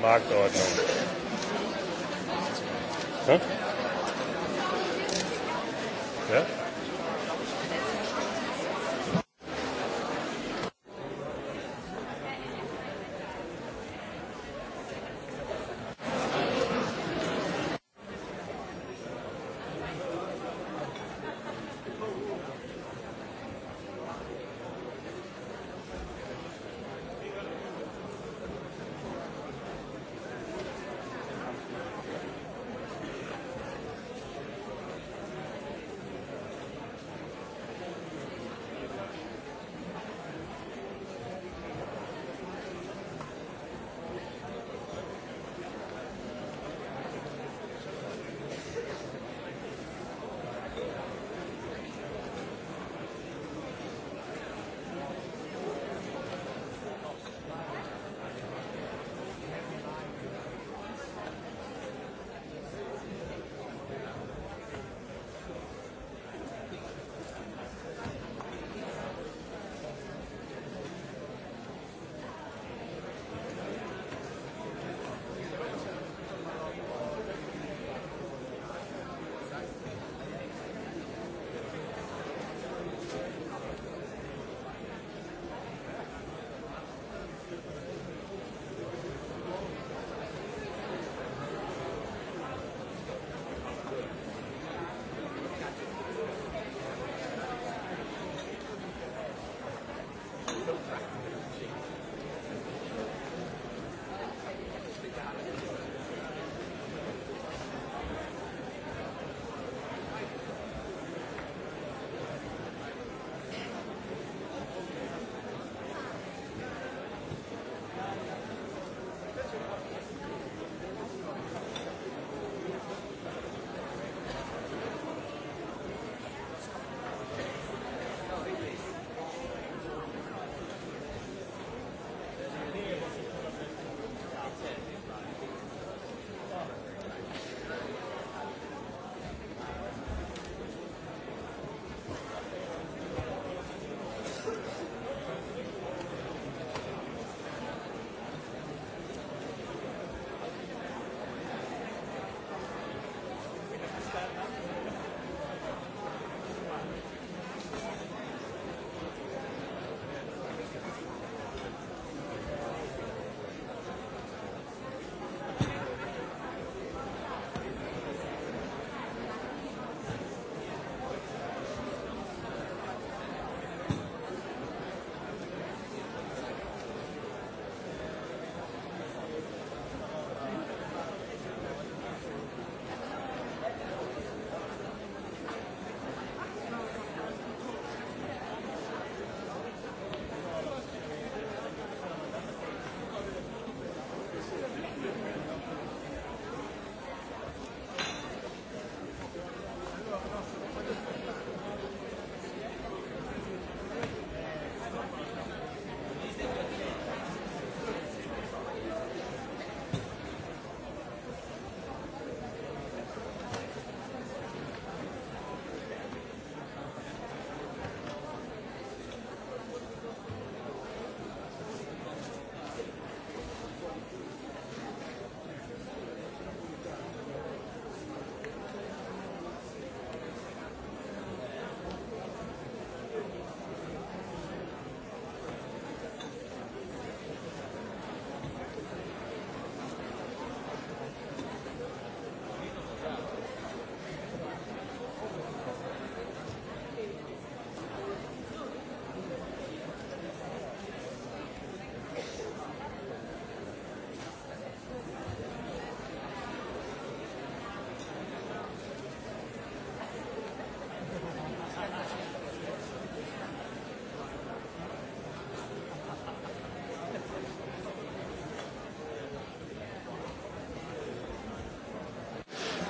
Marktordnung.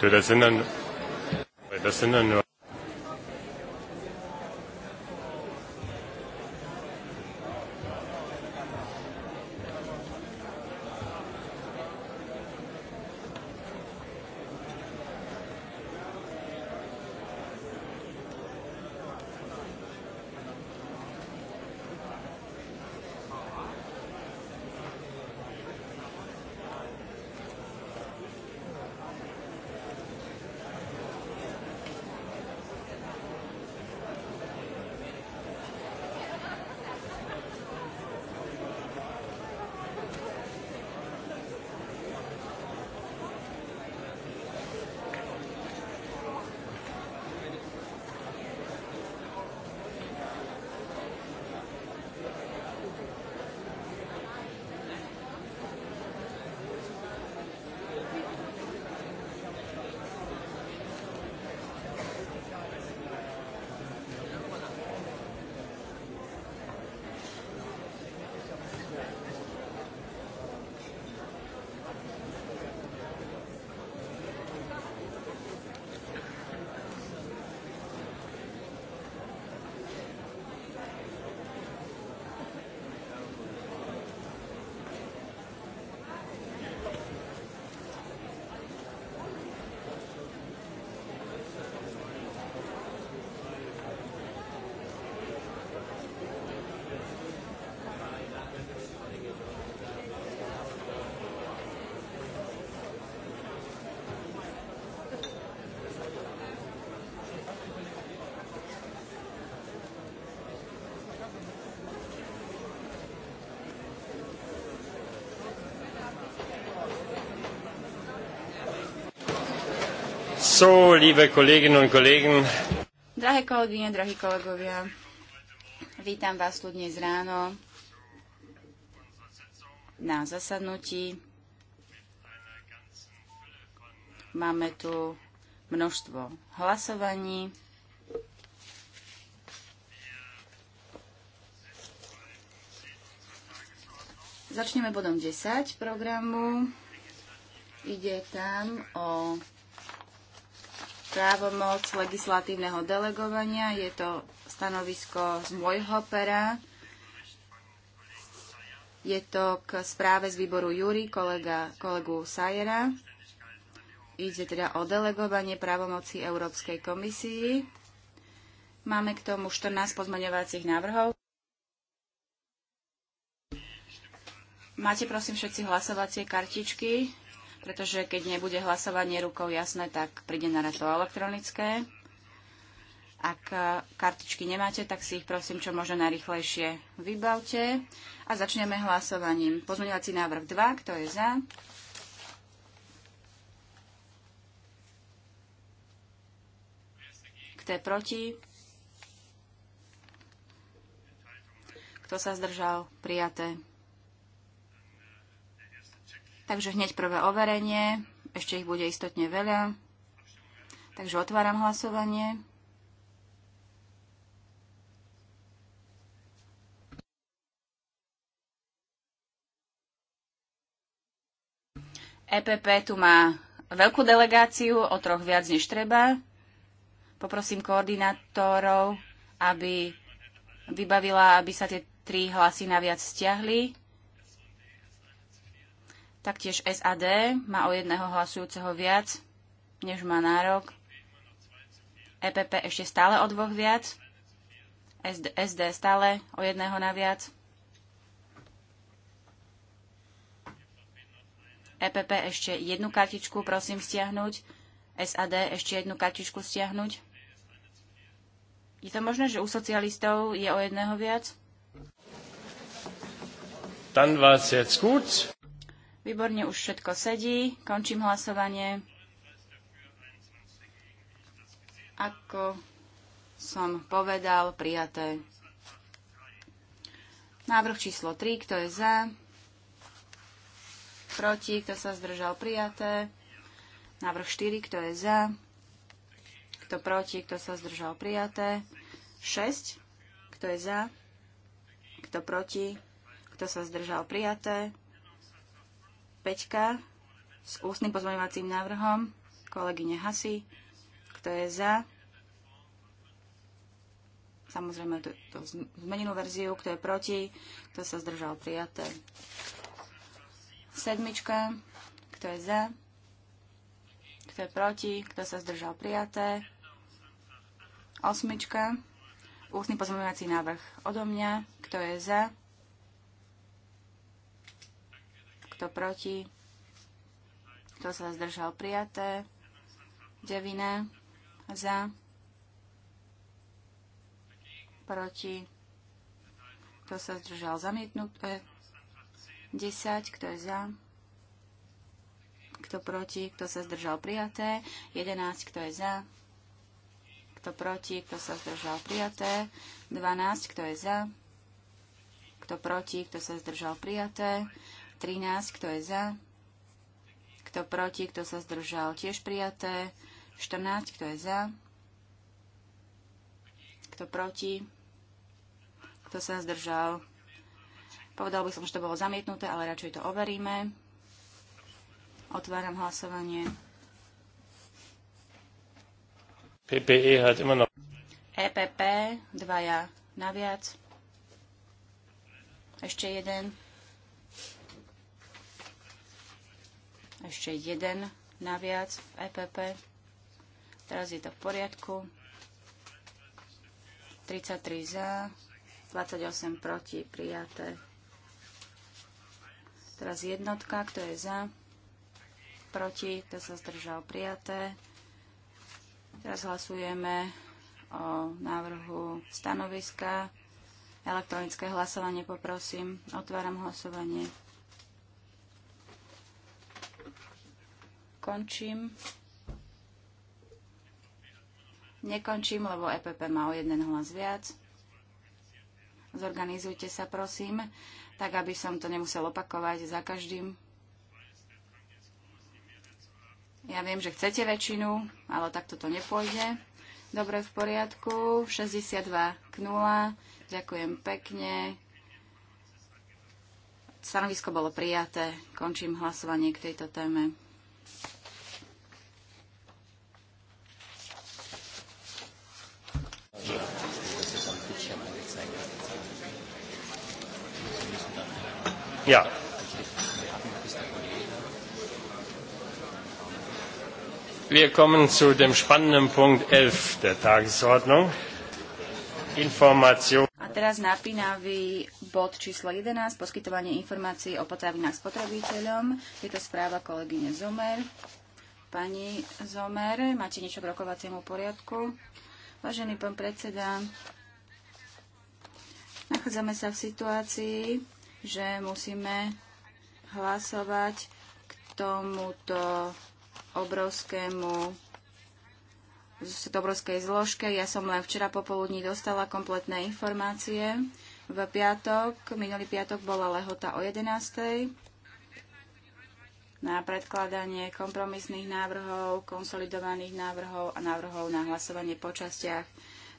Du, das sind dann, das sind dann nur So, liebe Kolleginnen und Kollegen. Drahé kolegyne, drahí kolegovia, vítam vás tu dnes ráno na zasadnutí. Máme tu množstvo hlasovaní. Začneme bodom 10 programu. Ide tam o právomoc legislatívneho delegovania. Je to stanovisko z môjho pera. Je to k správe z výboru Júri kolega, kolegu Sajera. Ide teda o delegovanie právomoci Európskej komisii. Máme k tomu 14 pozmaňovacích návrhov. Máte prosím všetci hlasovacie kartičky? pretože keď nebude hlasovanie rukou jasné, tak príde na to elektronické. Ak e, kartičky nemáte, tak si ich prosím čo možno najrychlejšie vybavte. A začneme hlasovaním. Pozmeňovací návrh 2, kto je za? Kto je proti? Kto sa zdržal? Prijaté. Takže hneď prvé overenie. Ešte ich bude istotne veľa. Takže otváram hlasovanie. EPP tu má veľkú delegáciu, o troch viac než treba. Poprosím koordinátorov, aby vybavila, aby sa tie tri hlasy naviac stiahli. Taktiež SAD má o jedného hlasujúceho viac, než má nárok. EPP ešte stále o dvoch viac. SD, SD stále o jedného naviac. EPP ešte jednu kartičku prosím stiahnuť. SAD ešte jednu kartičku stiahnuť. Je to možné, že u socialistov je o jedného viac? Dann es jetzt gut. Výborne, už všetko sedí. Končím hlasovanie. Ako som povedal, prijaté. Návrh číslo 3, kto je za? Proti, kto sa zdržal, prijaté. Návrh 4, kto je za? Kto proti, kto sa zdržal, prijaté. 6, kto je za? Kto proti, kto sa zdržal, prijaté s ústnym pozmeňovacím návrhom kolegyne Hasi. Kto je za? Samozrejme, to, to verziu. Kto je proti? Kto sa zdržal? Prijaté. Sedmička. Kto je za? Kto je proti? Kto sa zdržal? Prijaté. Osmička. Ústny pozmeňovací návrh odo mňa. Kto je za? Kto proti? Kto sa zdržal? Prijaté. 9 Za. Proti. Kto sa zdržal? Zamietnuté. 10. Kto je za? Kto proti? Kto sa zdržal? Prijaté. 11. Kto je za? Kto proti? Kto sa zdržal? Prijaté. 12. Kto je za? Kto proti? Kto sa zdržal? Prijaté. 13, kto je za, kto proti, kto sa zdržal, tiež prijaté. 14, kto je za, kto proti, kto sa zdržal. Povedal by som, že to bolo zamietnuté, ale radšej to overíme. Otváram hlasovanie. PPE hat immer noch. EPP, dvaja naviac. Ešte jeden. Ešte jeden naviac v EPP. Teraz je to v poriadku. 33 za, 28 proti, prijaté. Teraz jednotka, kto je za, proti, kto sa zdržal, prijaté. Teraz hlasujeme o návrhu stanoviska. Elektronické hlasovanie poprosím. Otváram hlasovanie. Končím. Nekončím, lebo EPP má o jeden hlas viac. Zorganizujte sa, prosím, tak aby som to nemusel opakovať za každým. Ja viem, že chcete väčšinu, ale takto to nepôjde. Dobre, v poriadku. 62 k 0. Ďakujem pekne. Stanovisko bolo prijaté. Končím hlasovanie k tejto téme. Ja. Wir kommen zu dem spannenden Punkt 11 der Tagesordnung. Information. A teraz napínavý bod číslo 11, poskytovanie informácií o potravinách spotrebiteľom. Je to správa kolegyne Zomer. Pani Zomer, máte niečo k rokovaciemu poriadku? Vážený pán predseda, nachádzame sa v situácii, že musíme hlasovať k tomuto obrovskému obrovskej zložke. Ja som len včera popoludní dostala kompletné informácie. V piatok, minulý piatok bola lehota o 11. na predkladanie kompromisných návrhov, konsolidovaných návrhov a návrhov na hlasovanie po častiach.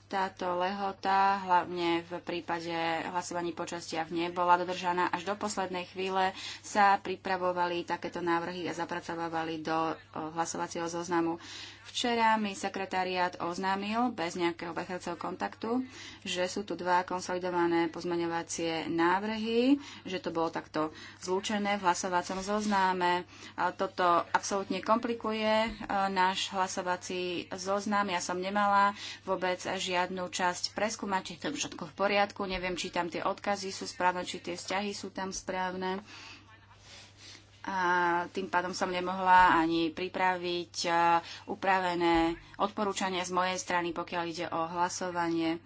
Táto lehota, hlavne v prípade hlasovaní počastiach, nebola dodržaná. Až do poslednej chvíle sa pripravovali takéto návrhy a zapracovávali do eh, hlasovacieho zoznamu. Včera mi sekretariát oznámil bez nejakého vechádzceho kontaktu, že sú tu dva konsolidované pozmeňovacie návrhy, že to bolo takto zlúčené v hlasovacom zoznáme. Toto absolútne komplikuje e, náš hlasovací zoznam. Ja som nemala vôbec žiadnu časť preskúmať, či to je všetko v poriadku. Neviem, či tam tie odkazy sú správne, či tie vzťahy sú tam správne a tým pádom som nemohla ani pripraviť e, upravené odporúčania z mojej strany, pokiaľ ide o hlasovanie.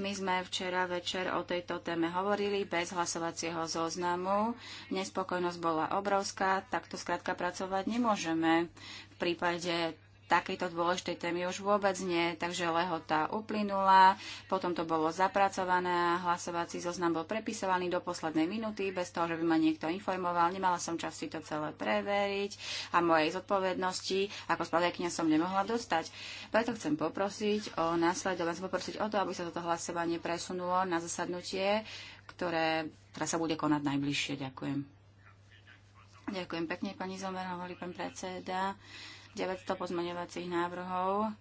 My sme včera večer o tejto téme hovorili bez hlasovacieho zoznamu. Nespokojnosť bola obrovská, takto skrátka pracovať nemôžeme. V prípade takejto dôležitej témy už vôbec nie, takže lehota uplynula, potom to bolo zapracované a hlasovací zoznam bol prepisovaný do poslednej minúty, bez toho, že by ma niekto informoval. Nemala som čas si to celé preveriť a mojej zodpovednosti ako spadajkňa som nemohla dostať. Preto chcem poprosiť o následovanie, poprosiť o to, aby sa toto hlasovanie presunulo na zasadnutie, ktoré teraz sa bude konať najbližšie. Ďakujem. Ďakujem pekne, pani Zomer, hovorí pán predseda. 900 pozmeňovacích návrhov.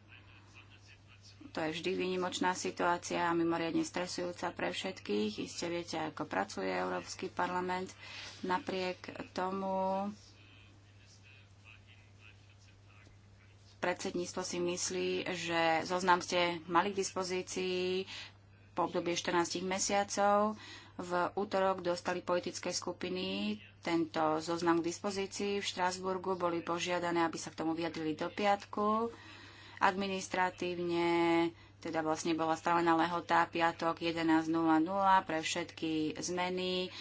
To je vždy výnimočná situácia a mimoriadne stresujúca pre všetkých. Iste viete, ako pracuje Európsky parlament. Napriek tomu predsedníctvo si myslí, že zoznam ste mali k dispozícii po období 14 mesiacov. V útorok dostali politické skupiny tento zoznam k dispozícii. V Štrásburgu boli požiadané, aby sa k tomu vyjadrili do piatku. Administratívne teda vlastne bola stavená lehota piatok 11.00 pre všetky zmeny.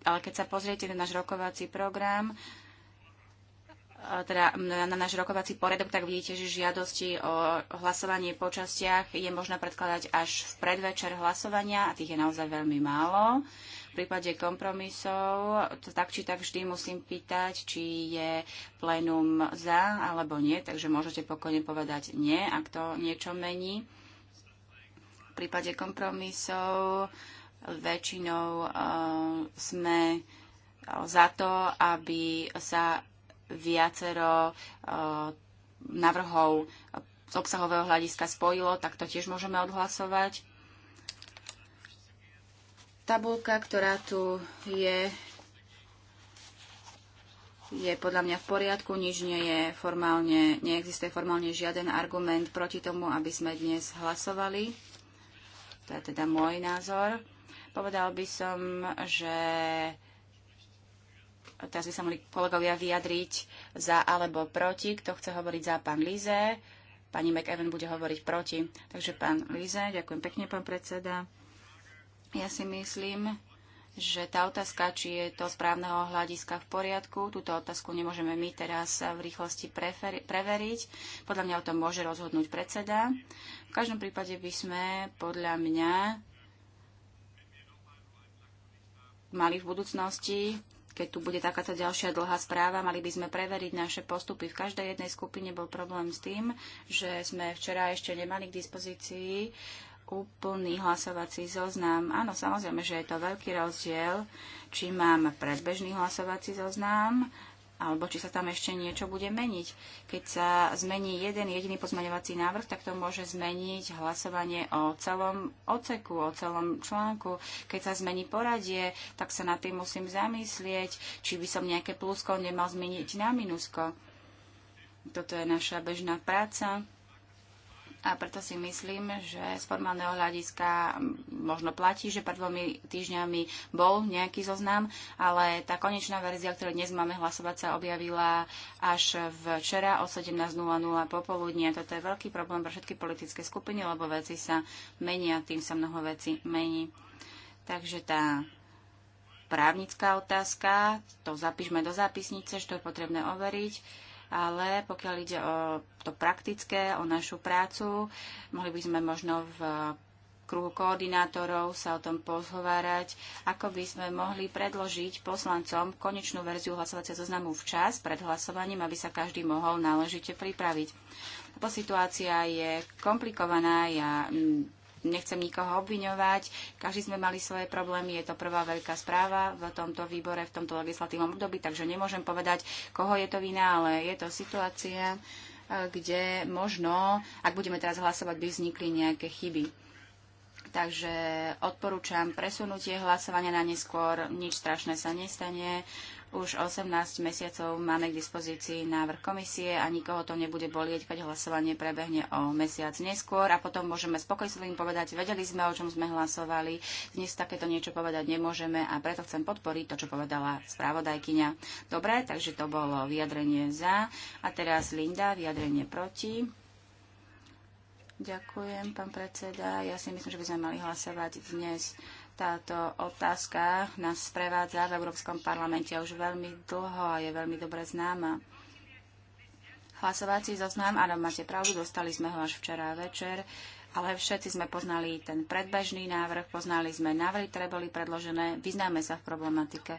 Ale keď sa pozriete na náš rokovací program, teda na náš rokovací poriadok, tak vidíte, že žiadosti o hlasovanie po častiach je možné predkladať až v predvečer hlasovania a tých je naozaj veľmi málo. V prípade kompromisov to tak či tak vždy musím pýtať, či je plénum za alebo nie, takže môžete pokojne povedať nie, ak to niečo mení. V prípade kompromisov väčšinou uh, sme za to, aby sa viacero uh, navrhov z obsahového hľadiska spojilo, tak to tiež môžeme odhlasovať. Tabulka, ktorá tu je, je podľa mňa v poriadku, nič nie je formálne, neexistuje formálne žiaden argument proti tomu, aby sme dnes hlasovali. To je teda môj názor. Povedal by som, že teraz by sa mohli kolegovia vyjadriť za alebo proti. Kto chce hovoriť za, pán Lize. Pani McEwen bude hovoriť proti. Takže pán Lize, ďakujem pekne, pán predseda. Ja si myslím, že tá otázka, či je to správneho hľadiska v poriadku, túto otázku nemôžeme my teraz v rýchlosti preveriť. Podľa mňa o tom môže rozhodnúť predseda. V každom prípade by sme podľa mňa mali v budúcnosti, keď tu bude takáto ďalšia dlhá správa, mali by sme preveriť naše postupy. V každej jednej skupine bol problém s tým, že sme včera ešte nemali k dispozícii úplný hlasovací zoznam. Áno, samozrejme, že je to veľký rozdiel, či mám predbežný hlasovací zoznam, alebo či sa tam ešte niečo bude meniť. Keď sa zmení jeden jediný pozmeňovací návrh, tak to môže zmeniť hlasovanie o celom oceku, o celom článku. Keď sa zmení poradie, tak sa nad tým musím zamyslieť, či by som nejaké plusko nemal zmeniť na minusko. Toto je naša bežná práca. A preto si myslím, že z formálneho hľadiska možno platí, že pred dvomi týždňami bol nejaký zoznam, ale tá konečná verzia, ktorú dnes máme hlasovať, sa objavila až včera o 17.00 popoludní. A toto je veľký problém pre všetky politické skupiny, lebo veci sa menia, tým sa mnoho vecí mení. Takže tá právnická otázka, to zapíšme do zápisnice, že to je potrebné overiť ale pokiaľ ide o to praktické, o našu prácu, mohli by sme možno v kruhu koordinátorov sa o tom pozhovárať, ako by sme mohli predložiť poslancom konečnú verziu hlasovacieho zoznamu včas pred hlasovaním, aby sa každý mohol náležite pripraviť. Lebo situácia je komplikovaná, ja mm, Nechcem nikoho obviňovať, každý sme mali svoje problémy, je to prvá veľká správa v tomto výbore, v tomto legislatívnom období, takže nemôžem povedať, koho je to vina, ale je to situácia, e, kde možno, ak budeme teraz hlasovať, by vznikli nejaké chyby. Takže odporúčam presunutie hlasovania na neskôr, nič strašné sa nestane už 18 mesiacov máme k dispozícii návrh komisie a nikoho to nebude bolieť, keď hlasovanie prebehne o mesiac neskôr a potom môžeme spokojným povedať, vedeli sme, o čom sme hlasovali, dnes takéto niečo povedať nemôžeme a preto chcem podporiť to, čo povedala správodajkyňa. Dobre, takže to bolo vyjadrenie za a teraz Linda, vyjadrenie proti. Ďakujem, pán predseda. Ja si myslím, že by sme mali hlasovať dnes. Táto otázka nás sprevádza v Európskom parlamente už veľmi dlho a je veľmi dobre známa. Hlasovací zoznam, áno, máte pravdu, dostali sme ho až včera večer, ale všetci sme poznali ten predbežný návrh, poznali sme návrhy, ktoré boli predložené, vyznáme sa v problematike.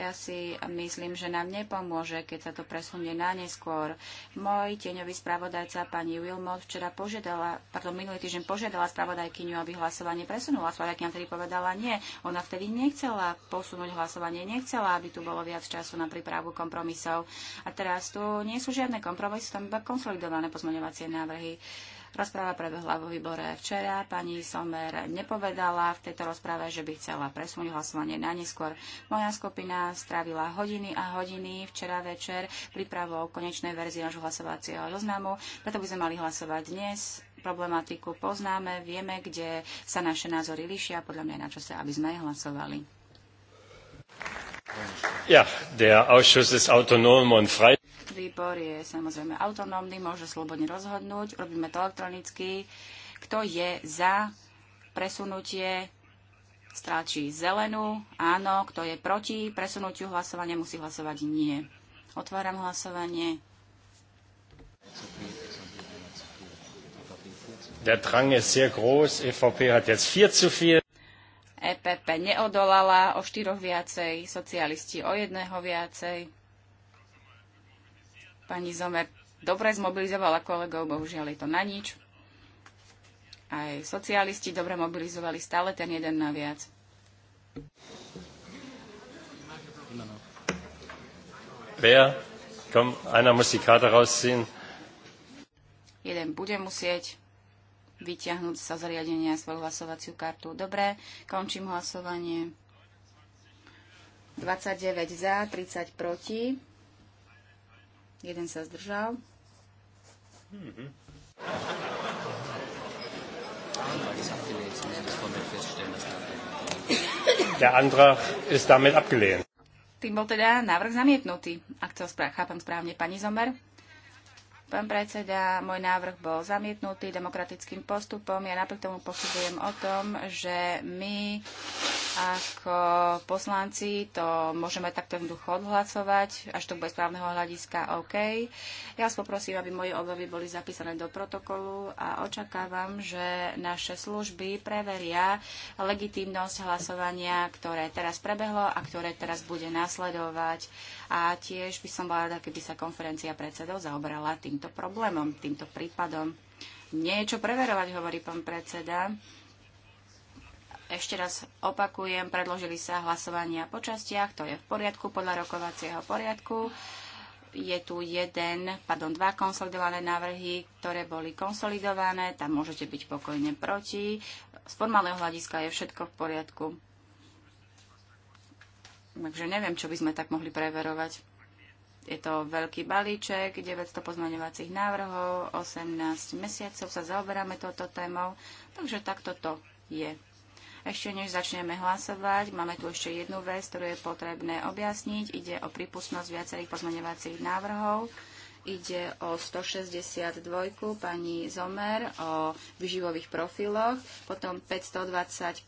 Ja si myslím, že nám nepomôže, keď sa to presunie na neskôr. Môj tieňový spravodajca pani Wilmot včera požiadala, pardon, minulý týždeň požiadala spravodajkyňu, aby hlasovanie presunula. Spravodajkyňa vtedy povedala nie. Ona vtedy nechcela posunúť hlasovanie, nechcela, aby tu bolo viac času na prípravu kompromisov. A teraz tu nie sú žiadne kompromisy, tam iba konsolidované pozmeňovacie návrhy. Uh, Rozpráva prebehla vo výbore včera. Pani Somer nepovedala v tejto rozprave, že by chcela presunúť hlasovanie na neskôr. Moja skupina strávila hodiny a hodiny včera večer prípravou konečnej verzie nášho hlasovacieho zoznamu, preto by sme mali hlasovať dnes problematiku poznáme, vieme, kde sa naše názory líšia. Podľa mňa je na čase, aby sme hlasovali. Ja, der Ausschuss ist autonom und frei. Výbor je samozrejme autonómny, môže slobodne rozhodnúť. Robíme to elektronicky. Kto je za presunutie, stráči zelenú. Áno. Kto je proti presunutiu hlasovania, musí hlasovať nie. Otváram hlasovanie. Der Drang ist sehr groß. EVP hat jetzt 4 zu 4. EPP neodolala o štyroch viacej, socialisti o jedného viacej. Pani Zomer dobre zmobilizovala kolegov, bohužiaľ je to na nič. Aj socialisti dobre mobilizovali stále ten jeden na viac. Wer? Komm, einer muss die Karte rausziehen. Jeden bude musieť vyťahnuť sa zariadenia svoju hlasovaciu kartu. Dobre, končím hlasovanie. 29 za, 30 proti. Jeden sa zdržal. Der Antrag ist damit abgelehnt. Tým bol teda návrh zamietnutý, ak to správ, chápam správne, pani Zomer. Pán predseda, môj návrh bol zamietnutý demokratickým postupom. Ja napriek tomu pochybujem o tom, že my ako poslanci to môžeme takto jednoducho odhlasovať, až to bude správneho hľadiska OK. Ja vás poprosím, aby moje obavy boli zapísané do protokolu a očakávam, že naše služby preveria legitímnosť hlasovania, ktoré teraz prebehlo a ktoré teraz bude nasledovať a tiež by som bola rada, keby sa konferencia predsedov zaoberala týmto problémom, týmto prípadom. Niečo preverovať, hovorí pán predseda. Ešte raz opakujem, predložili sa hlasovania po častiach, to je v poriadku podľa rokovacieho poriadku je tu jeden, pardon, dva konsolidované návrhy, ktoré boli konsolidované, tam môžete byť pokojne proti. Z formálneho hľadiska je všetko v poriadku. Takže neviem, čo by sme tak mohli preverovať. Je to veľký balíček, 900 pozmaňovacích návrhov, 18 mesiacov sa zaoberáme touto témou, takže takto to je. Ešte než začneme hlasovať, máme tu ešte jednu vec, ktorú je potrebné objasniť. Ide o prípustnosť viacerých pozmaňovacích návrhov. Ide o 162 pani Zomer o vyživových profiloch, potom 525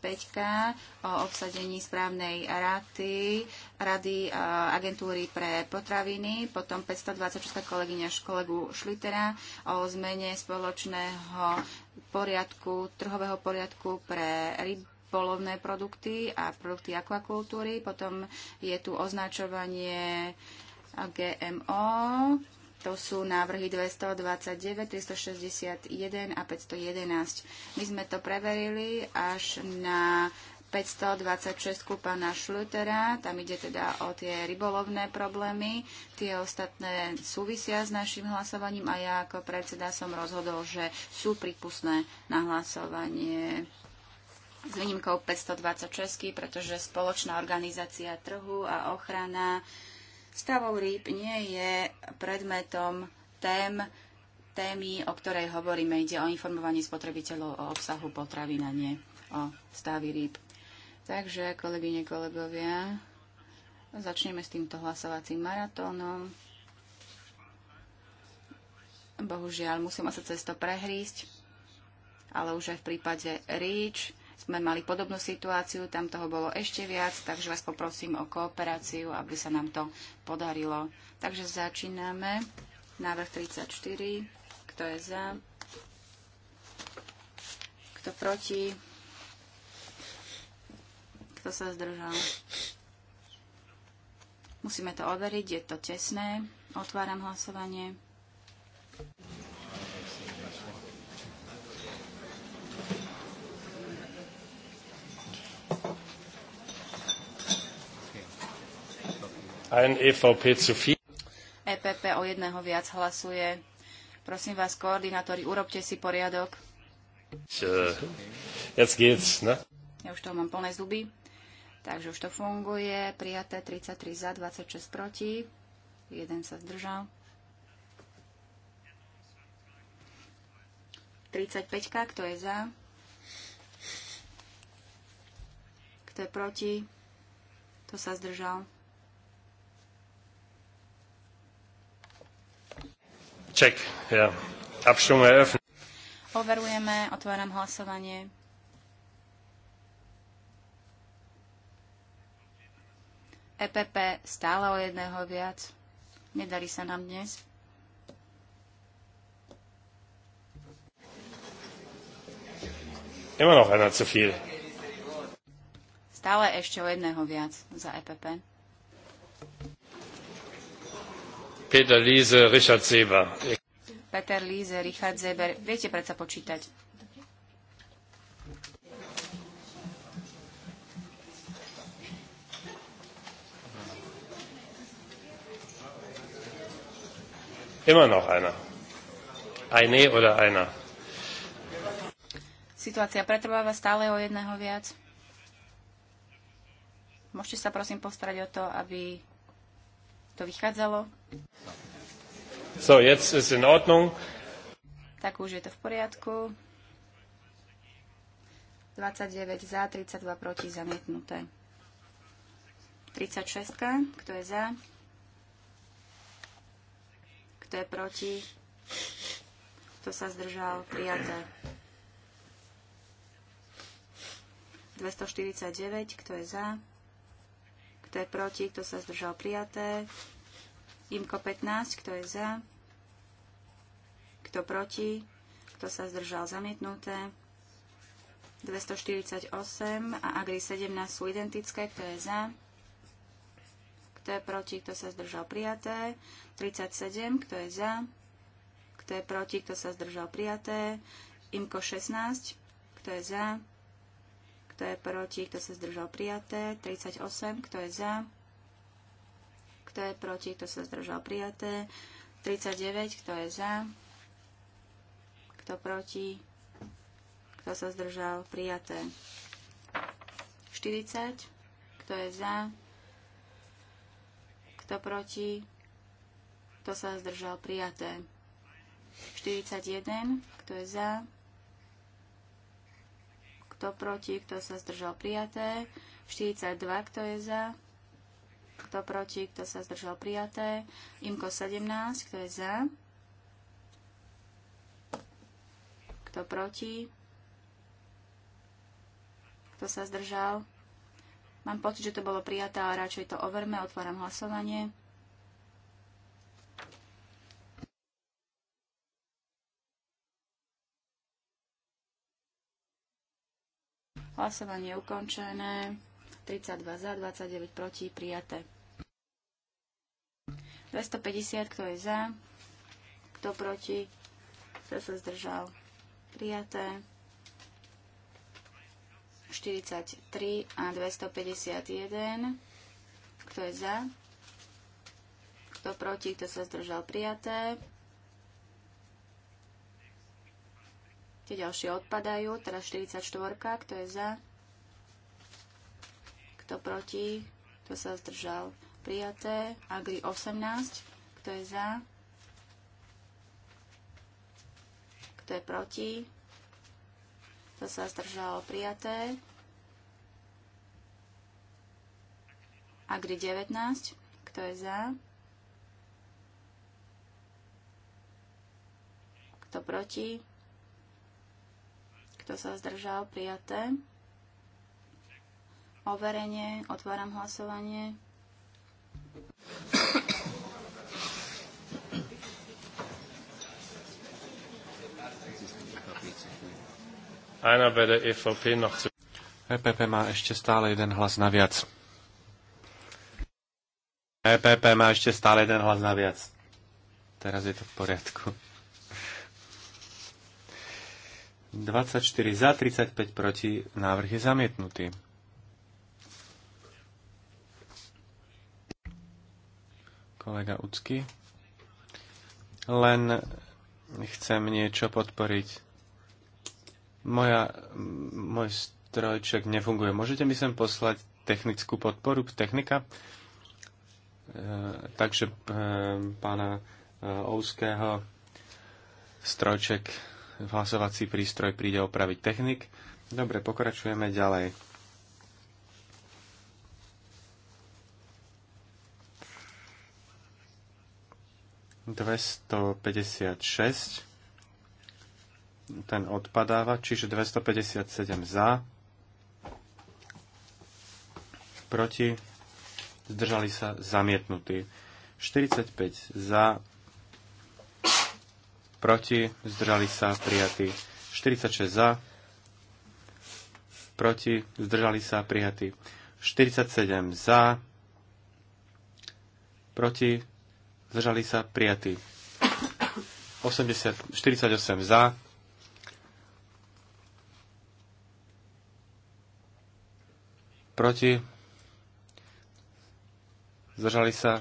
o obsadení správnej rady, rady e, agentúry pre potraviny, potom 526 kolegyňa kolegu Šlitera o zmene spoločného poriadku, trhového poriadku pre ryb polovné produkty a produkty akvakultúry. Potom je tu označovanie GMO, to sú návrhy 229, 361 a 511. My sme to preverili až na 526 pána Šlutera, tam ide teda o tie rybolovné problémy, tie ostatné súvisia s našim hlasovaním a ja ako predseda som rozhodol, že sú prípustné na hlasovanie s výnimkou 526, pretože spoločná organizácia trhu a ochrana Stavov rýb nie je predmetom tém, témy, o ktorej hovoríme. Ide o informovanie spotrebiteľov o obsahu potravín a nie o stavy rýb. Takže, kolegyne, kolegovia, začneme s týmto hlasovacím maratónom. Bohužiaľ, musíme sa cez to prehrísť, ale už aj v prípade REACH sme mali podobnú situáciu, tam toho bolo ešte viac, takže vás poprosím o kooperáciu, aby sa nám to podarilo. Takže začíname. Návrh 34. Kto je za? Kto proti? Kto sa zdržal? Musíme to overiť, je to tesné. Otváram hlasovanie. EVP e zu viel. EPP o jedného viac hlasuje. Prosím vás, koordinátori, urobte si poriadok. Äh, jetzt geht's, ne? Ja už toho mám plné zuby. Takže už to funguje. Prijaté 33 za, 26 proti. Jeden sa zdržal. 35, kto je za? Kto je proti? Kto sa zdržal? Check. Ja. Abstimmung eröffnet. Overujeme, otváram hlasovanie. EPP stále o jedného viac. Nedarí sa nám dnes. Immer noch einer zu viel. Stále ešte o jedného viac za EPP. Peter Liese, Richard Seber. Peter Liese, Richard Seber. Viete predsa počítať. Immer noch einer. Eine oder einer. Situácia pretrváva stále o jedného viac. Môžete sa prosím postarať o to, aby to vychádzalo? So, jetzt ist in Ordnung. Tak už je to v poriadku. 29 za, 32 proti, zamietnuté. 36, kto je za? Kto je proti? Kto sa zdržal? Prijaté. 249, kto je za? Kto je proti? Kto sa zdržal? Prijaté. Imko 15, kto je za? Kto proti? Kto sa zdržal? Zamietnuté. 248 a Agri 17 sú identické. Kto je za? Kto je proti? Kto sa zdržal? Prijaté. 37. Kto je za? Kto je proti? Kto sa zdržal? Prijaté. Imko 16. Kto je za? Kto je proti? Kto sa zdržal? Prijaté. 38. Kto je za? Kto je proti? Kto sa zdržal? Prijaté. 39. Kto je za? Kto proti? Kto sa zdržal? Prijaté. 40. Kto je za? Kto proti? Kto sa zdržal? Prijaté. 41. Kto je za? Kto proti? Kto sa zdržal? Prijaté. 42. Kto je za? Kto proti? Kto sa zdržal? Prijaté. Imko 17. Kto je za? Kto proti? Kto sa zdržal? Mám pocit, že to bolo prijaté, ale radšej to overme. Otváram hlasovanie. Hlasovanie je ukončené. 32 za, 29 proti, prijaté. 250, kto je za, kto proti, kto sa zdržal prijaté. 43 a 251. Kto je za? Kto proti? Kto sa zdržal? Prijaté. Tie ďalšie odpadajú. Teraz 44. Kto je za? Kto proti? Kto sa zdržal? Prijaté. Agri 18. Kto je za? Kto je proti? Kto sa zdržal? Prijaté. Agri 19. Kto je za? Kto proti? Kto sa zdržal? Prijaté. Overenie. Otváram hlasovanie. Einer bei der EVP noch zu... EPP má ešte stále jeden hlas naviac. EPP má ešte stále jeden hlas naviac. Teraz je to v poriadku. 24 za, 35 proti. Návrh je zamietnutý. Kolega Ucky. Len chcem niečo podporiť moja, môj strojček nefunguje. Môžete mi sem poslať technickú podporu, technika? E, takže e, pána e, Ouského strojček, hlasovací prístroj príde opraviť technik. Dobre, pokračujeme ďalej. Dvesto ten odpadáva, čiže 257 za, proti, zdržali sa zamietnutí. 45 za, proti, zdržali sa prijatí. 46 za, proti, zdržali sa prijatí. 47 za, proti, zdržali sa prijatí. 80, 48 za, Proti? Zdržali sa?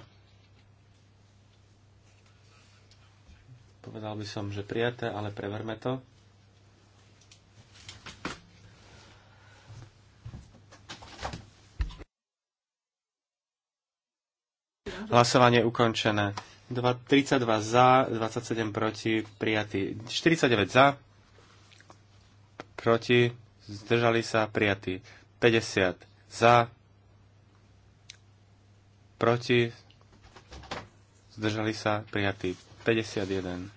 Povedal by som, že prijaté, ale preverme to. Hlasovanie ukončené. 32 za, 27 proti, prijatý. 49 za, proti, zdržali sa, prijatý. 50 za, proti, zdržali sa prijatí 51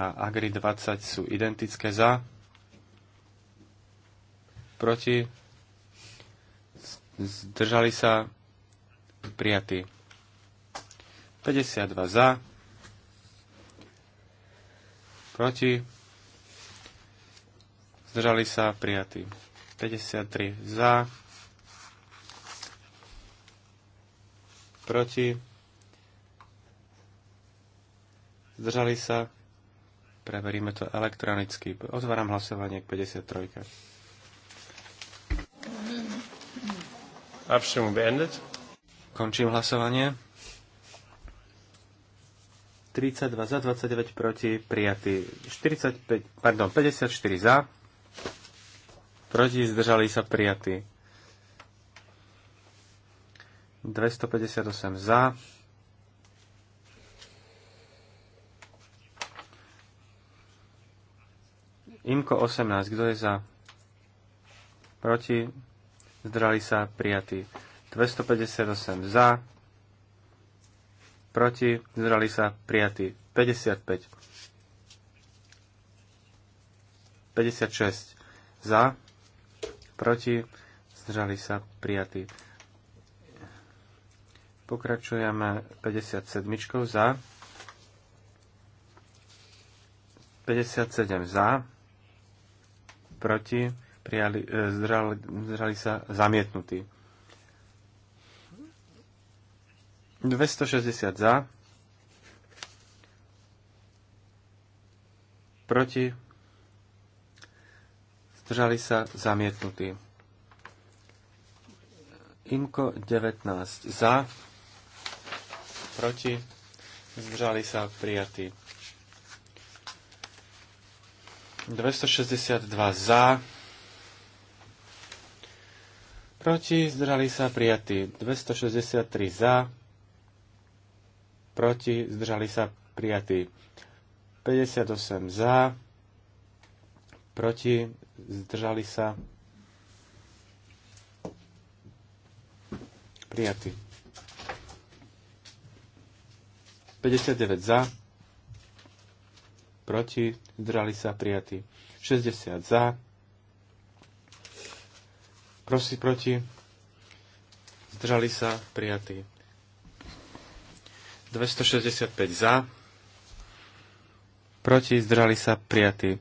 a Agri 20 sú identické za, proti, zdržali sa prijatí 52 za, proti, zdržali sa prijatí 53 za, proti, zdržali sa, preveríme to elektronicky. Otváram hlasovanie k 53. Abstimmung beendet. Končím hlasovanie. 32 za, 29 proti, prijatý 45, pardon, 54 za proti, zdržali sa prijatí. 258 za, Imko 18, kto je za? Proti? zdržali sa prijatí. 258 za. Proti? zdržali sa prijatí. 55. 56 za proti, zdržali sa prijatí. Pokračujeme 57 za, 57 za, proti, prijali, e, zdržali, zdržali sa zamietnutí. 260 za, proti, zdržali sa, zamietnutí. Imko 19 za, proti, zdržali sa, prijatí. 262 za, proti, zdržali sa, prijatí. 263 za, proti, zdržali sa, prijatí. 58 za, proti, zdržali sa, prijatí. 59 za, proti, zdržali sa, prijatí. 60 za, prosi, proti, zdržali sa, prijatí. 265 za, proti, zdržali sa, prijatí.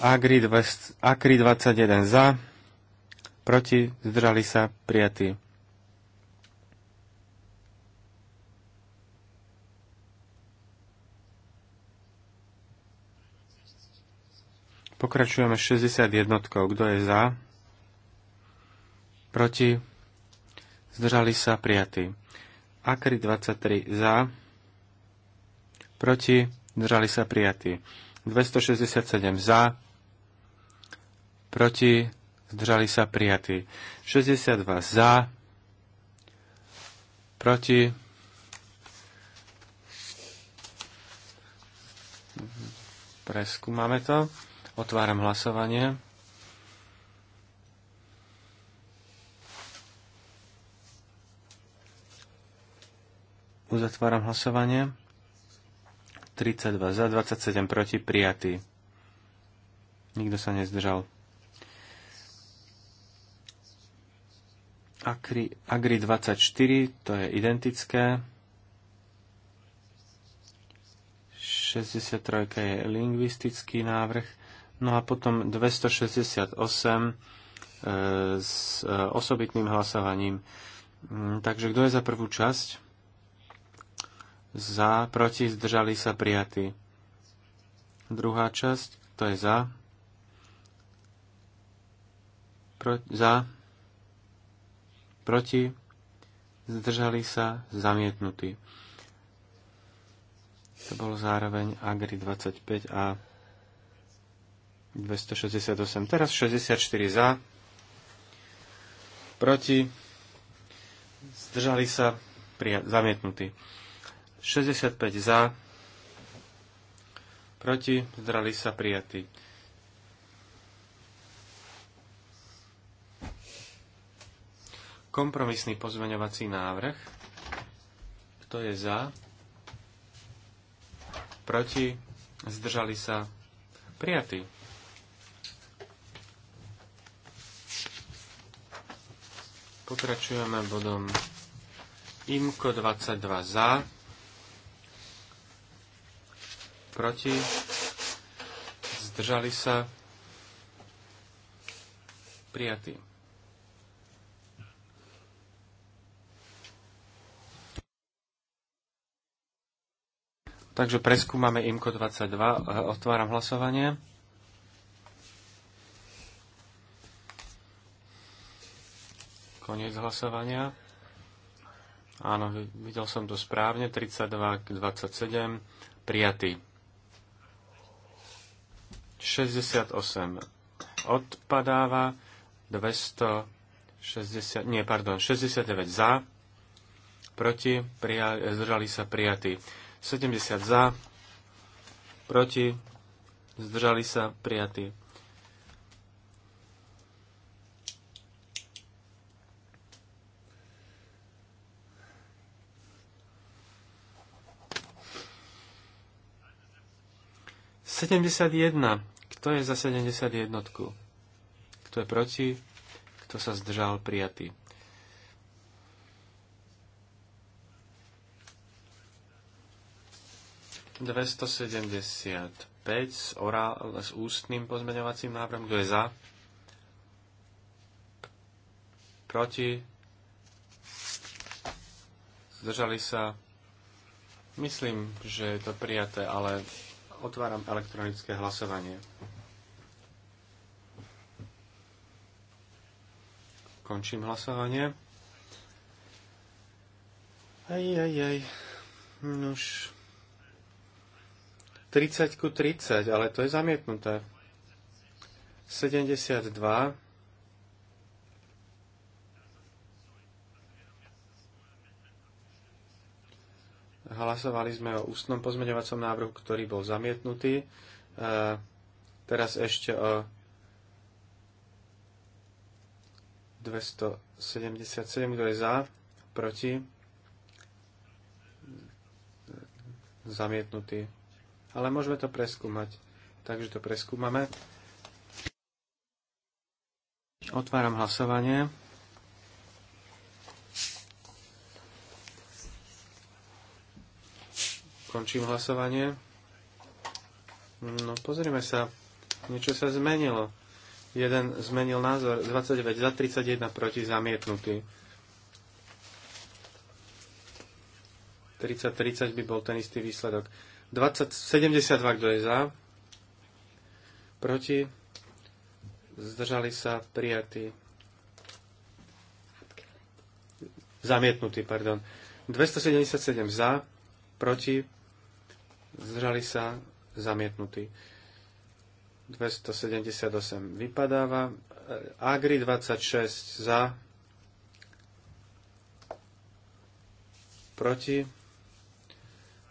Agri, 20, Agri 21 za, proti, zdržali sa, prijatí. Pokračujeme 61. Kto je za? Proti? Zdržali sa prijatí. Akry 23 za. Proti? Zdržali sa prijatí. 267 za proti, zdržali sa prijatí. 62 za, proti, preskúmame to, otváram hlasovanie. Uzatváram hlasovanie. 32 za, 27 proti, prijatý. Nikto sa nezdržal. Agri, Agri 24, to je identické. 63 je lingvistický návrh. No a potom 268 e, s e, osobitným hlasovaním. Mm, takže kto je za prvú časť? Za, proti, zdržali sa prijatí. Druhá časť, kto je za? Pro, za, proti, zdržali sa, zamietnutí. To bolo zároveň Agri 25 a 268. Teraz 64 za, proti, zdržali sa, prija- zamietnutí. 65 za, proti, zdržali sa, prijatí. Kompromisný pozmeňovací návrh. Kto je za? Proti? Zdržali sa? Prijatý. Pokračujeme bodom IMKO 22 za, proti, zdržali sa, prijatý. Takže preskúmame IMCO 22. Eh, otváram hlasovanie. Koniec hlasovania. Áno, videl som to správne. 32 k 27. Prijatý. 68 odpadáva. 260, nie, pardon, 69 za. Proti, prija, zdržali sa prijatí. 70 za, proti, zdržali sa, prijatí. Sedemdesiat jedna. Kto je za sedemdesiat jednotku? Kto je proti? Kto sa zdržal prijatý? 275 s, orál, s ústnym pozmeňovacím návrhom. Kto je za? Proti? Zdržali sa? Myslím, že je to prijaté, ale otváram elektronické hlasovanie. Končím hlasovanie. Aj, aj, aj. Nož. 30 ku 30, ale to je zamietnuté. 72. Hlasovali sme o ústnom pozmeňovacom návrhu, ktorý bol zamietnutý. E, teraz ešte o 277, kto je za, proti, zamietnutý ale môžeme to preskúmať. Takže to preskúmame. Otváram hlasovanie. Končím hlasovanie. No pozrime sa. Niečo sa zmenilo. Jeden zmenil názor. 29 za 31 proti zamietnutý. 30-30 by bol ten istý výsledok. 20, 72, kto je za, proti, zdržali sa prijatí. Zamietnutí, pardon. 277 za, proti, zdržali sa zamietnutí. 278 vypadáva. Agri 26 za, proti,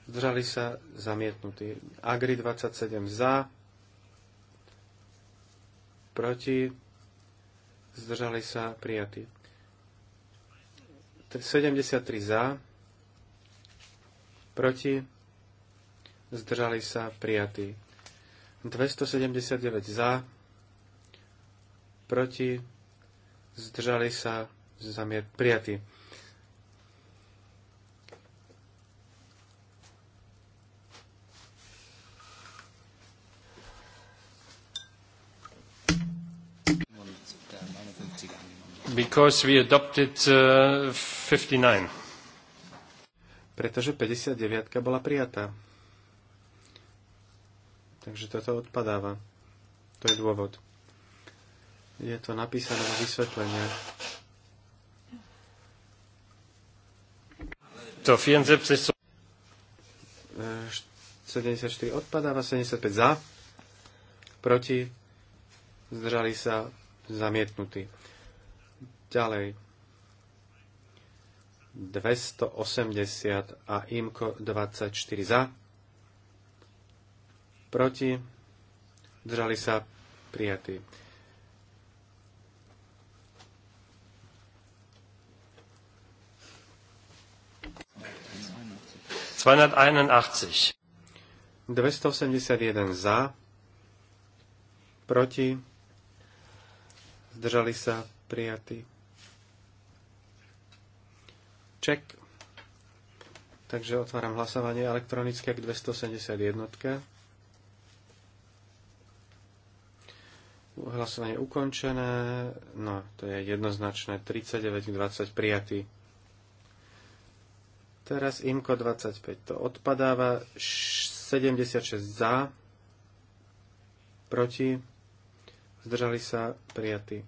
zdržali sa zamietnutí. Agri 27 za, proti, zdržali sa prijatí. 73 za, proti, zdržali sa prijatí. 279 za, proti, zdržali sa zamiet prijatí. because we adopted uh, 59. Pretože 59 bola prijatá. Takže toto odpadáva. To je dôvod. Je to napísané na vysvetlenie. To 74 eh, odpadáva, 75 za, proti, zdržali sa zamietnutí. Ďalej. 280 a IMKO 24 za. Proti. Držali sa prijatí. ...281. za, proti, zdržali sa prijatí. Ček. Takže otváram hlasovanie elektronické k 271. Hlasovanie ukončené. No, to je jednoznačné. 39 k 20 prijatý. Teraz IMKO 25 to odpadáva. 76 za. Proti. Zdržali sa prijatí.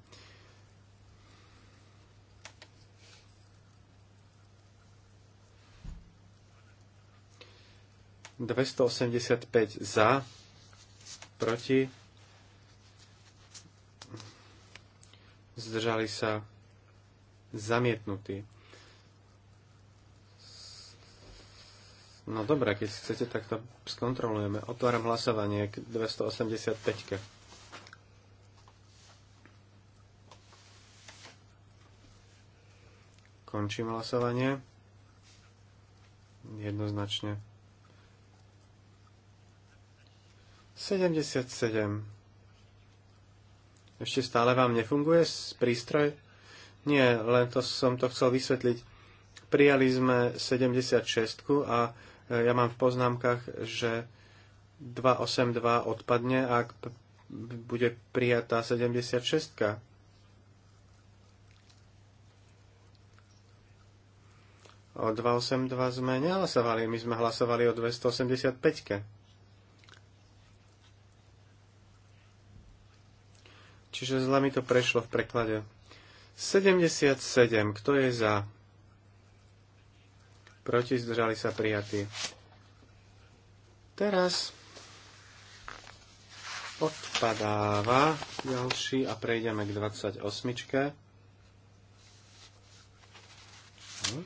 285 za, proti, zdržali sa zamietnutí. No dobre, keď chcete, tak to skontrolujeme. Otváram hlasovanie k 285. -ke. Končím hlasovanie. Jednoznačne 77. Ešte stále vám nefunguje prístroj? Nie, len to som to chcel vysvetliť. Prijali sme 76 a e, ja mám v poznámkach, že 282 odpadne, ak bude prijatá 76. O 282 sme nehlasovali, my sme hlasovali o 285. Čiže zle mi to prešlo v preklade. 77. Kto je za? Proti zdržali sa prijatí. Teraz odpadáva ďalší a prejdeme k 28. Hm.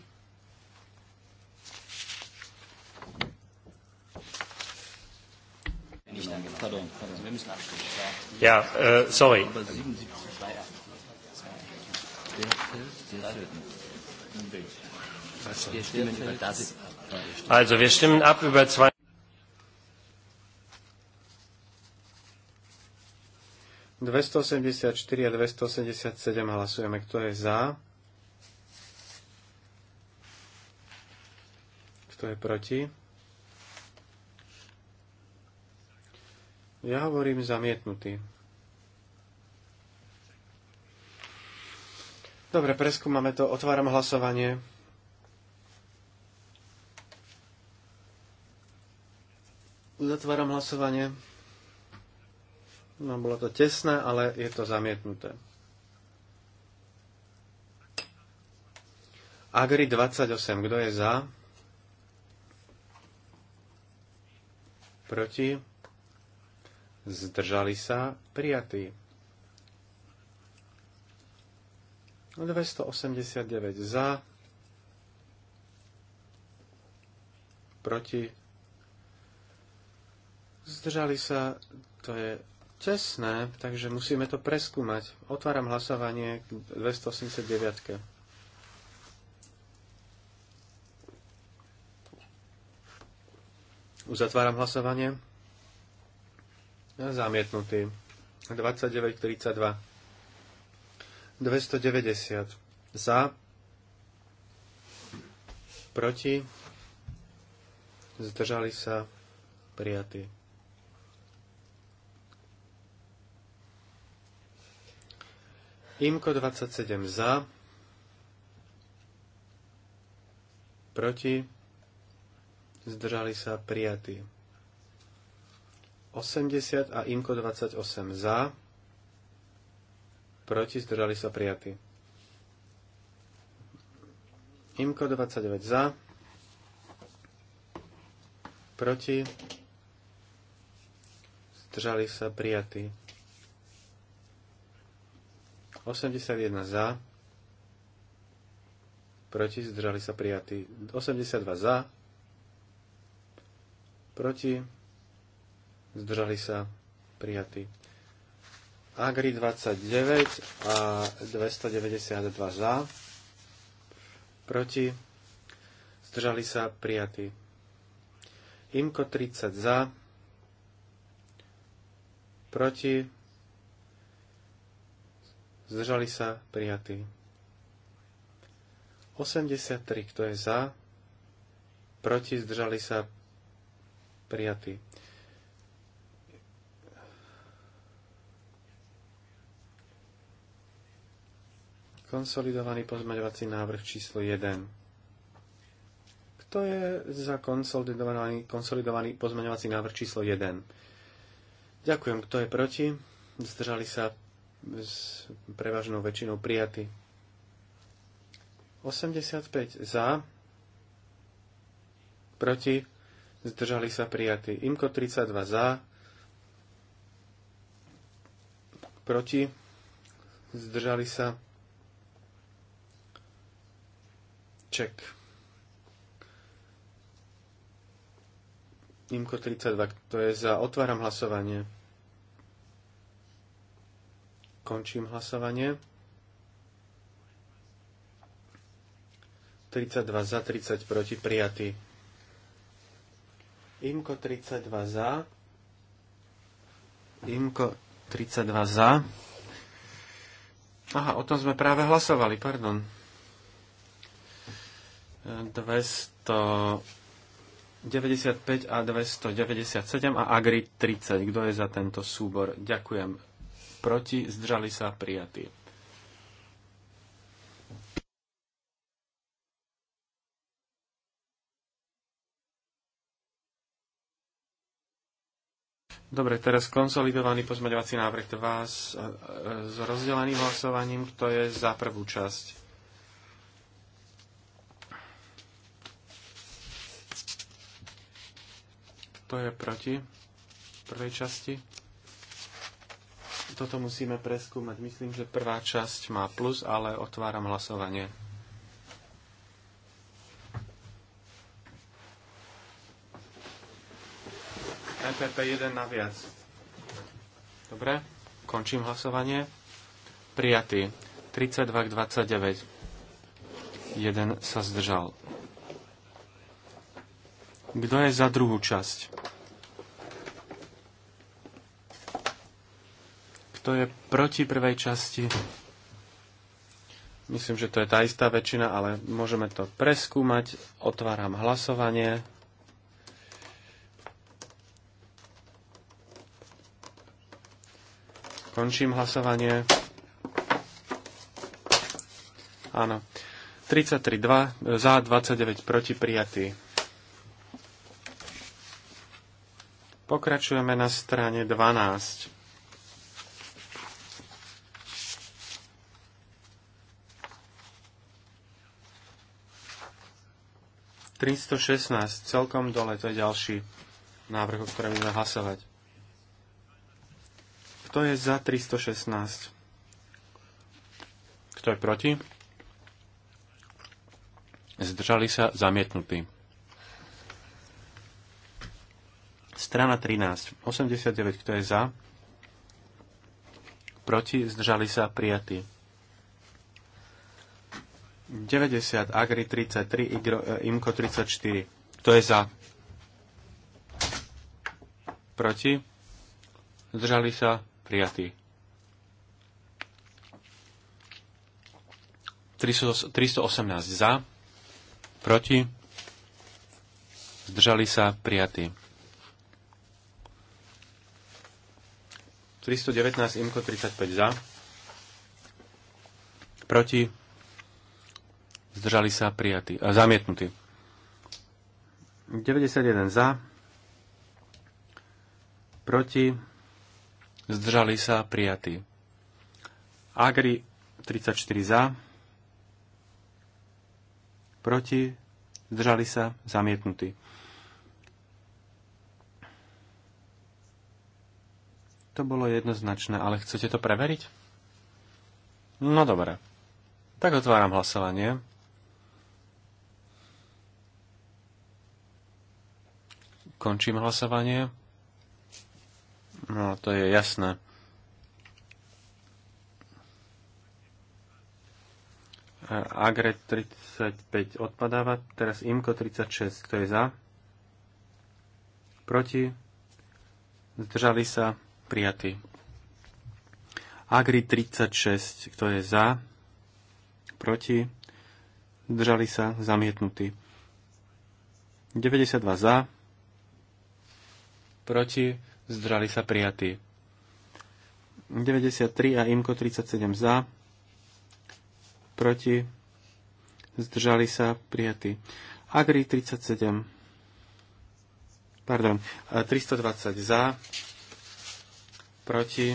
Pardon, pardon. Wir müssen abstimmen. Ja, äh, sorry. Also wir stimmen ab über zwei. a 287 hlasujeme. Kto je za? Kto je proti? Ja hovorím zamietnutý. Dobre, preskúmame to. Otváram hlasovanie. Uzatváram hlasovanie. No, bolo to tesné, ale je to zamietnuté. Agri 28, kto je za? Proti? Zdržali sa? Prijatí. 289 za, proti, zdržali sa, to je tesné, takže musíme to preskúmať. Otváram hlasovanie k 289. Uzatváram hlasovanie. Zamietnutý. 32 290 za, proti, zdržali sa prijatí. Imko 27 za, proti, zdržali sa prijatí. 80 a Imko 28 za, proti, zdržali sa prijatí. Imko 29 za, proti, zdržali sa prijatí. 81 za, proti, zdržali sa prijatí. 82 za, proti, zdržali sa prijatí. Agri 29 a 292 za. Proti. Zdržali sa prijatí. Imko 30 za. Proti. Zdržali sa prijatí. 83, kto je za. Proti. Zdržali sa prijatí. Konsolidovaný pozmeňovací návrh číslo 1. Kto je za konsolidovaný, konsolidovaný pozmeňovací návrh číslo 1? Ďakujem. Kto je proti? Zdržali sa s prevažnou väčšinou prijatí. 85 za, proti, zdržali sa prijatí. Imko 32 za, proti, zdržali sa Ček. Imko 32, to je za. Otváram hlasovanie. Končím hlasovanie. 32 za, 30 proti, prijatý. Imko 32 za. Imko 32 za. Aha, o tom sme práve hlasovali, pardon. 295 a 297 a Agri 30. Kto je za tento súbor? Ďakujem. Proti? Zdržali sa? Prijatí. Dobre, teraz konsolidovaný pozmeňovací návrh vás s rozdeleným hlasovaním. Kto je za prvú časť? Kto je proti? Prvej časti. Toto musíme preskúmať. Myslím, že prvá časť má plus, ale otváram hlasovanie. EPP 1 na viac. Dobre, končím hlasovanie. Prijatý. 32 k 29. Jeden sa zdržal. Kto je za druhú časť? To je proti prvej časti? Myslím, že to je tá istá väčšina, ale môžeme to preskúmať. Otváram hlasovanie. Končím hlasovanie. Áno. 33 2, za, 29 proti prijatý. Pokračujeme na strane 12. 316 celkom dole, to je ďalší návrh, o ktorom budeme hlasovať. Kto je za 316? Kto je proti? Zdržali sa zamietnutí. Strana 13. 89. Kto je za? Proti? Zdržali sa prijatí. 90, Agri 33, e, Imko 34. Kto je za? Proti? Zdržali sa? Prijatí. 318 za, proti, zdržali sa, prijatí. 319, IMKO 35 za, proti, zdržali sa prijatí, a zamietnutí. 91 za, proti, zdržali sa prijatí. Agri 34 za, proti, zdržali sa zamietnutí. To bolo jednoznačné, ale chcete to preveriť? No dobre. Tak otváram hlasovanie. Končím hlasovanie. No, to je jasné. E, Agre 35 odpadáva, teraz Imko 36, kto je za? Proti? Zdržali sa? Prijatí. Agri 36, kto je za? Proti? Zdržali sa? Zamietnutí. 92 za, proti, zdrali sa prijatí. 93 a IMKO 37 za, proti, zdržali sa prijatí. Agri 37, pardon, 320 za, proti,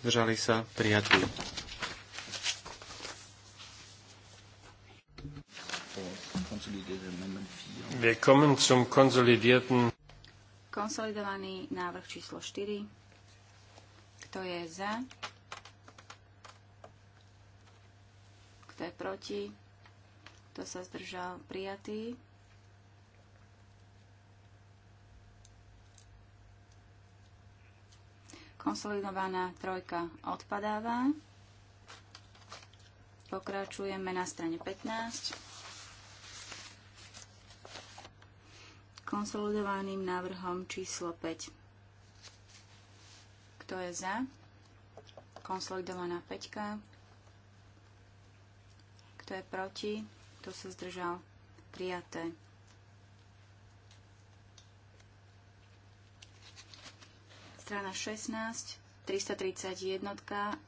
zdržali sa prijatí. Wir kommen zum konsolidierten Konsolidovaný návrh číslo 4. Kto je za? Kto je proti? Kto sa zdržal? Prijatý. Konsolidovaná trojka odpadáva. Pokračujeme na strane 15. konsolidovaným návrhom číslo 5. Kto je za? Konsolidovaná 5. Kto je proti? Kto sa zdržal? Prijaté. Strana 16, 331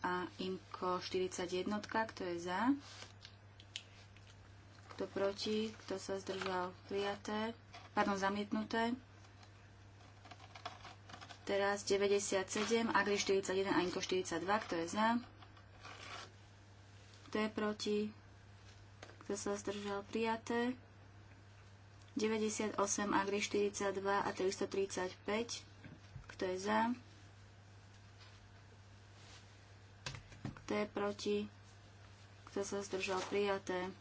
a IMKO 41. Kto je za? Kto proti? Kto sa zdržal? Prijaté pardon, zamietnuté. Teraz 97, Agri 41 a Inko 42, kto je za? Kto je proti? Kto sa zdržal? Prijaté. 98, Agri 42 a 335, kto je za? Kto je proti? Kto sa zdržal? Prijaté.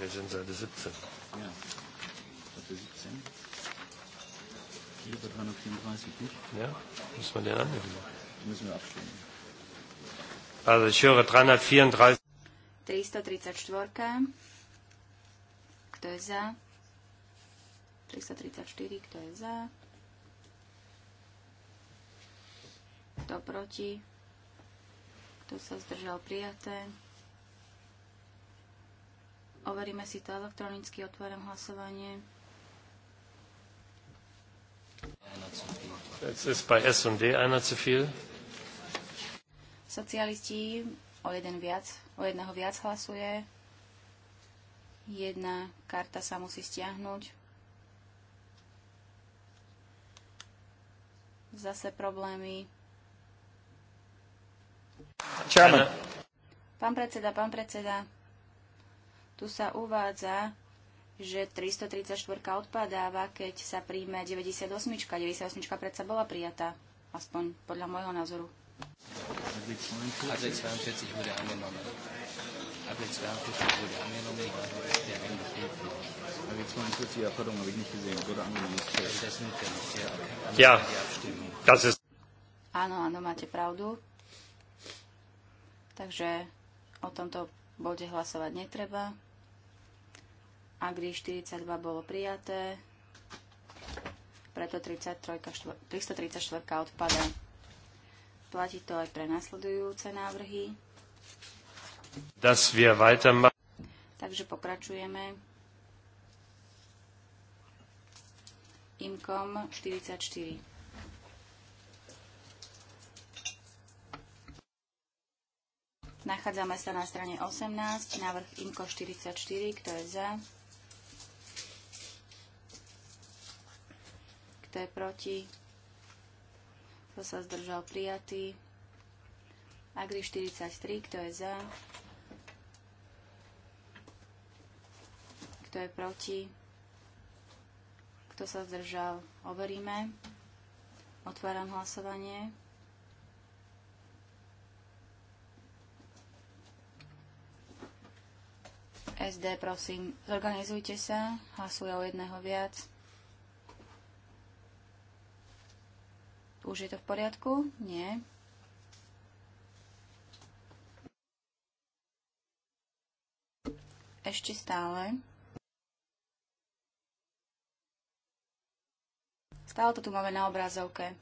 wir sind Seite 17. Ja, Seite 17. Hier bei 334 nicht. Ja, müssen wir den annehmen. Die müssen wir abstimmen. Also ich höre 334. 334. Kto je za? 334, kto je za? Kto proti? Kto sa zdržal prijaté? Overíme si to elektronicky, otváram hlasovanie. bei S&D einer zu viel. Socialisti o jeden viac, o jedného viac hlasuje. Jedna karta sa musí stiahnuť. Zase problémy. Chairman. Pán predseda, pán predseda. Tu sa uvádza, že 334 odpadáva, keď sa príjme 98. 98 predsa bola prijatá, aspoň podľa môjho názoru. ja, Ja, das ist... Áno, áno, máte pravdu. Takže o tomto bode hlasovať netreba. Agri 42 bolo prijaté, preto 33, 334 odpada. Platí to aj pre nasledujúce návrhy. Takže pokračujeme. Imkom 44. Nachádzame sa na strane 18, návrh IMKO 44, kto je za? Kto je proti? Kto sa zdržal? Prijatý. Agri 43. Kto je za? Kto je proti? Kto sa zdržal? Overíme. Otváram hlasovanie. SD, prosím, zorganizujte sa. Hlasuje o jedného viac. Už je to v poriadku? Nie. Ešte stále. Stále to tu máme na obrazovke.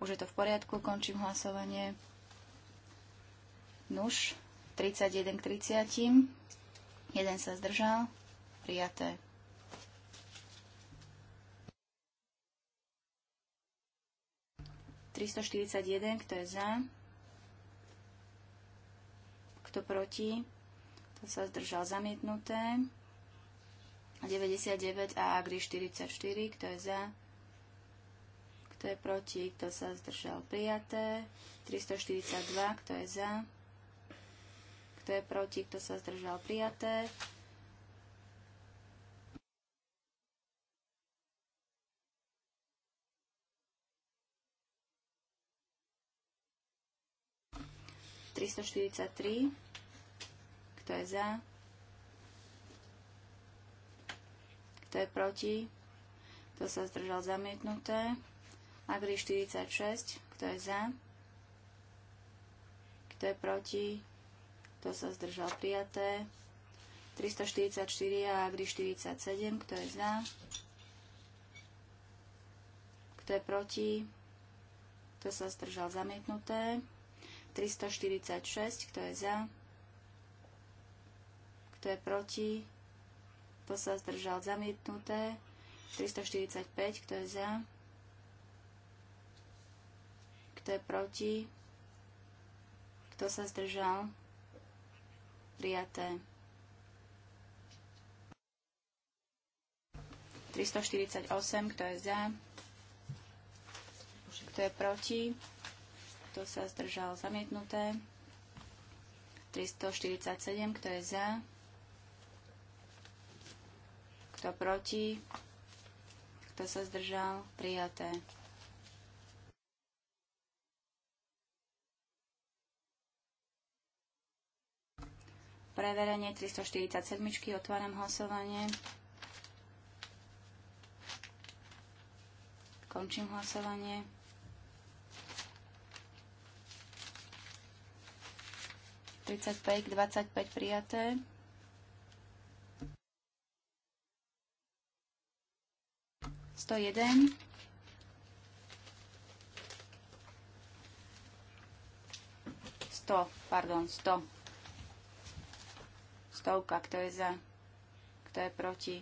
Už je to v poriadku, končím hlasovanie. Nuž, 31 k 30. Jeden sa zdržal. Prijaté. 341, kto je za, kto proti, to sa zdržal zamietnuté. 99 a Agri 44, kto je za, kto je proti, kto sa zdržal prijaté. 342, kto je za, kto je proti, kto sa zdržal prijaté. 343. Kto je za? Kto je proti? Kto sa zdržal zamietnuté? Agri 46. Kto je za? Kto je proti? Kto sa zdržal prijaté? 344 a Agri 47. Kto je za? Kto je proti? Kto sa zdržal zamietnuté? 346, kto je za, kto je proti, kto sa zdržal zamietnuté, 345, kto je za, kto je proti, kto sa zdržal, prijaté. 348, kto je za, kto je proti, kto sa zdržal zamietnuté. 347, kto je za, kto proti, kto sa zdržal, prijaté. Preverenie 347, otváram hlasovanie. Končím hlasovanie. 35 k 25 prijaté. Sto jeden. Sto, pardon, sto. Stovka, kto je za, kto je proti,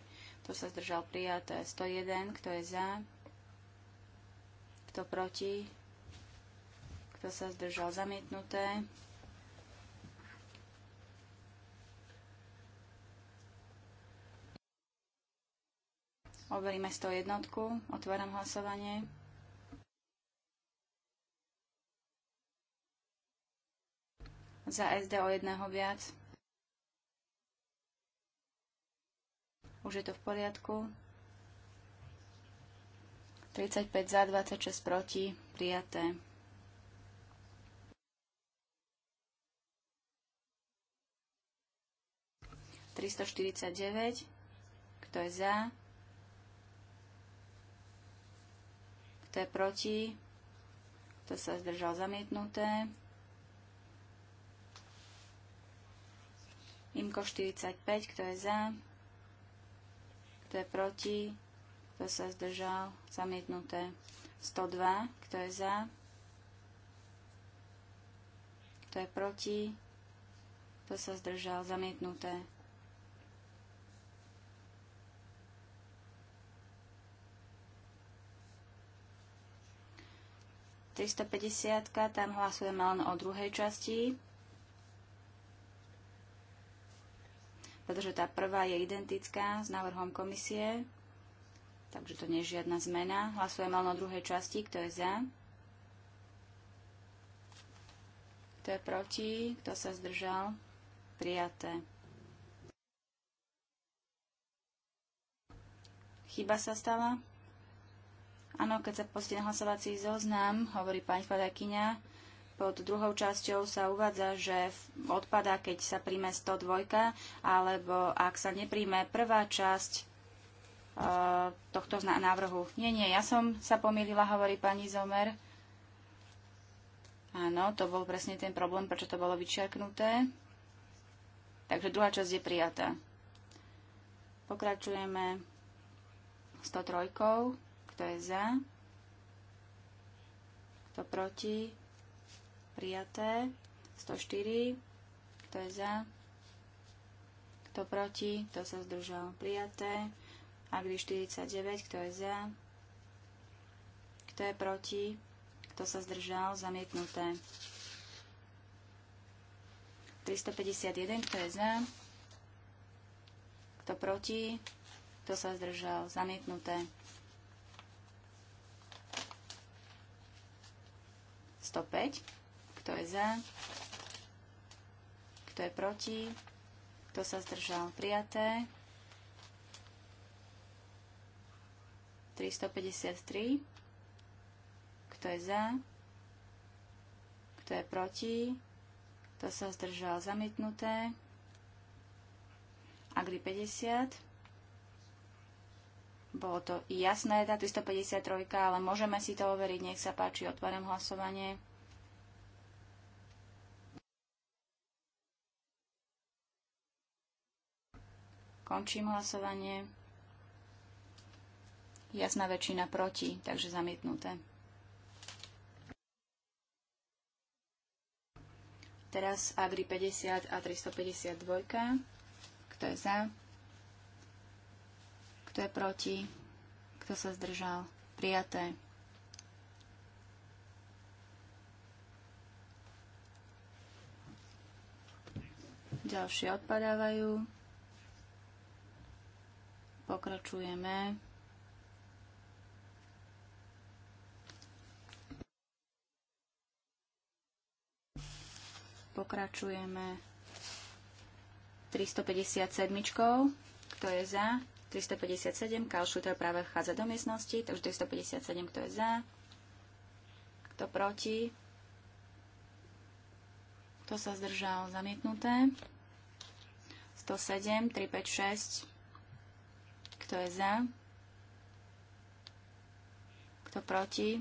kto sa zdržal prijaté. Sto jeden, kto je za, kto proti, kto sa zdržal zamietnuté. Overíme 101. Otváram hlasovanie. Za SD o jedného viac. Už je to v poriadku. 35 za, 26 proti. Prijaté. 349. Kto je za? je proti, To sa zdržal zamietnuté. Imko 45, kto je za, kto je proti, kto sa zdržal zamietnuté. 102, kto je za, kto je proti, kto sa zdržal zamietnuté. 350, tam hlasujeme len o druhej časti, pretože tá prvá je identická s návrhom komisie, takže to nie je žiadna zmena. Hlasujeme len o druhej časti, kto je za, kto je proti, kto sa zdržal, prijaté. Chyba sa stala? Áno, keď sa pozrite na hlasovací zoznam, hovorí pani Fadakyňa, pod druhou časťou sa uvádza, že odpadá, keď sa príjme 102, alebo ak sa nepríjme prvá časť e, tohto návrhu. Nie, nie, ja som sa pomýlila, hovorí pani Zomer. Áno, to bol presne ten problém, prečo to bolo vyčerknuté. Takže druhá časť je prijatá. Pokračujeme 103. Kto je za? Kto proti? Prijaté. 104. Kto je za? Kto proti? Kto sa zdržal? Prijaté. Agri 49. Kto je za? Kto je proti? Kto sa zdržal? Zamietnuté. 351. Kto je za? Kto proti? Kto sa zdržal? Zamietnuté. 105. Kto je za? Kto je proti? Kto sa zdržal? Prijaté. 353. Kto je za? Kto je proti? Kto sa zdržal? Zamietnuté. Agri 50. Bolo to jasné, tá 353, ale môžeme si to overiť. Nech sa páči, otváram hlasovanie. Končím hlasovanie. Jasná väčšina proti, takže zamietnuté. Teraz Agri 50 a 352. Kto je za? Kto je proti? Kto sa zdržal? Prijaté. Ďalšie odpadávajú. Pokračujeme. Pokračujeme 357. Kto je za? 357, Karl Schutter práve vchádza do miestnosti, takže 357, kto je za, kto proti, kto sa zdržal, zamietnuté. 107, 356, kto je za, kto proti,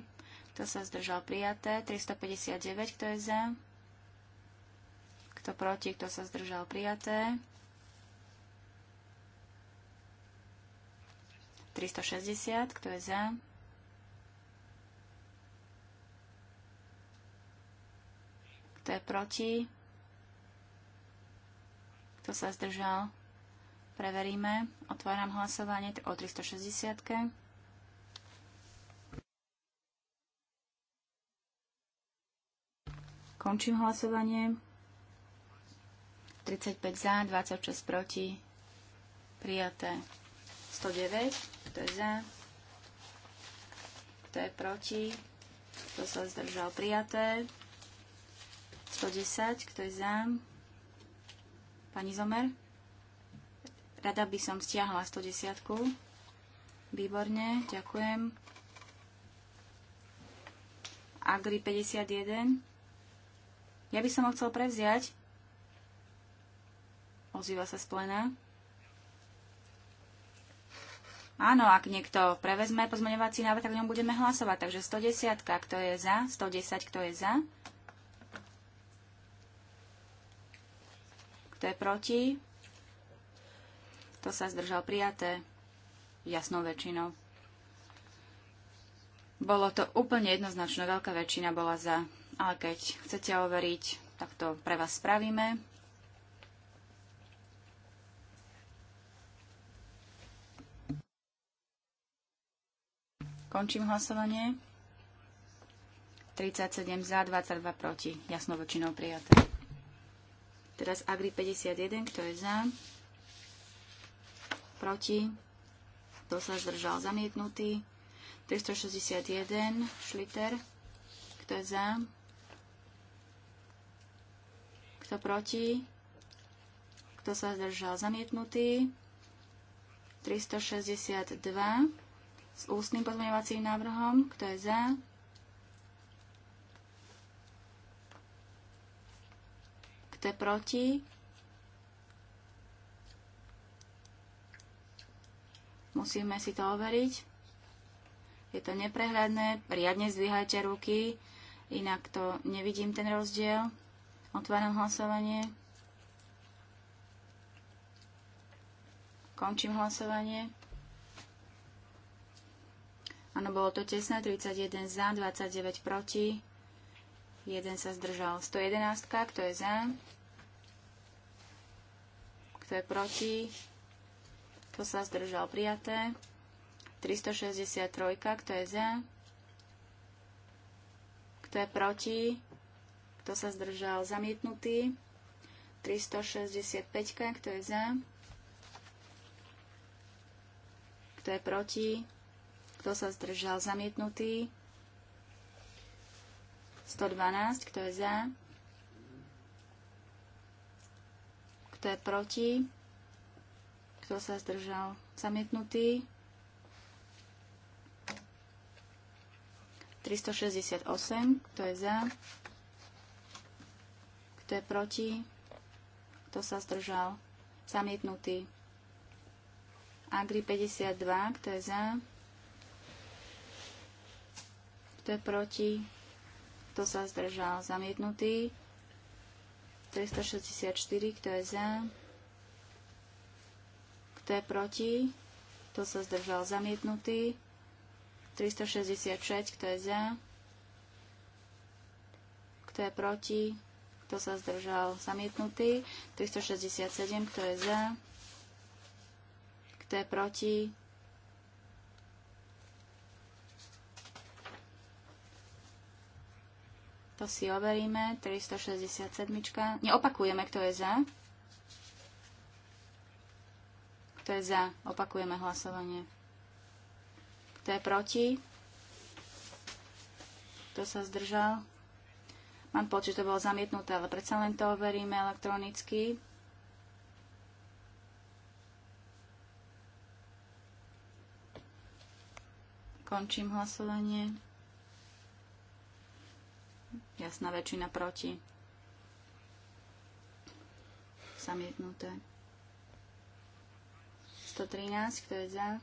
kto sa zdržal, prijaté. 359, kto je za, kto proti, kto sa zdržal, prijaté. 360, kto je za? Kto je proti? Kto sa zdržal? Preveríme. Otváram hlasovanie o 360. Končím hlasovanie. 35 za, 26 proti. Prijaté. 109 kto je za, kto je proti, kto sa zdržal prijaté, 110, kto je za, pani Zomer, rada by som stiahla 110, výborne, ďakujem, Agri 51, ja by som ho chcel prevziať, ozýva sa z plena. Áno, ak niekto prevezme pozmeňovací návrh, tak o ňom budeme hlasovať. Takže 110, kto je za, 110, kto je za, kto je proti, kto sa zdržal prijaté jasnou väčšinou. Bolo to úplne jednoznačné, veľká väčšina bola za, ale keď chcete overiť, tak to pre vás spravíme. Končím hlasovanie. 37 za, 22 proti. jasno väčšinou prijaté. Teraz Agri 51, kto je za? Proti? Kto sa zdržal? Zamietnutý. 361, Šliter. Kto je za? Kto proti? Kto sa zdržal? Zamietnutý. 362 s ústnym pozmeňovacím návrhom. Kto je za? Kto je proti? Musíme si to overiť. Je to neprehľadné. Riadne zdvíhajte ruky, inak to nevidím ten rozdiel. Otváram hlasovanie. Končím hlasovanie. Áno, bolo to tesné, 31 za, 29 proti, 1 sa zdržal. 111, kto je za? Kto je proti? Kto sa zdržal? Prijaté. 363, kto je za? Kto je proti? Kto sa zdržal? Zamietnutý. 365, kto je za? Kto je proti? Kto sa zdržal? Zamietnutý. 112. Kto je za? Kto je proti? Kto sa zdržal? Zamietnutý. 368. Kto je za? Kto je proti? Kto sa zdržal? Zamietnutý. Agri 52. Kto je za? kto je proti, kto sa zdržal, zamietnutý. 364, kto je za, kto je proti, kto sa zdržal, zamietnutý. 366, kto je za, kto je proti, kto sa zdržal, zamietnutý. 367, kto je za, kto je proti, To si overíme. 367. Neopakujeme, kto je za. Kto je za? Opakujeme hlasovanie. Kto je proti? Kto sa zdržal? Mám pocit, že to bolo zamietnuté, ale predsa len to overíme elektronicky. Končím hlasovanie. Jasná väčšina proti. Samietnuté. 113, kto je za?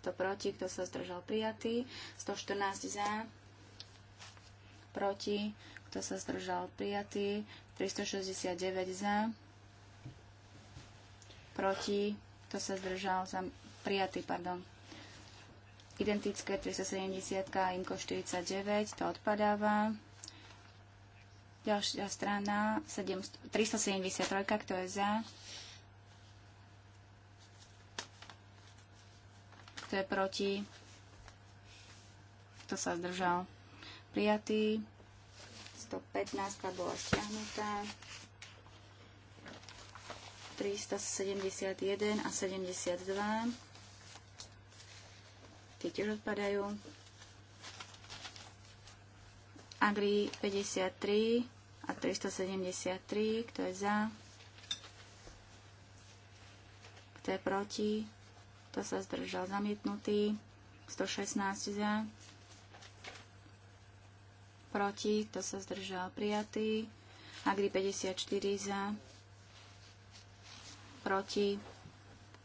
Kto proti? Kto sa zdržal prijatý? 114 za. Proti? Kto sa zdržal prijatý? 369 za. Proti? Kto sa zdržal za prijatý, pardon. Identické 370 a Inko 49, to odpadáva. Ďalšia strana 373, kto je za. Kto je proti? Kto sa zdržal? Prijatý. 115 bola stiahnutá. 371 a 72. Tie tiež odpadajú. Agri 53 a 373, kto je za, kto je proti, kto sa zdržal zamietnutý, 116 za, proti, kto sa zdržal prijatý, Agri 54 za, proti,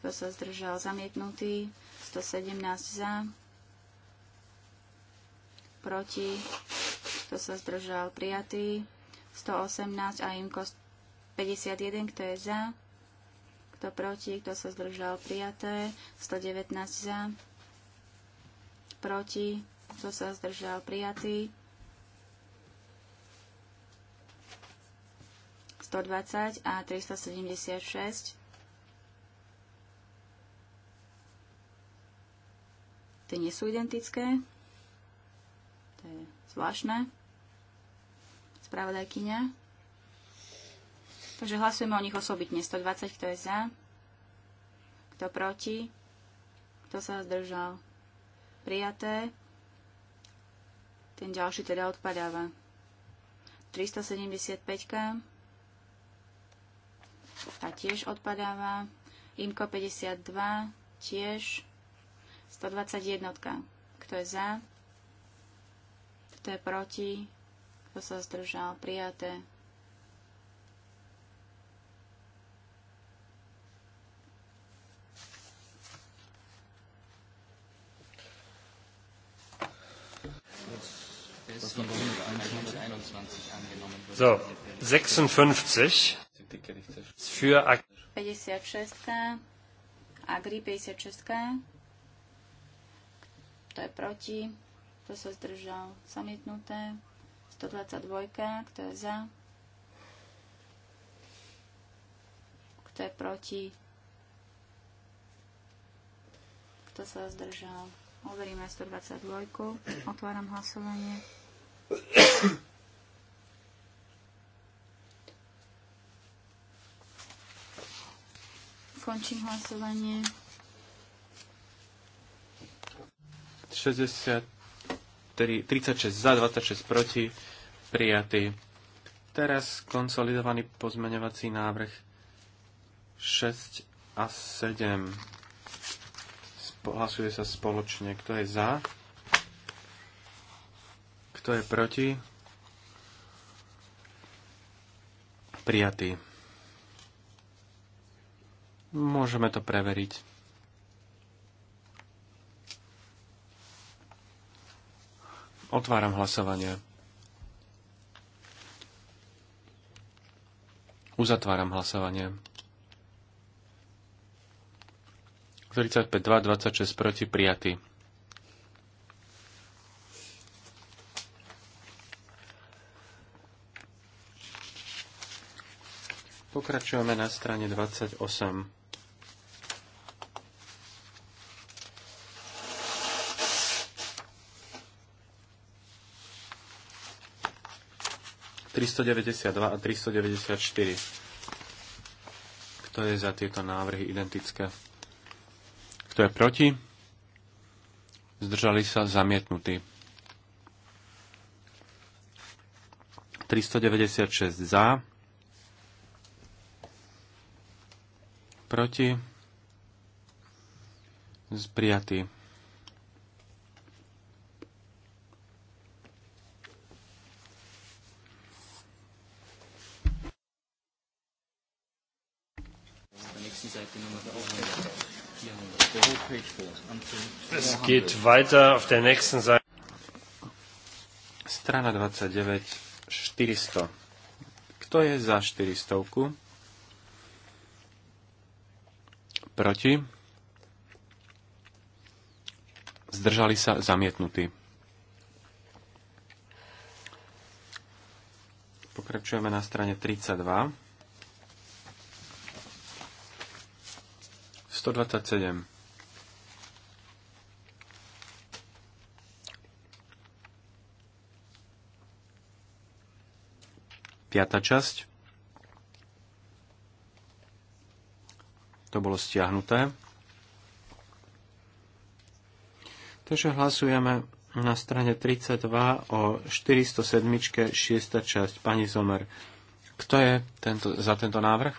kto sa zdržal zamietnutý, 117 za, proti, kto sa zdržal prijatý, 118 a imko 51, kto je za, kto proti, kto sa zdržal prijaté, 119 za, proti, kto sa zdržal prijatý, 120 a 376 Tie nie sú identické. To je zvláštne. Spravodajkyňa. Takže hlasujeme o nich osobitne. 120, kto je za, kto proti, kto sa zdržal. Prijaté. Ten ďalší teda odpadáva. 375 -ka. tá tiež odpadáva. Imko 52 tiež 121. Kto je za? Kto je proti? Kto sa zdržal? Prijaté. So, 56 für Agri 56 Agri 56 kto je proti, kto sa zdržal, zamietnuté. 122, kto je za, kto je proti, kto sa zdržal. Overíme 122. Otváram hlasovanie. Končím hlasovanie. 60, 3, 36 za, 26 proti, prijatý. Teraz konsolidovaný pozmeňovací návrh 6 a 7. Hlasuje sa spoločne. Kto je za? Kto je proti? Prijatý. Môžeme to preveriť. Otváram hlasovanie. Uzatváram hlasovanie. 45, 26 proti prijatý. Pokračujeme na strane 28. 392 a 394. Kto je za tieto návrhy identické? Kto je proti? Zdržali sa zamietnutí. 396 za. Proti. Prijatý. Es geht weiter auf der nächsten Seite. Strana 29, 400. Kto je za 400? Proti? Zdržali sa zamietnutí. Pokračujeme na strane 32. 127. 5. časť. To bolo stiahnuté. Takže hlasujeme na strane 32 o 407. 6. časť. Pani Zomer, kto je tento, za tento návrh?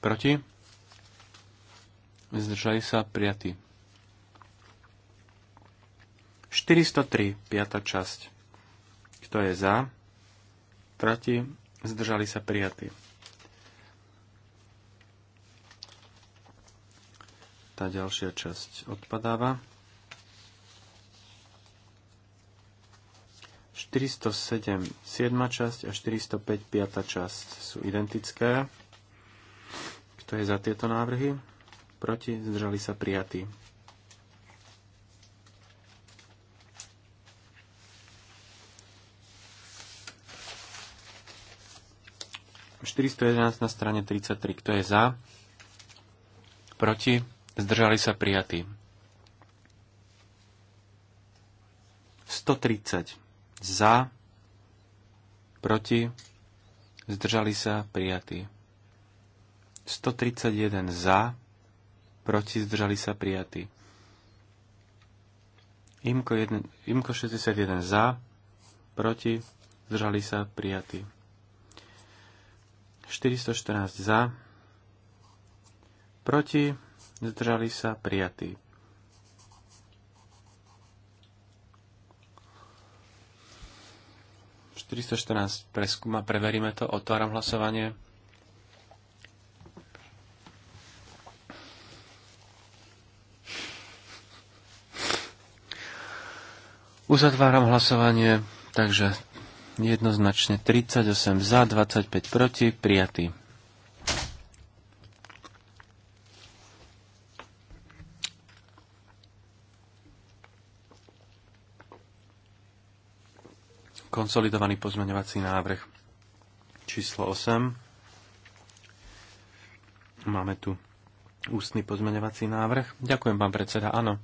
Proti? Zdržali sa prijatí. 403. 5. časť. Kto je za? proti, zdržali sa prijatí. Tá ďalšia časť odpadáva. 407 7. časť a 405 5. časť sú identické. Kto je za tieto návrhy? Proti? Zdržali sa prijatí. 411 na strane 33. Kto je za? Proti? Zdržali sa prijatí. 130. Za? Proti? Zdržali sa prijatí. 131 za, proti zdržali sa prijatí. Imko, 1, Imko 61 za, proti zdržali sa prijatí. 414 za, proti, zdržali sa, prijatí. preskúma, preveríme to, otváram hlasovanie. Uzatváram hlasovanie, takže Jednoznačne 38 za, 25 proti, prijatý. Konsolidovaný pozmeňovací návrh číslo 8. Máme tu ústny pozmeňovací návrh. Ďakujem, pán predseda, áno.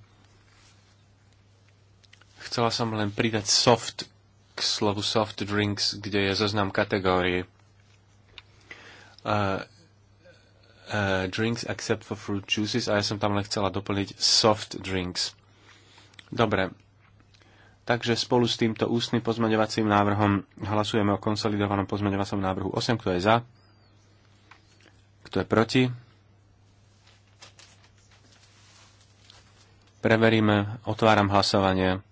Chcela som len pridať soft k slovu soft drinks, kde je zoznam kategórie. Uh, uh, eh, drinks except for fruit juices a ja som tam len chcela doplniť soft drinks. Dobre. Takže spolu s týmto ústnym pozmeňovacím návrhom hlasujeme o konsolidovanom pozmeňovacom návrhu 8. Kto je za? Kto je proti? Preveríme. Otváram hlasovanie.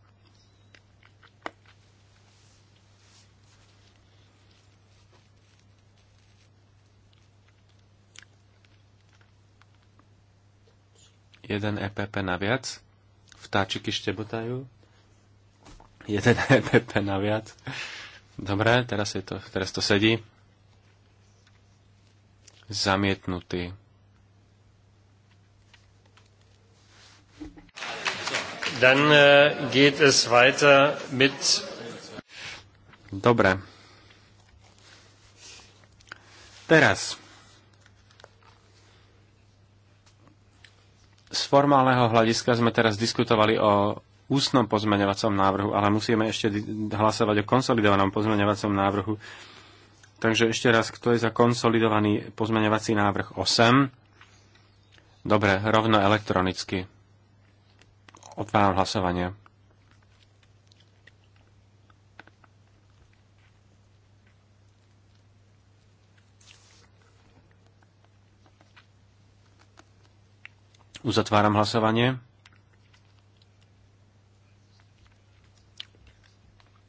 Jeden EPP naviac. Vtáčiky štebotajú. Jeden EPP naviac. Dobre, teraz, je to, teraz to sedí. Zamietnutý. Dann äh, geht es weiter mit. Dobre. Teraz Z formálneho hľadiska sme teraz diskutovali o ústnom pozmeňovacom návrhu, ale musíme ešte hlasovať o konsolidovanom pozmeňovacom návrhu. Takže ešte raz, kto je za konsolidovaný pozmeňovací návrh 8? Dobre, rovno elektronicky. Otváram hlasovanie. Uzatváram hlasovanie.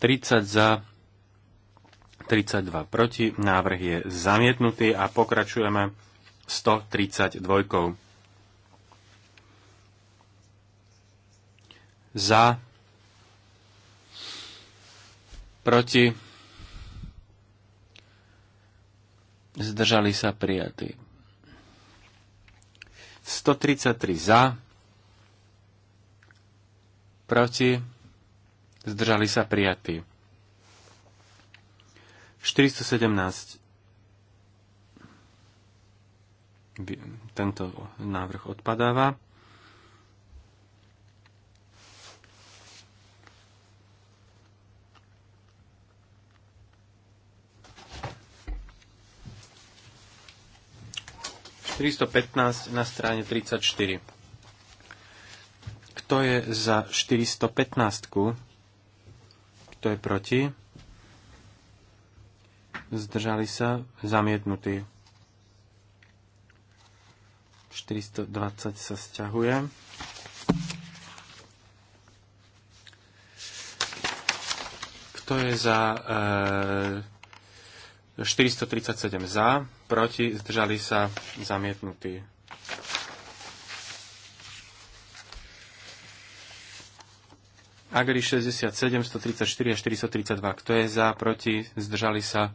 30 za, 32 proti. Návrh je zamietnutý a pokračujeme 132. Za, proti, zdržali sa prijatí. 133 za, proti, zdržali sa prijatí. 417 tento návrh odpadáva. 415 na strane 34. Kto je za 415? Kto je proti? Zdržali sa zamietnutí. 420 sa stiahuje. Kto je za e 437 za, proti, zdržali sa, zamietnutí. Agri 67, 134 a 432. Kto je za, proti, zdržali sa,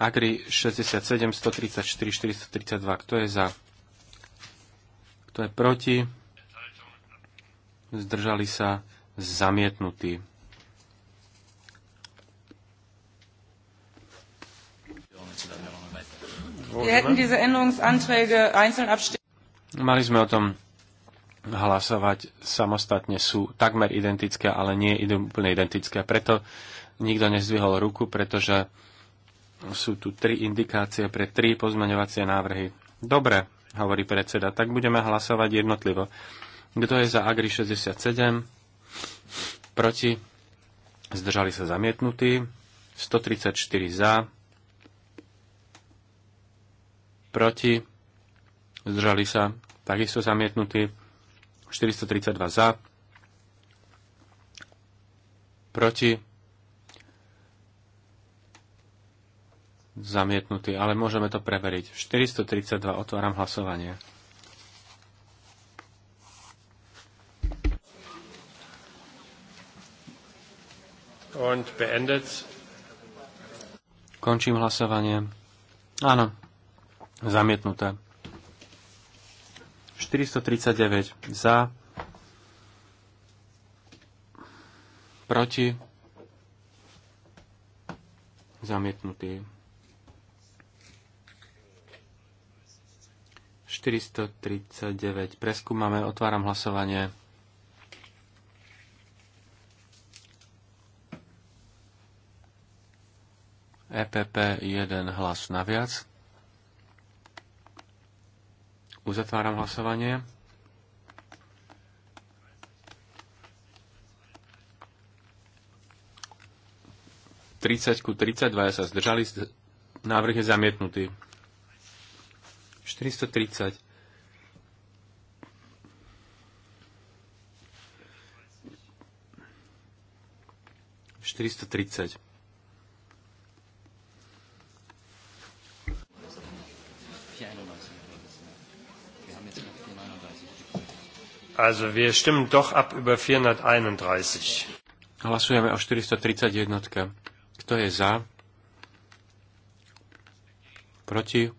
Agri 67, 134, 432. Kto je za? Kto je proti? Zdržali sa zamietnutí. Mali sme o tom hlasovať samostatne. Sú takmer identické, ale nie úplne identické. Preto nikto nezdvihol ruku, pretože sú tu tri indikácie pre tri pozmeňovacie návrhy. Dobre, hovorí predseda, tak budeme hlasovať jednotlivo. Kto je za Agri 67? Proti? Zdržali sa zamietnutí. 134 za. Proti? Zdržali sa takisto zamietnutí. 432 za. Proti? zamietnutý, ale môžeme to preveriť. 432, otváram hlasovanie. Und beendet. Končím hlasovanie. Áno, zamietnuté. 439 za, proti, zamietnutý. 439. Preskúmame, otváram hlasovanie. EPP 1 hlas naviac. Uzatváram hlasovanie. Tridsať ku 32 ja sa zdržali. Návrh je zamietnutý. 430. Štyristo tridsať. Also wir stimmen doch ab über 431. Hlasujeme o 431. Kto je za? Proti?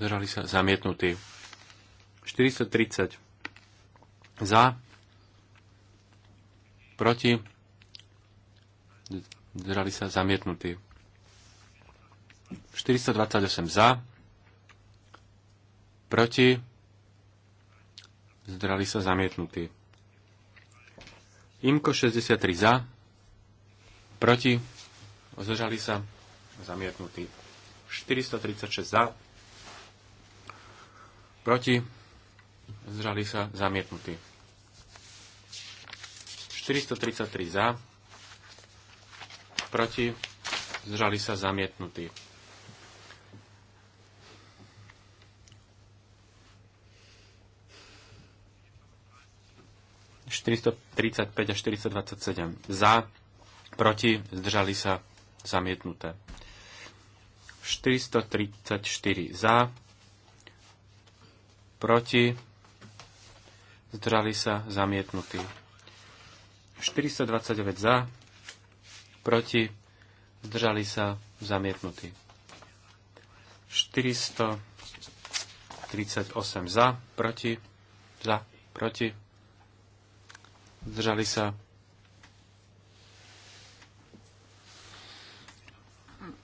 Zdržali sa zamietnutí. 430 za, proti, zdržali sa zamietnutí. 428 za, proti, zdržali sa zamietnutí. Imko 63 za, proti, zdržali sa zamietnutí. 436 za, Proti? Zdrali sa zamietnutí. 433 za. Proti? Zdrali sa zamietnutí. ...435 a 427 za, proti, zdržali sa zamietnuté. 434 za, proti, zdržali sa zamietnutí. 429 za, proti, zdržali sa zamietnutí. 438 za, proti, za, proti, zdržali sa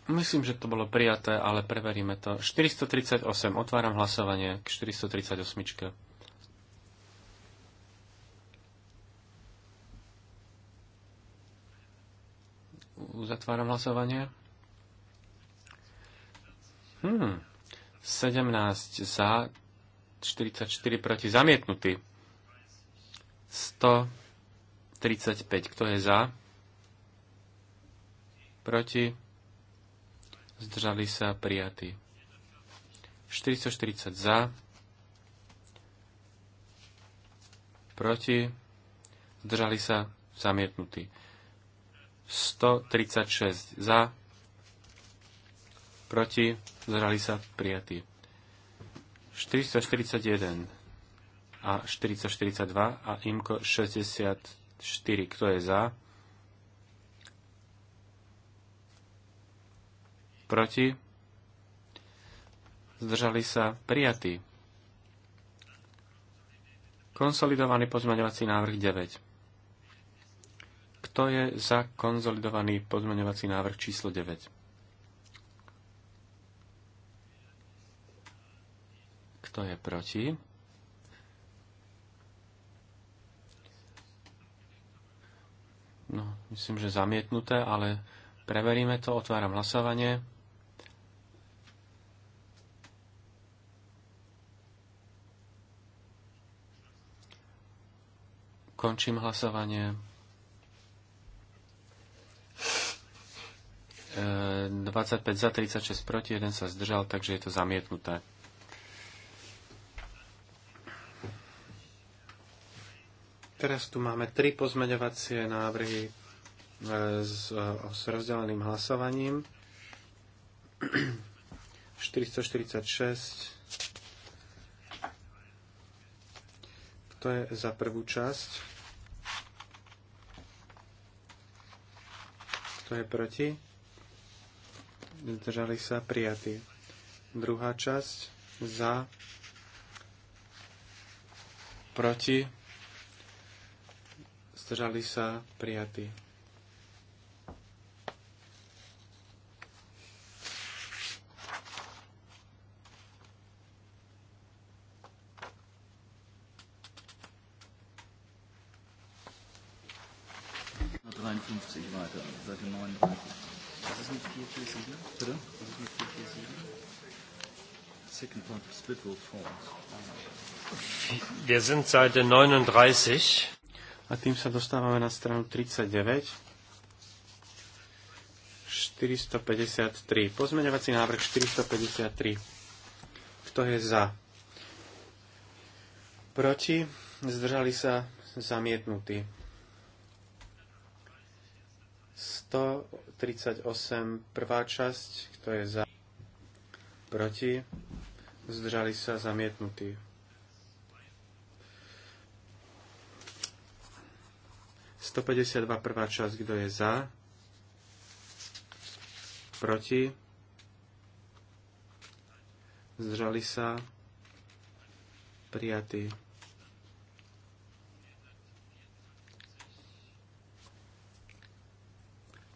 Myslím, že to bolo prijaté, ale preveríme to. 438. Otváram hlasovanie k 438. Uzatváram hlasovanie. Hmm. 17 za, 44 proti zamietnutý. 135. Kto je za? Proti? zdržali sa prijatí. 440 za, proti, zdržali sa zamietnutí. 136 za, proti, zdržali sa prijatí. 441 a 442 a IMKO 64. Kto je za? proti, zdržali sa prijatí. Konsolidovaný pozmeňovací návrh 9. Kto je za konsolidovaný pozmeňovací návrh číslo 9? Kto je proti? No, myslím, že zamietnuté, ale preveríme to. Otváram hlasovanie. Končím hlasovanie. 25 e, za, 36 proti, jeden sa zdržal, takže je to zamietnuté. Teraz tu máme tri pozmeňovacie návrhy e, s, e, s rozdeleným hlasovaním. 446, To je za prvú časť. Kto je proti? Zdržali sa prijatí. Druhá časť za proti. Zdržali sa prijatí. Wir sind Seite 39. A tým sa dostávame na stranu 39. 453. Pozmeňovací návrh 453. Kto je za? Proti? Zdržali sa zamietnutí. 138. Prvá časť. Kto je za? Proti? zdržali sa zamietnutí. Sto dva prvá časť, kto je za, proti, zdržali sa, prijatí.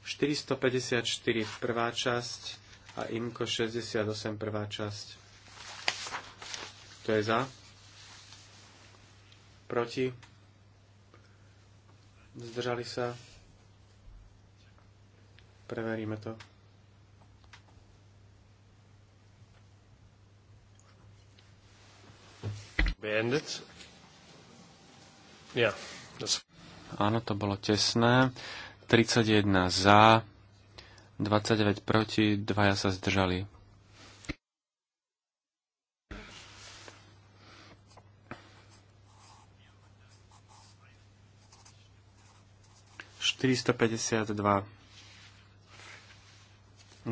Štyristo prvá časť a IMKO 68 prvá časť. Kto je za? Proti? Zdržali sa? Preveríme to. Beendet. Ja. Áno, to bolo tesné. 31 za, 29 proti, dvaja sa zdržali. 452.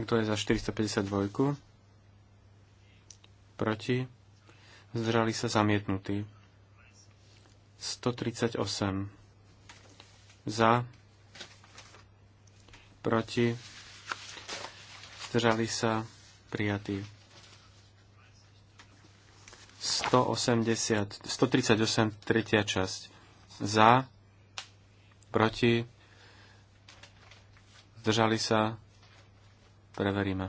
Kto je za 452? Proti? Zdržali sa zamietnutí. 138. Za? Proti? Zdržali sa prijatí. 180, 138, tretia časť. Za? Proti? Zdržali sa? Preveríme.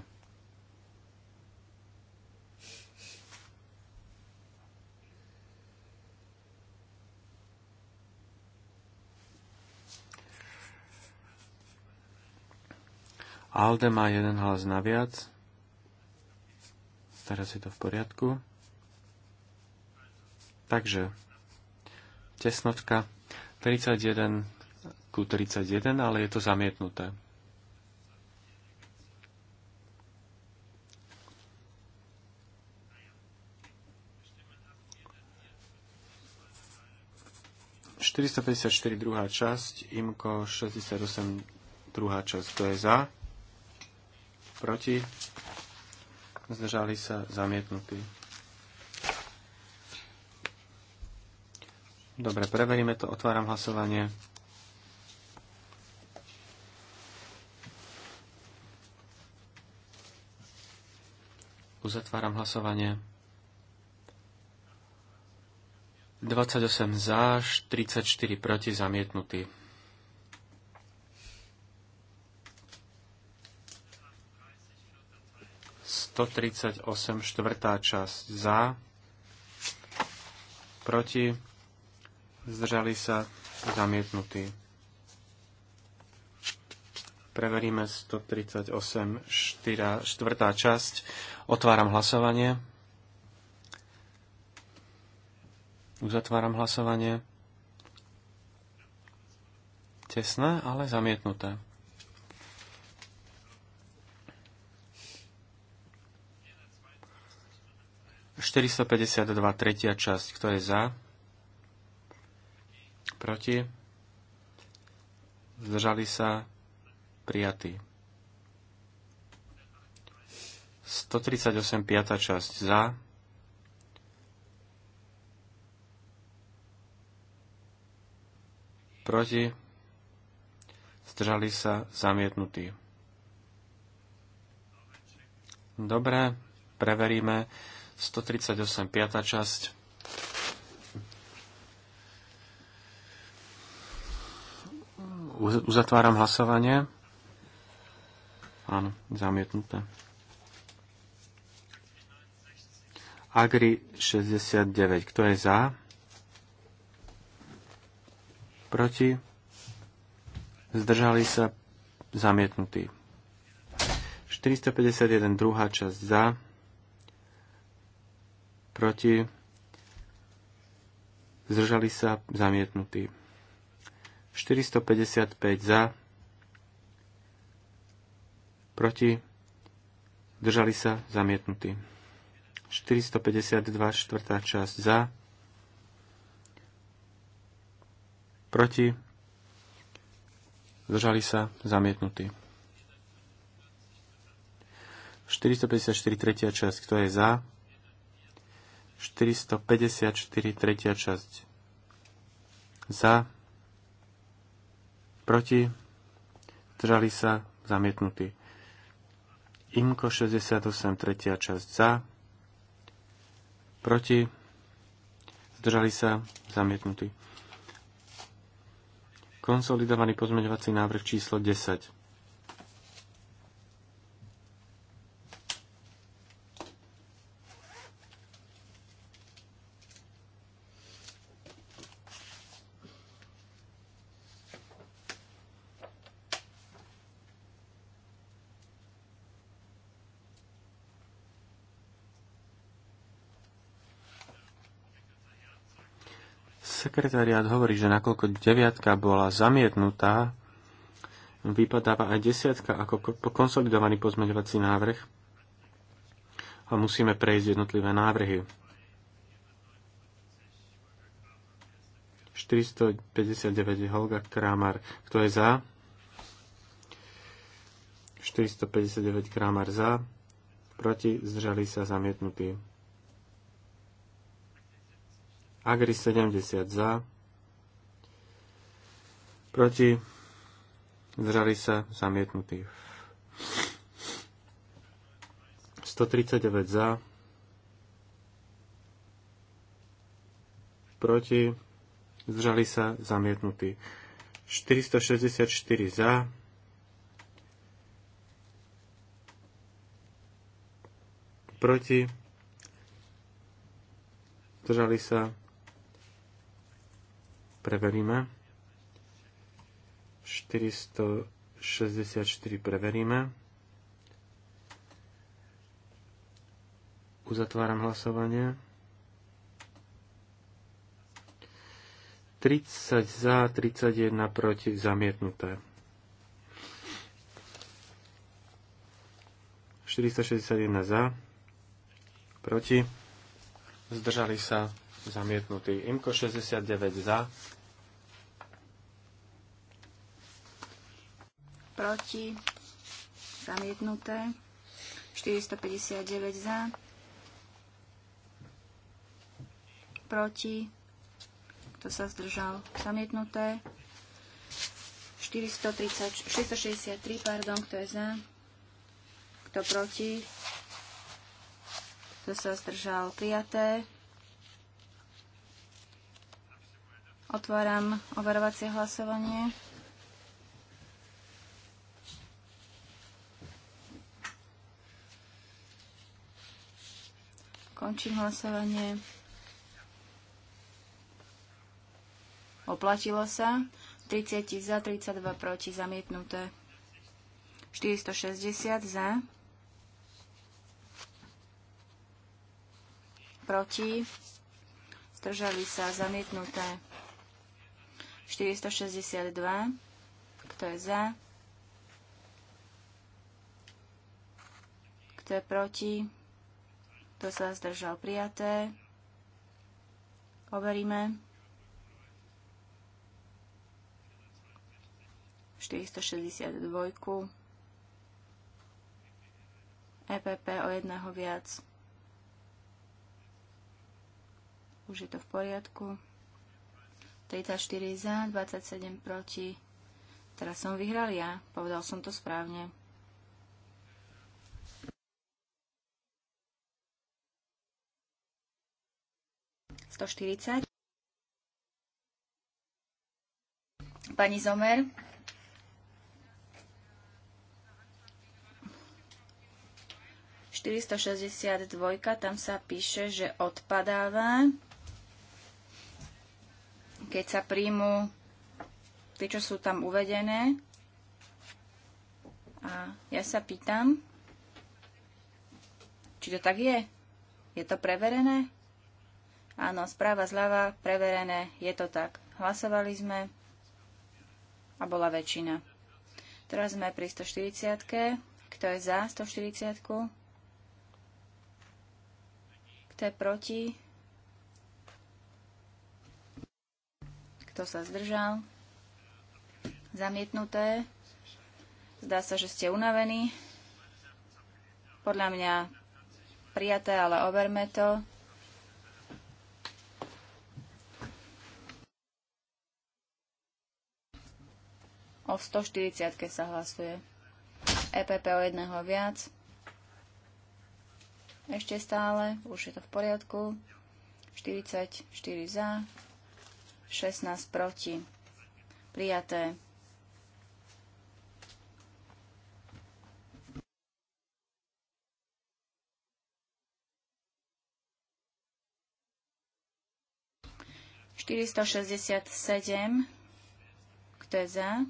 Alde má jeden hlas naviac. Teraz je to v poriadku. Takže, tesnotka 31 ku 31, ale je to zamietnuté. 454 druhá časť, IMKO 68 druhá časť, to je za, proti, zdržali sa zamietnutí. Dobre, preveríme to, otváram hlasovanie. Uzatváram hlasovanie. 28 za, 34 proti, zamietnutý. 138, štvrtá časť za, proti, zdržali sa, zamietnutí. Preveríme 138, 4, štvrtá časť. Otváram hlasovanie. Uzatváram hlasovanie. Tesné, ale zamietnuté. dva tretia časť. Kto je za? Proti? Zdržali sa? Prijatí. 138. 5. časť. Za? proti, zdržali sa zamietnutí. Dobre, preveríme 138. 5. časť. Uzatváram hlasovanie. Áno, zamietnuté. Agri 69. Kto je za? proti, zdržali sa zamietnutí. 451 druhá časť za, proti, zdržali sa zamietnutí. 455 za, proti, zdržali sa zamietnutí. 452 štvrtá časť za, proti, zdržali sa, zamietnutí. 454 tretia časť, kto je za? 454 tretia časť. Za, proti, zdržali sa, zamietnutí. Imko 68 tretia časť za, proti, zdržali sa, zamietnutí. Konsolidovaný pozmeňovací návrh číslo 10. Sekretariát hovorí, že nakoľko deviatka bola zamietnutá, vypadáva aj desiatka ako konsolidovaný pozmeňovací návrh a musíme prejsť jednotlivé návrhy. 459 Holga Kramar. Kto je za? 459 Kramar za. Proti zdržali sa zamietnutí. Agri 70 za, proti, zdržali sa, zamietnutí. 139 za, proti, zdržali sa, zamietnutí. 464 za, proti, zdržali sa, preveríme. 464 preveríme. Uzatváram hlasovanie. 30 za, 31 proti, zamietnuté. 461 za, proti, zdržali sa zamietnutý. Imko 69 za, proti, zamietnuté, 459 za, proti, kto sa zdržal, zamietnuté, 430, 463, pardon, kto je za, kto proti, kto sa zdržal, prijaté, Otváram overovacie hlasovanie. Končím hlasovanie. Oplatilo sa. 30 za, 32 proti, zamietnuté. 460 za. Proti. Zdržali sa, zamietnuté. 462. Kto je za? Kto je proti? Kto sa zdržal? Prijaté. Overíme. 462. EPP o jedného viac. Už je to v poriadku. 34 za, 27 proti. Teraz som vyhral ja, povedal som to správne. Pani Zomer. Štyristo dvojka, tam sa píše, že odpadáva keď sa príjmu tie, čo sú tam uvedené. A ja sa pýtam, či to tak je? Je to preverené? Áno, správa zľava, preverené, je to tak. Hlasovali sme a bola väčšina. Teraz sme pri 140. Kto je za 140? Kto je proti? Kto sa zdržal? Zamietnuté. Zdá sa, že ste unavení. Podľa mňa prijaté, ale overme to. O 140 sa hlasuje. EPP o jedného viac. Ešte stále, už je to v poriadku. 44 za, 16 proti. Prijaté. Čtyristo šesťdesiat sedem. Kto je za?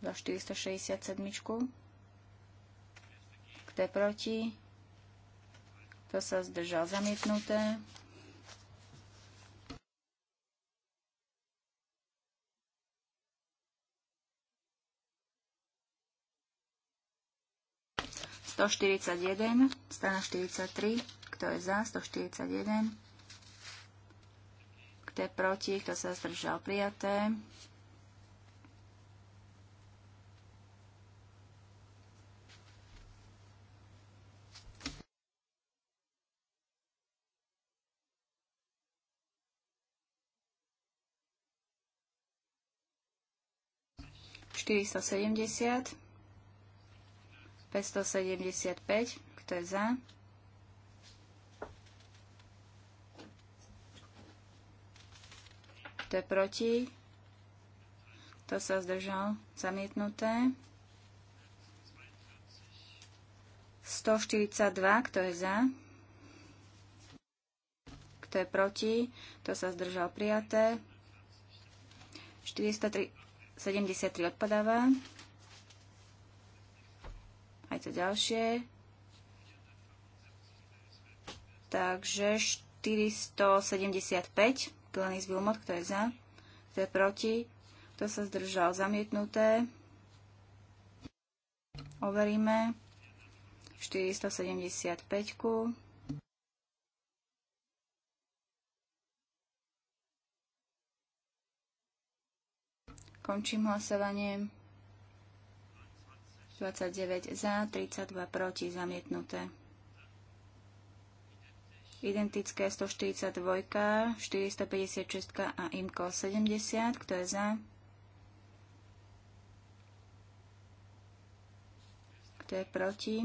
Za štyristo šesťdesiat sedmičku. Kto je proti? Kto sa zdržal? Zamietnuté. 141, strana 43, kto je za, 141, kto je proti, kto sa zdržal, prijaté. Štyristo sedemdesiat. 575, kto je za? Kto je proti? Kto sa zdržal? Zamietnuté. 142, kto je za? Kto je proti? Kto sa zdržal? Prijaté. 473 odpadáva aj to ďalšie. Takže 475, z Wilmot, kto je za, kto je proti, kto sa zdržal zamietnuté. Overíme 475. -ku. Končím hlasovanie. 29 za, 32 proti, zamietnuté. Identické 142, 456 a IMKO 70, kto je za? Kto je proti?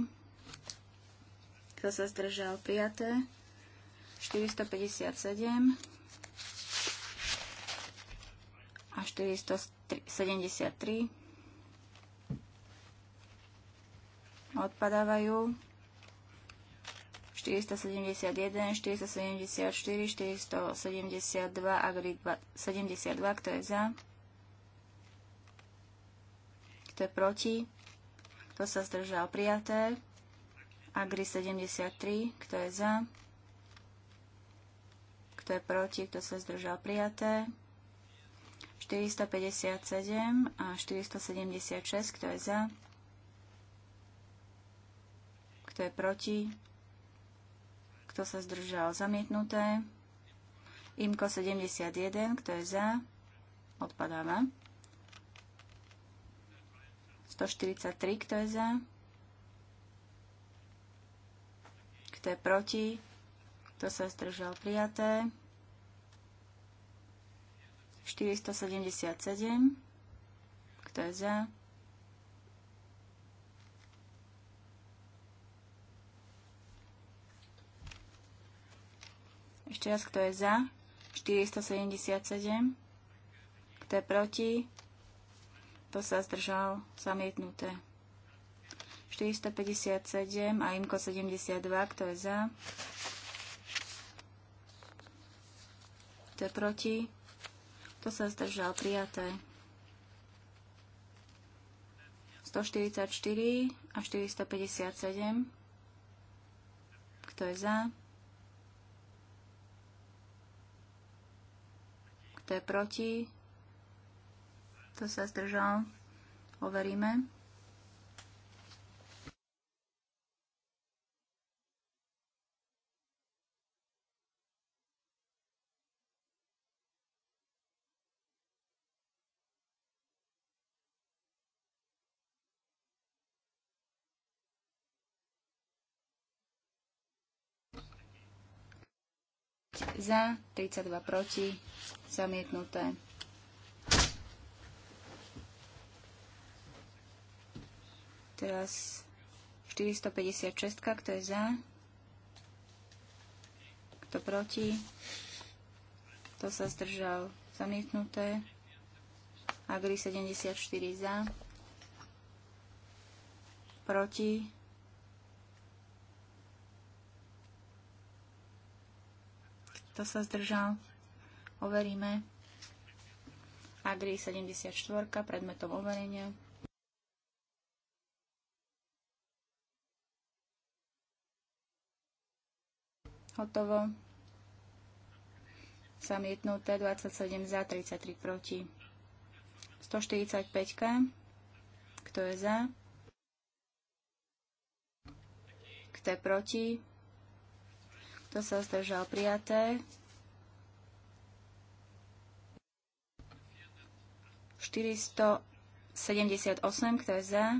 Kto sa zdržal? Prijaté. 457 a 473. odpadávajú. 471, 474, 472, Agri 72, kto je za, kto je proti, kto sa zdržal prijaté, Agri 73, kto je za, kto je proti, kto sa zdržal prijaté, 457 a 476, kto je za, kto je proti? Kto sa zdržal? Zamietnuté. Imko 71. Kto je za? Odpadáva. 143. Kto je za? Kto je proti? Kto sa zdržal? Prijaté. 477. Kto je za? Ešte raz, kto je za? 477. Kto je proti? Kto sa zdržal? Zamietnuté. 457 a IMKO 72. Kto je za? Kto je proti? Kto sa zdržal? Prijaté. 144 a 457. Kto je za? To je proti, to sa zdržal, overíme. za, 32 proti, zamietnuté. Teraz 456, kto je za, kto proti, kto sa zdržal, zamietnuté. Agri 74 za, proti, Kto sa zdržal? Overíme. Agri 74, predmetom overenia. Hotovo. Samietnuté 27 za, 33 proti. 145. Kto je za? Kto je proti? Kto sa zdržal? Prijaté. 478, kto je za?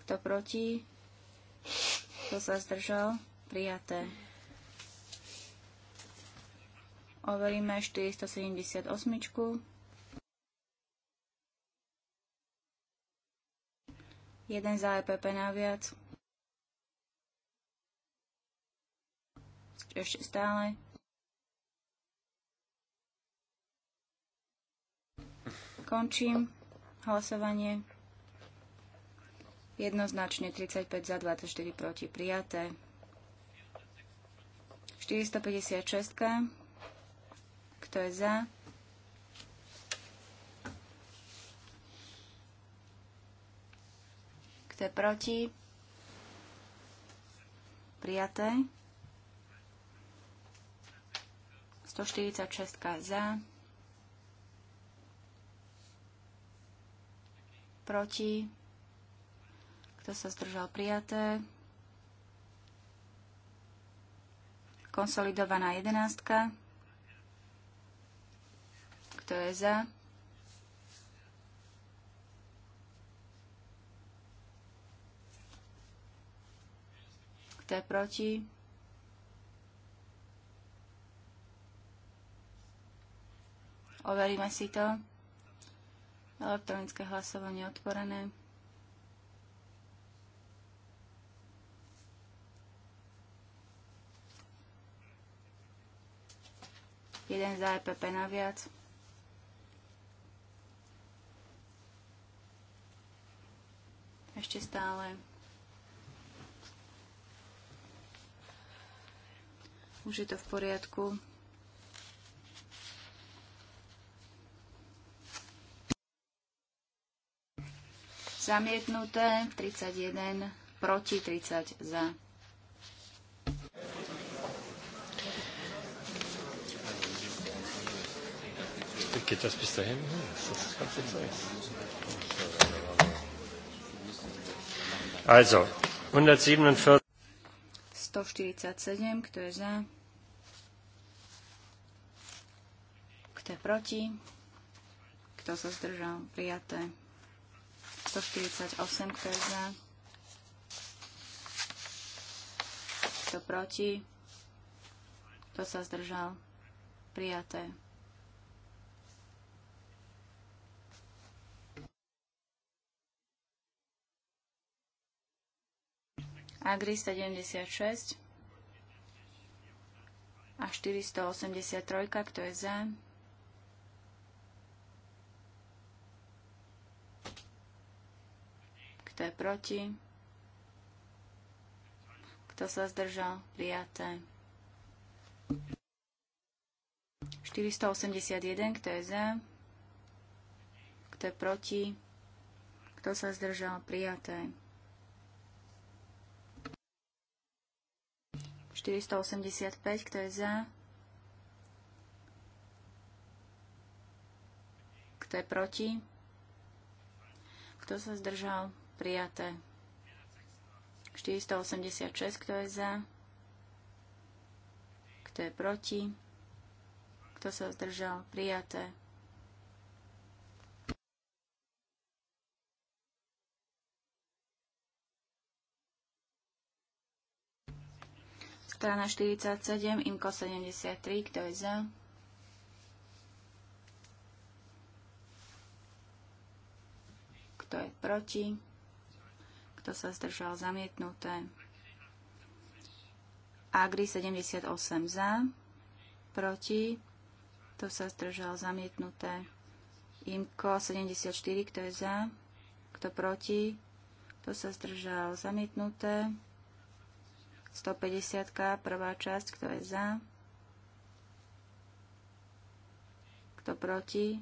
Kto proti? Kto sa zdržal? Prijaté. Overíme 478. Jeden za EPP naviac. Ešte stále. Končím hlasovanie. Jednoznačne 35 za 24 proti prijaté. 456. Kto je za? Kto je proti? Prijaté. 146 za. Proti. Kto sa zdržal? Prijaté. Konsolidovaná jedenástka. Kto je za? ste proti. Overíme si to. Elektronické hlasovanie otvorené. Jeden za EPP naviac. Ešte stále Už je to v poriadku. Zamietnuté 31, proti 30 za. Geht das bis Also, 147. 147, kto je za, kto je proti, kto sa zdržal, prijaté. 148, kto je za, kto proti, kto sa zdržal, prijaté. Agri 76 a 483, kto je za. Kto je proti? Kto sa zdržal? Prijaté. 481, kto je za? Kto je proti? Kto sa zdržal? Prijaté. 485, kto je za, kto je proti, kto sa zdržal, prijaté. 486, kto je za, kto je proti, kto sa zdržal, prijaté. strana 47, IMKO 73, kto je za? Kto je proti? Kto sa zdržal zamietnuté? Agri 78 za, proti, to sa zdržal zamietnuté. Imko 74, kto je za, kto proti, to sa zdržal zamietnuté. 150, prvá časť, kto je za, kto proti.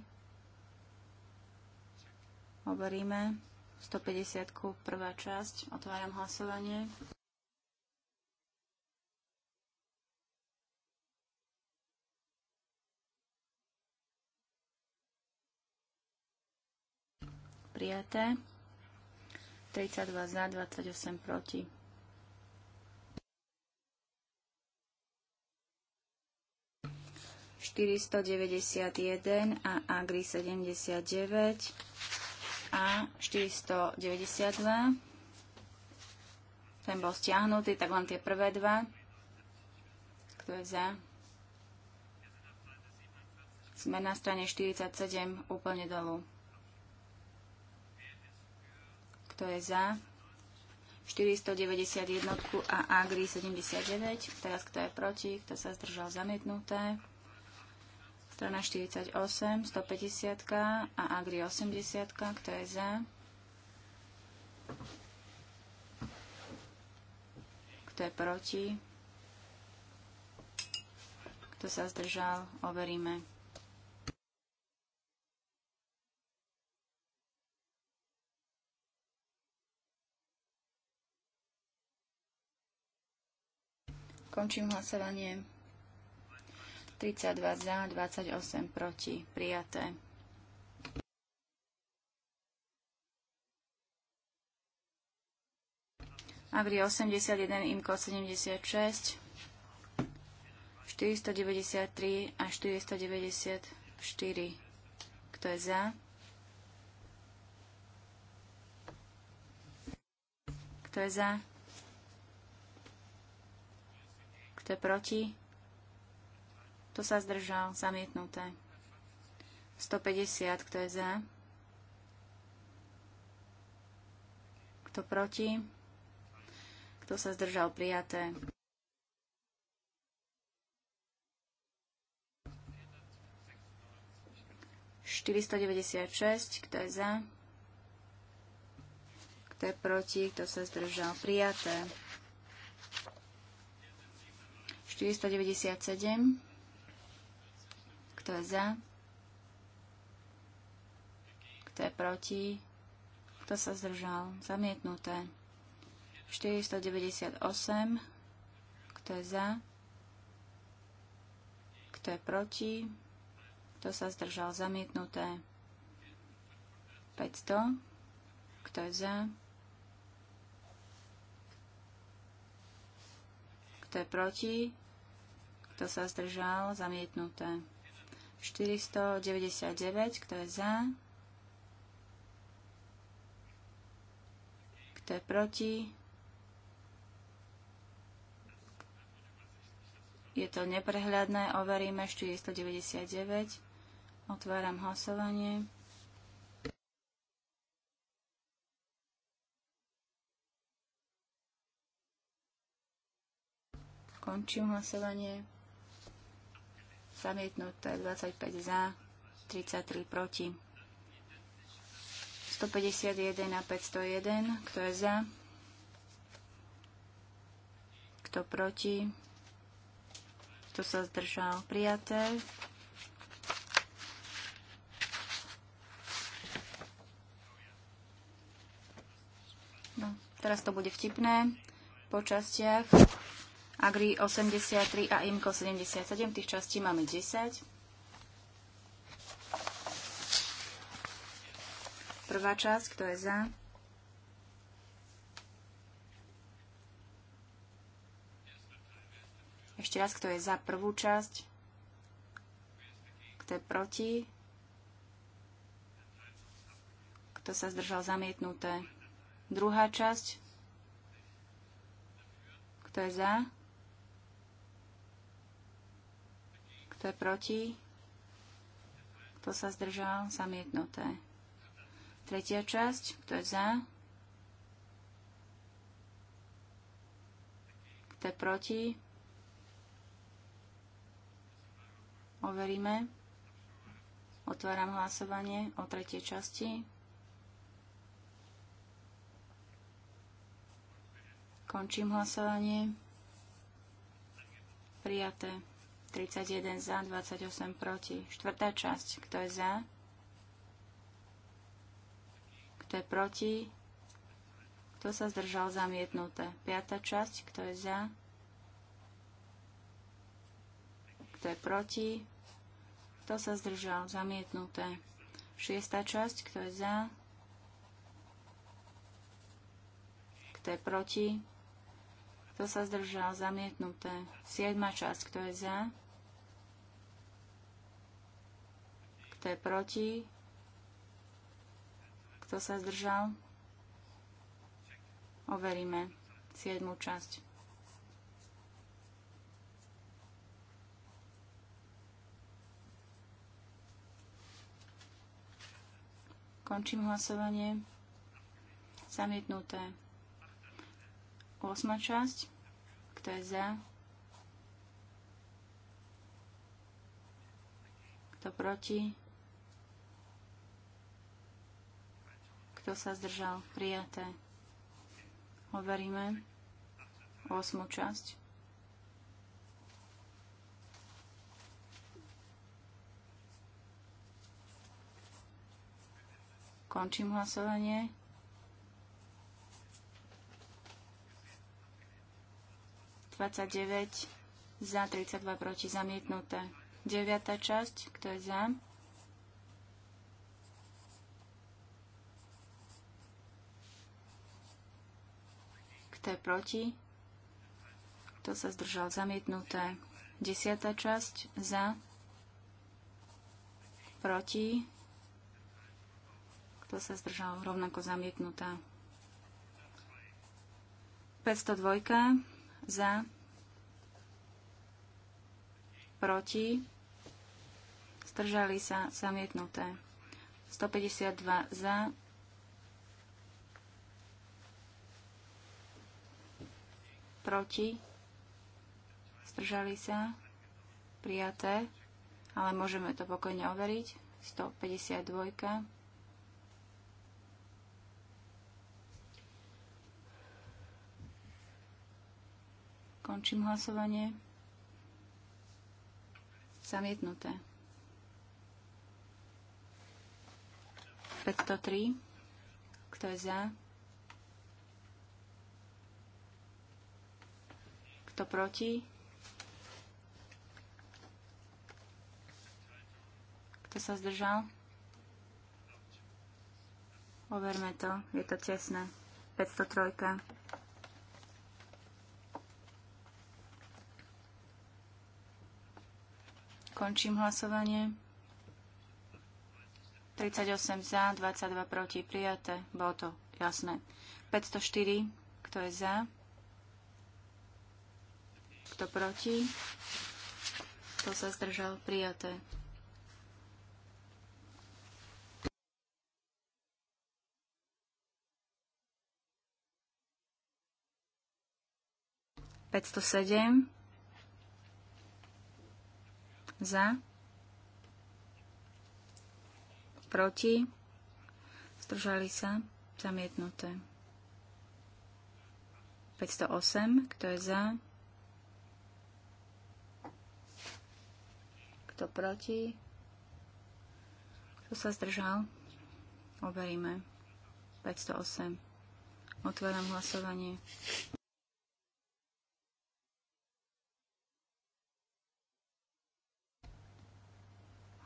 Hovoríme. 150, prvá časť, otváram hlasovanie. prijaté. 32 za, 28 proti. 491 a Agri 79 a 492. Ten bol stiahnutý, tak len tie prvé dva. Kto je za? Sme na strane 47 úplne dolu. Kto je za? 491 a Agri 79. Teraz kto je proti, kto sa zdržal zamietnuté strana 48, 150 a Agri 80, kto je za? Kto je proti? Kto sa zdržal? Overíme. Končím hlasovanie. 32 za, 28 proti. Prijaté. Agri 81, Imko 76, 493 a 494. Kto je za? Kto je za? Kto je proti? Kto sa zdržal? Zamietnuté. 150. Kto je za? Kto proti? Kto sa zdržal? Prijaté. šesť, kto je za? Kto je proti? Kto sa zdržal? Prijaté. 497. Kto je za? Kto je proti? Kto sa zdržal? Zamietnuté. 498. Kto je za? Kto je proti? Kto sa zdržal? Zamietnuté. 500. Kto je za? Kto je proti? Kto sa zdržal? Zamietnuté. 499, kto je za, kto je proti. Je to neprehľadné, overíme 499. Otváram hlasovanie. Končím hlasovanie zamietnuté 25 za, 33 proti. 151 a 501, kto je za, kto proti, kto sa zdržal, prijaté. No, teraz to bude vtipné po častiach. Agri 83 a Imko 77. Tých častí máme 10. Prvá časť, kto je za? Ešte raz, kto je za prvú časť? Kto je proti? Kto sa zdržal zamietnuté? Druhá časť? Kto je za? Kto je proti? Kto sa zdržal? Zamietnuté. Tretia časť. Kto je za? Kto je proti? Overíme. Otváram hlasovanie o tretej časti. Končím hlasovanie. Prijaté. 31 za, 28 proti. Štvrtá časť. Kto je za? Kto je proti? Kto sa zdržal zamietnuté? Piatá časť. Kto je za? Kto je proti? Kto sa zdržal zamietnuté? Šiesta časť. Kto je za? Kto je proti? Kto sa zdržal? Zamietnuté. Siedma časť. Kto je za? Kto je proti? Kto sa zdržal? Overíme. Siedmu časť. Končím hlasovanie. Zamietnuté. Osma časť. Kto je za? Kto proti? Kto sa zdržal? Prijaté. Overíme. Osmu časť. Končím hlasovanie. 29 za, 32 proti, zamietnuté. 9. časť, kto je za? Kto je proti? Kto sa zdržal? Zamietnuté. 10. časť, za? Proti? Kto sa zdržal? Rovnako zamietnutá. 502 za, proti, zdržali sa zamietnuté. 152 za, proti, zdržali sa, prijaté, ale môžeme to pokojne overiť. 152 Končím hlasovanie. Zamietnuté. 503. Kto je za? Kto proti? Kto sa zdržal? Overme to, je to tesné. 503. Končím hlasovanie. 38 za, 22 proti, prijaté. Bolo to jasné. 504, kto je za? Kto proti? Kto sa zdržal? Prijaté. Päťsto sedem za, proti, zdržali sa, zamietnuté. 508, kto je za, kto proti, kto sa zdržal, overíme. 508. Otváram hlasovanie.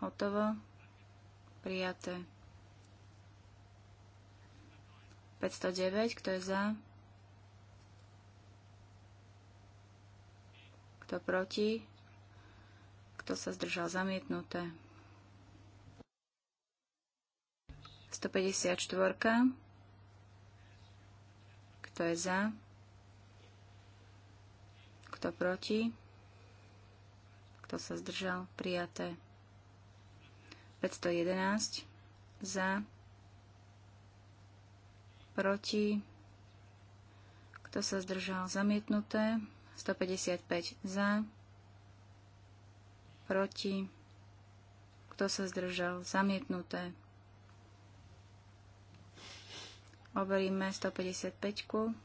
Hotovo. Prijaté. 509. Kto je za? Kto proti? Kto sa zdržal? Zamietnuté. 154. Kto je za? Kto proti? Kto sa zdržal? Prijaté. 511 za, proti, kto sa zdržal zamietnuté, 155 za, proti, kto sa zdržal zamietnuté. Overíme 155.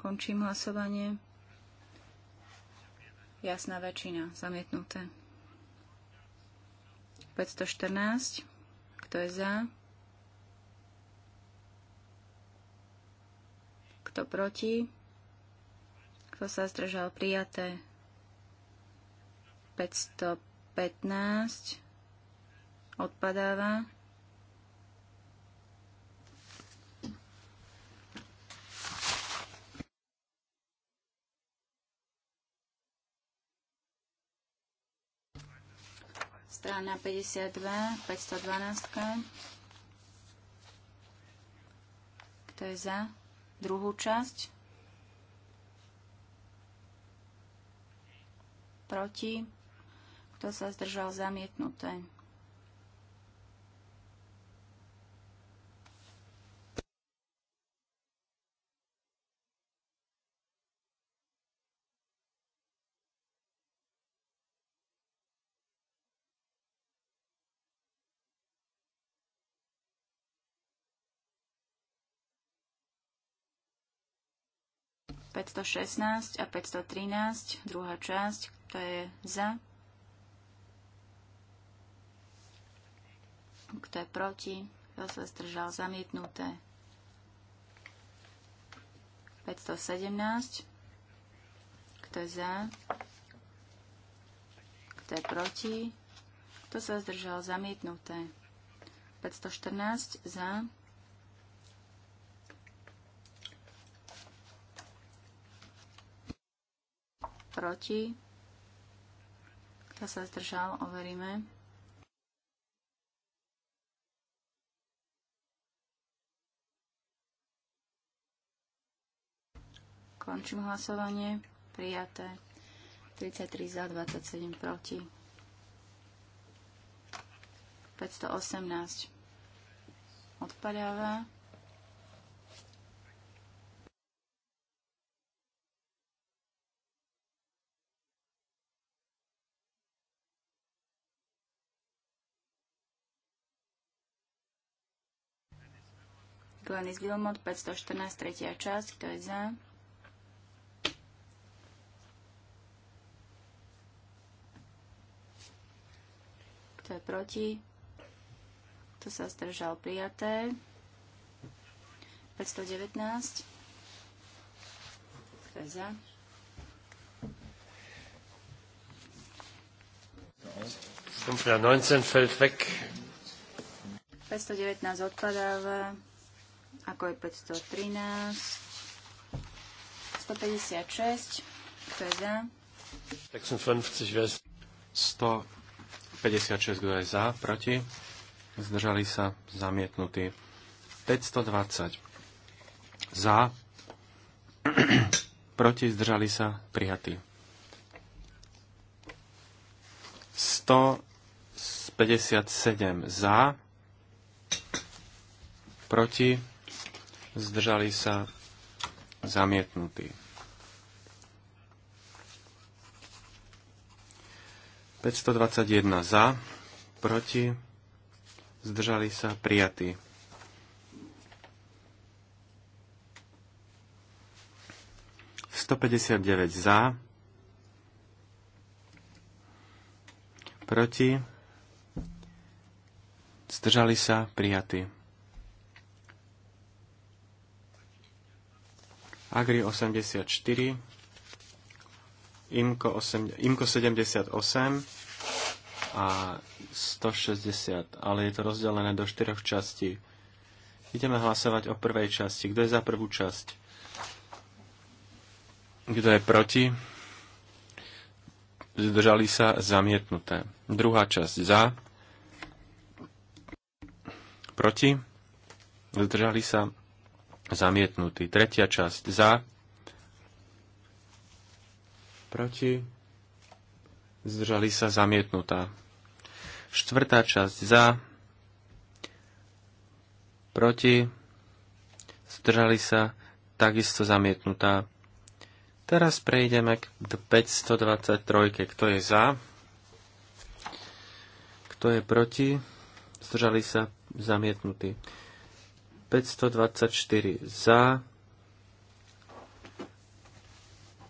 Končím hlasovanie. Jasná väčšina. Zamietnuté. 514. Kto je za? Kto proti? Kto sa zdržal? Prijaté. 515. Odpadáva. strana 52, 512. Kto je za druhú časť? Proti? Kto sa zdržal zamietnuté? 516 a 513, druhá časť, to je za, kto je proti, kto sa zdržal, zamietnuté. 517, kto je za, kto je proti, kto sa zdržal, zamietnuté. 514 za, proti, kto sa zdržal, overíme. Končím hlasovanie. Prijaté. 33 za, 27 proti. 518 odpadáva. Glenis Wilmot, 514, tretia časť. Kto je za? Kto je proti? Kto sa zdržal? Prijaté. 519. Kto je za? Ja, 19 fällt weg. 519 odpadáva ako je 513, 156, kto je za? 156, kto je za, proti? Zdržali sa zamietnutí. 520 za, proti, zdržali sa prijatí. 157 za, proti, zdržali sa zamietnutí. 521 za, proti, zdržali sa prijatí. Sto päťdesiat za, proti, zdržali sa prijatí. Agri 84, Imko, 8, Imko 78 a 160, ale je to rozdelené do štyroch častí. Ideme hlasovať o prvej časti. Kto je za prvú časť? Kto je proti? Zdržali sa zamietnuté. Druhá časť za. Proti? Zdržali sa Zamietnutý. Tretia časť za. Proti. Zdržali sa zamietnutá. Štvrtá časť za. Proti. Zdržali sa takisto zamietnutá. Teraz prejdeme k 523. Kto je za? Kto je proti? Zdržali sa zamietnutí. 524 za,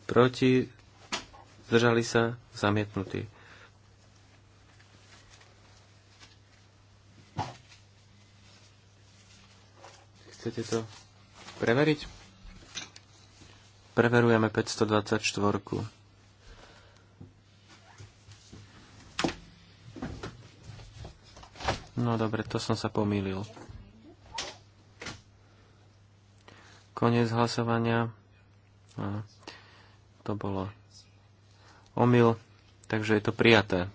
proti, zdržali sa, zamietnutí. Chcete to preveriť? Preverujeme 524. No dobre, to som sa pomýlil. Koniec hlasovania. A to bolo omyl, takže je to prijaté.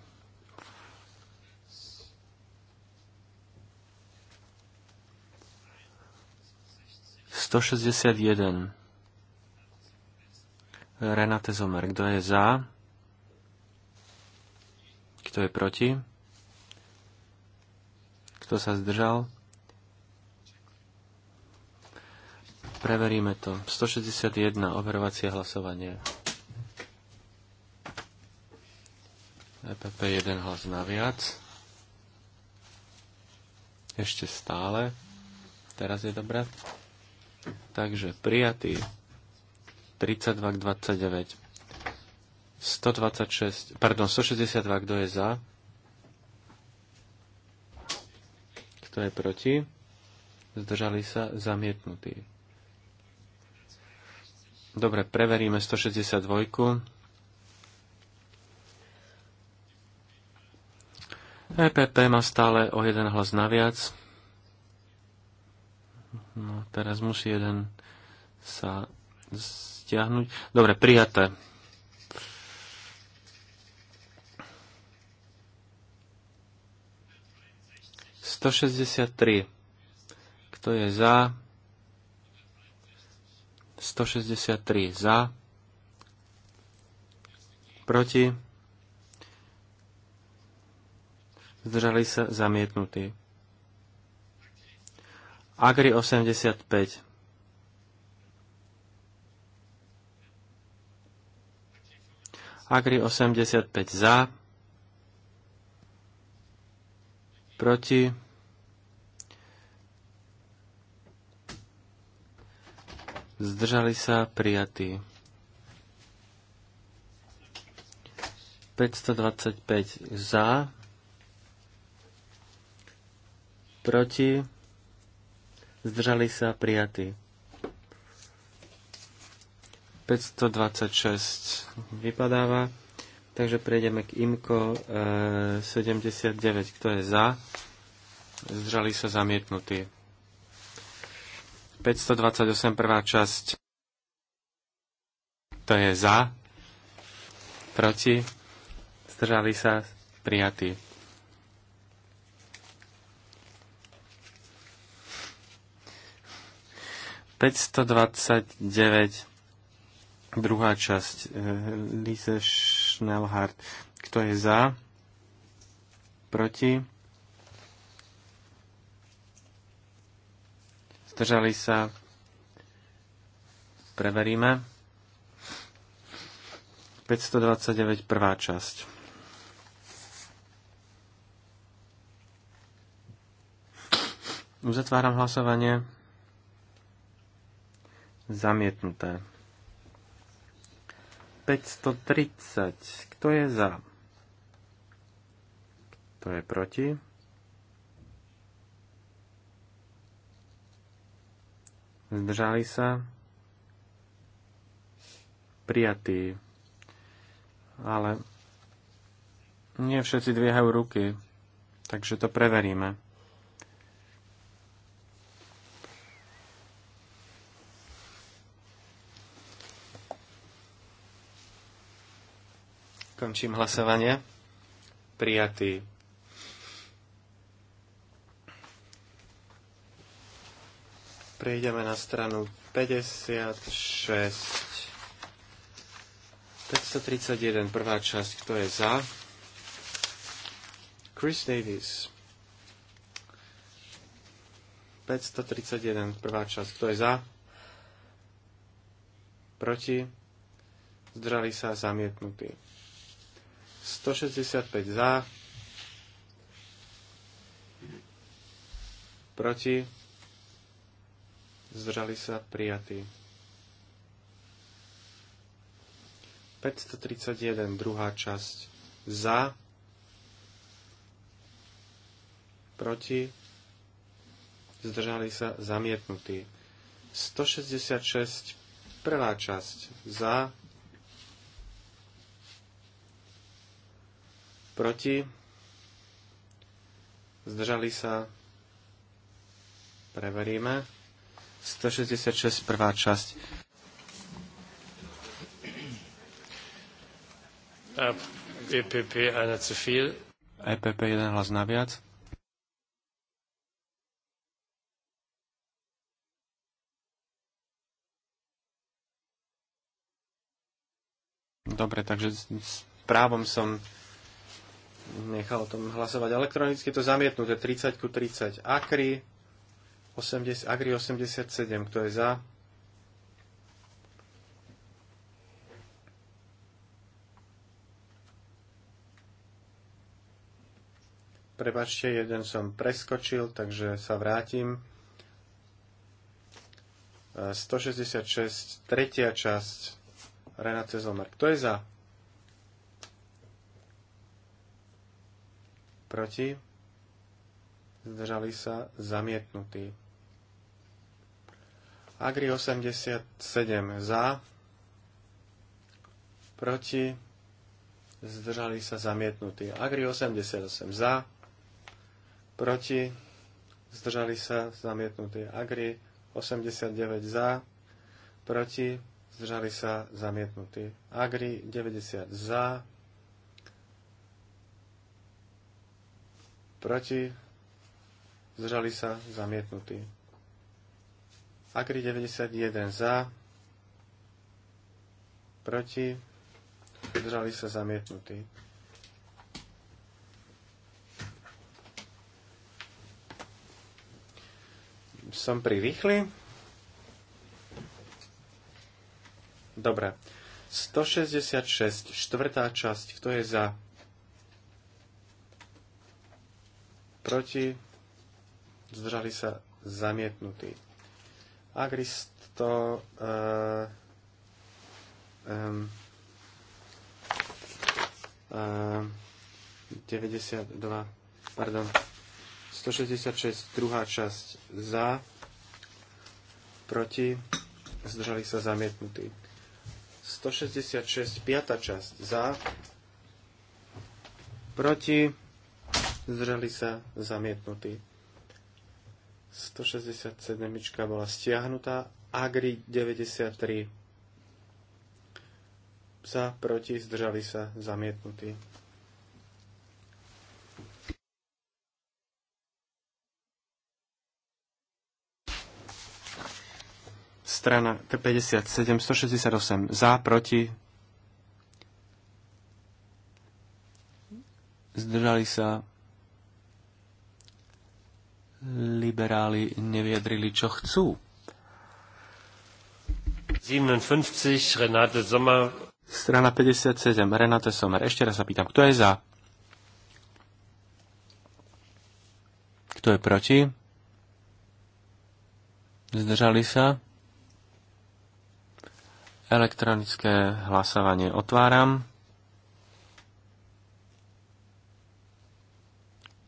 Sto Renate Zomer, kto je za? Kto je proti? Kto sa zdržal? Preveríme to. 161 overovacie hlasovanie. EPP 1 hlas naviac. Ešte stále. Teraz je dobré. Takže prijatý 32 k 29. 126, pardon, 162, kto je za? Kto je proti? Zdržali sa zamietnutí. Dobre, preveríme 162. EPP má stále o jeden hlas naviac. No, teraz musí jeden sa stiahnuť. Dobre, prijaté. Sto tri. Kto je za? 163 za, proti, zdržali sa zamietnutí. Agri 85 Agri 85 za, proti, zdržali sa, prijatí. 525 za, proti, zdržali sa, prijatí. 526 vypadáva, takže prejdeme k IMKO 79, e, kto je za, zdržali sa zamietnutí. 528 prvá časť. To je za, proti, zdržali sa, prijatí. ...529, druhá časť, eh, Lise Schnellhardt. Kto je za? Proti? zdržali sa, preveríme. 529 prvá časť. Uzatváram hlasovanie. Zamietnuté. 530. Kto je za? Kto je proti? zdržali sa, prijatí, Ale nie všetci dviehajú ruky, takže to preveríme. Končím hlasovanie. Prijatý. Prejdeme na stranu 56. 531, prvá časť, kto je za? Chris Davis. 531, prvá časť, kto je za? Proti? Zdraví sa zamietnutí. 165 za. Proti? zdržali sa prijatí. 531, druhá časť, za, proti, zdržali sa zamietnutí. 166, prvá časť, za, proti, zdržali sa, preveríme. 166, prvá časť. Äh, EPP, eine zu viel. EPP, jeden hlas naviac. Dobre, takže s právom som nechal o tom hlasovať. Elektronicky to zamietnuté 30 ku 30 akry. 80, Agri 87, kto je za? Prebačte, jeden som preskočil, takže sa vrátim. 166, e, tretia časť Renate Zomer. Kto je za? Proti? Zdržali sa zamietnutí. Agri 87 za, proti, zdržali sa zamietnutí. Agri 88 za, proti, zdržali sa zamietnutí. Agri 89 za, proti, zdržali sa zamietnutí. Agri 90 za, proti, zdržali sa zamietnutí. Agri 91 za, proti, zdržali sa zamietnutí. Som pri rýchli. Dobre. 166, štvrtá časť, kto je za? Proti? Zdržali sa zamietnutí. Agris uh, um, uh, 92 pardon 166 druhá časť za proti zdržali sa zamietnutí 166 piata časť za proti zdržali sa zamietnutí 167 bola stiahnutá, Agri 93 za, proti, zdržali sa, zamietnutí. Strana 57, 168 za, proti, zdržali sa, liberáli nevyjadrili, čo chcú. 57, Renate Sommer. Strana 57, Renate Sommer. Ešte raz sa pýtam, kto je za? Kto je proti? Zdržali sa? Elektronické hlasovanie otváram.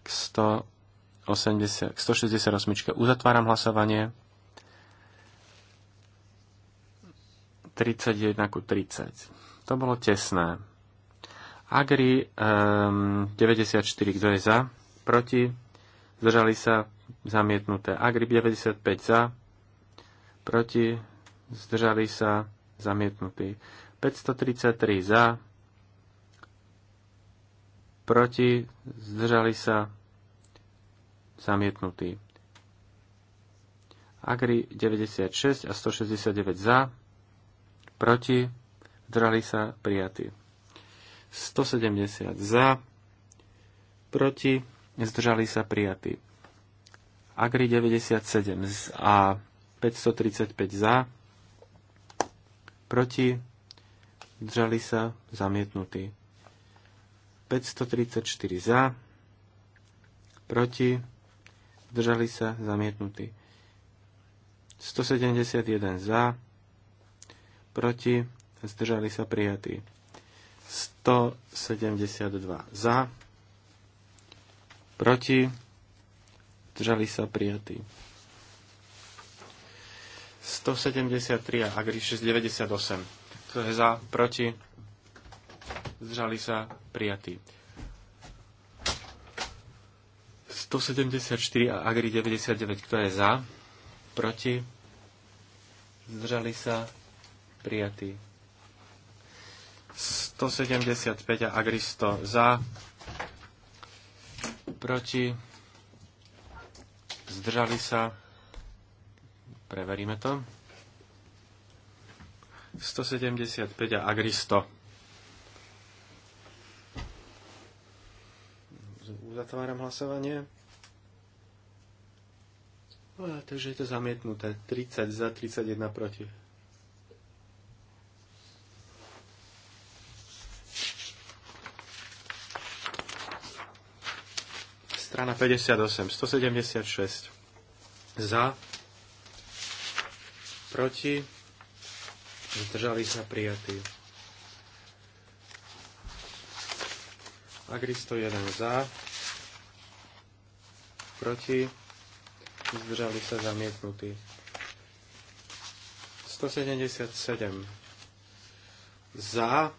K 100 80, 168. Uzatváram hlasovanie. 31 ku 30. To bolo tesné. Agri um, ehm, 94, kto je za? Proti? Zdržali sa zamietnuté. Agri 95 za? Proti? Zdržali sa zamietnutí. 533 za? Proti? Zdržali sa zamietnutý. Agri 96 a 169 za, proti, zdrali sa, prijatí. 170 za, proti, zdržali sa, prijatí. Agri 97 a 535 za, proti, zdržali sa, zamietnutí. 534 za, proti, zdržali sa, zamietnutí. 171 za, proti, zdržali sa, prijatí. 172 za, proti, zdržali sa, prijatí. 173 a Agri 698. To je za, proti, zdržali sa, prijatí. 174 a Agri 99, kto je za? Proti? Zdržali sa? Prijatí. 175 a Agri 100 za? Proti? Zdržali sa? Preveríme to. 175 a Agri 100. uzatváram hlasovanie. No takže je to zamietnuté. 30 za, 31 proti. Strana 58, 176. Za, proti, zdržali sa prijatí. Agristo 1 za, proti, zdržali sa zamietnutí. 177 za,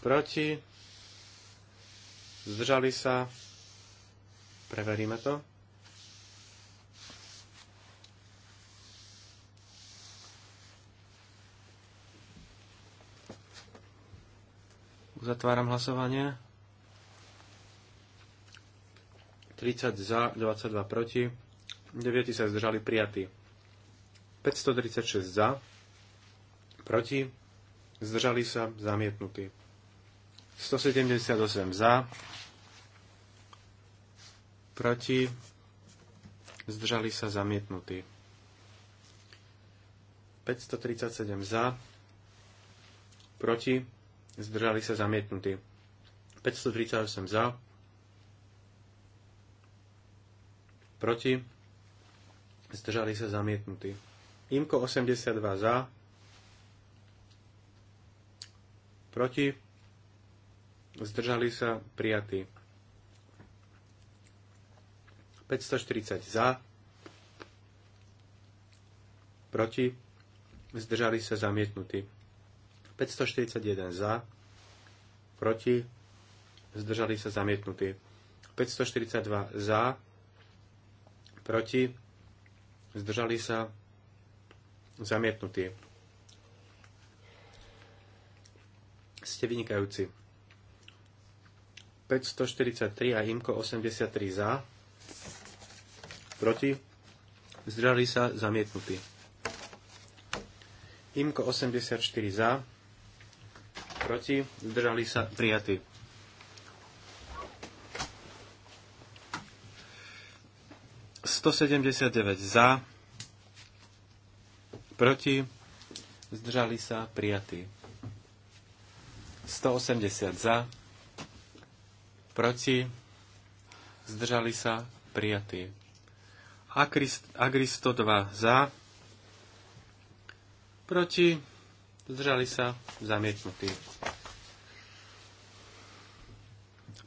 proti, zdržali sa, preveríme to. Uzatváram hlasovanie. 30 za, 22 proti, 9 sa zdržali prijatí. 536 za, proti, zdržali sa zamietnutí. 178 za, proti, zdržali sa zamietnutí. 537 za, proti, zdržali sa zamietnutí. 538 za, proti, zdržali sa zamietnutí. Imko 82 za, proti, zdržali sa prijatí. 540 za, proti, zdržali sa zamietnutí. 541 za, proti, zdržali sa zamietnutí. 542 za, proti, zdržali sa, zamietnutí. Ste vynikajúci. 543 a IMKO 83 za, proti, zdržali sa, zamietnutí. IMKO 84 za, proti, zdržali sa, prijatí. 179 za, proti, zdržali sa, prijatí. 180 za, proti, zdržali sa, prijatí. Agri 102 za, proti, zdržali sa, zamietnutí.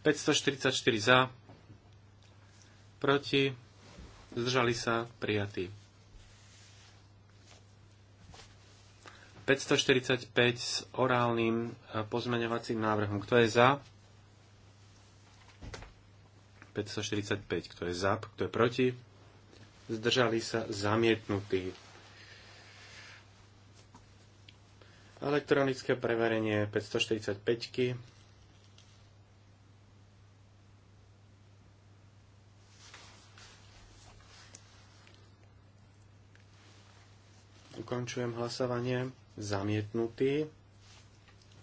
544 za, proti, zdržali sa, prijatí. 545 s orálnym e, pozmeňovacím návrhom. Kto je za? 545. Kto je za? Kto je proti? Zdržali sa zamietnutí. Elektronické preverenie 545. Ukončujem hlasovanie. Zamietnutý.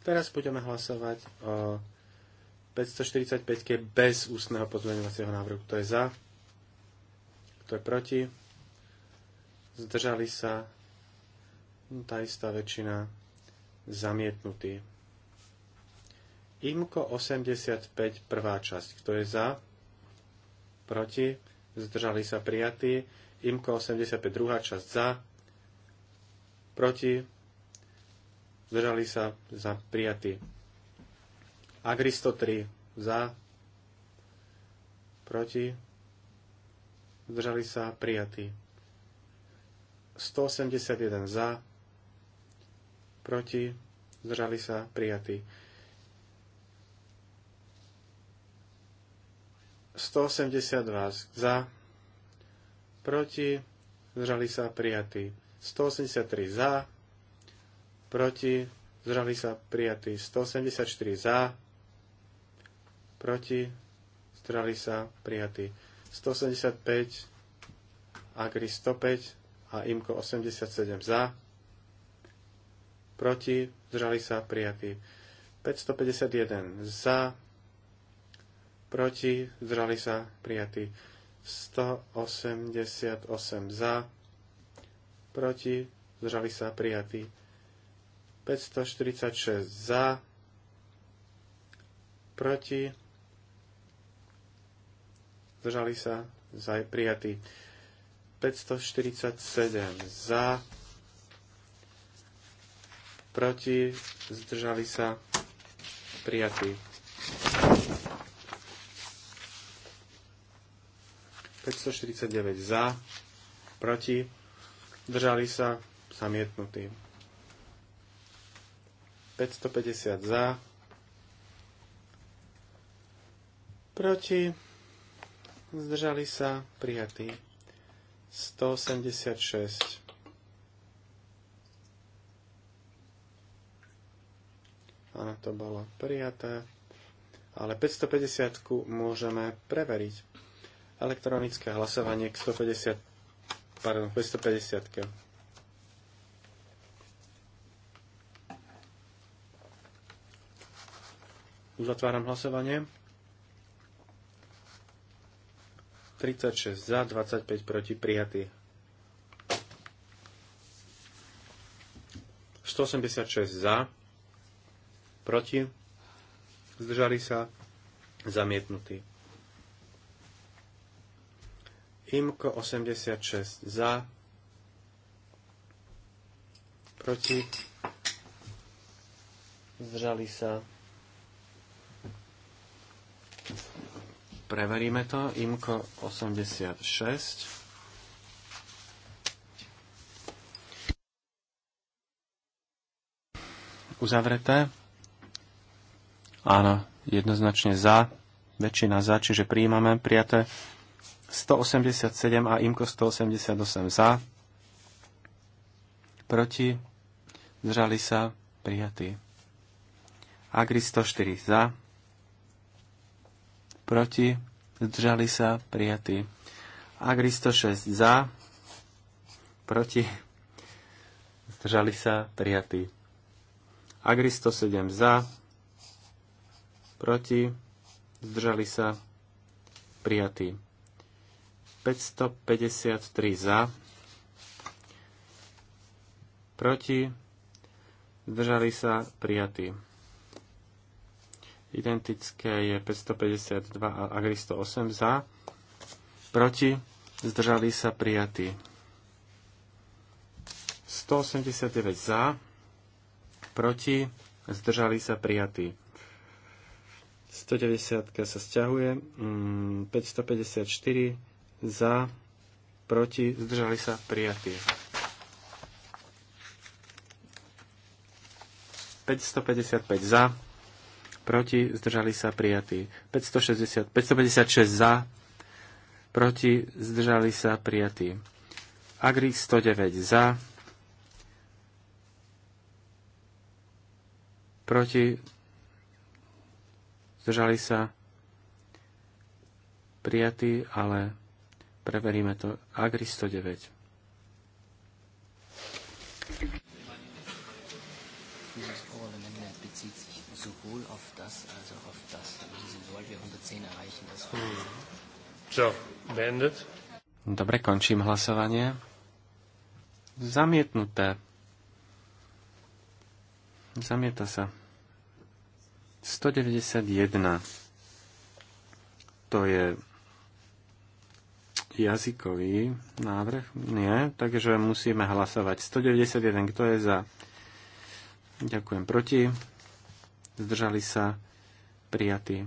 Teraz budeme hlasovať o 545 bez ústneho pozmeňovacieho návrhu. Kto je za? Kto je proti? Zdržali sa tá istá väčšina zamietnutý. Imko 85, prvá časť. Kto je za? Proti? Zdržali sa prijatí. Imko 85, druhá časť za proti, zdržali sa za prijatý. Agristo 3 za, proti, zdržali sa prijatý. 181 za, proti, zdržali sa prijatý. 182 za, proti, zdržali sa prijatí. 183 za, proti, zdržali sa prijatí 184 za, proti, zdržali sa prijatí 175, Agri 105 a Imko 87 za, proti, zdržali sa prijatí 551 za, proti, zdržali sa prijatí 188 za, proti, zdržali sa prijatí. 546 za, proti, zdržali sa, za je prijatí. 547 za, proti, zdržali sa, prijatí. 549 za, proti, Držali sa zamietnutí. 550 za. Proti. Zdržali sa prijatí. 186. Áno, to bolo prijaté. Ale 550 môžeme preveriť. Elektronické hlasovanie k 150 pardon, 550. -ke. Uzatváram hlasovanie. 36 za, 25 proti, prijatý. 186 za, proti, zdržali sa, zamietnutý. IMKO 86 za, proti, zdržali sa. Preveríme to. IMKO 86. uzavreté. Áno, jednoznačne za, väčšina za, čiže príjmame prijaté. 187 a IMKO 188 za, proti, zdržali sa, prijatí. Agri 104 za, proti, zdržali sa, prijatí. Agri 106 za, proti, zdržali sa, prijatí. Agri 107 za, proti, zdržali sa, prijatí. 553 za, proti, zdržali sa prijatí. Identické je 552 a Agri 108 za, proti, zdržali sa prijatí. 189 za, proti, zdržali sa prijatí. 190 sa stiahuje, 554 mm, za, proti, zdržali sa, prijatí. 555 za, proti, zdržali sa, prijatí. 560, 556 za, proti, zdržali sa, prijatí. Agri 109 za, proti, zdržali sa, prijatí, ale Preveríme to. Agri 109. Dobre, končím hlasovanie. Zamietnuté. Zamieta sa. 191. To je jazykový návrh? Nie. Takže musíme hlasovať. 191, kto je za? Ďakujem proti. Zdržali sa prijatí.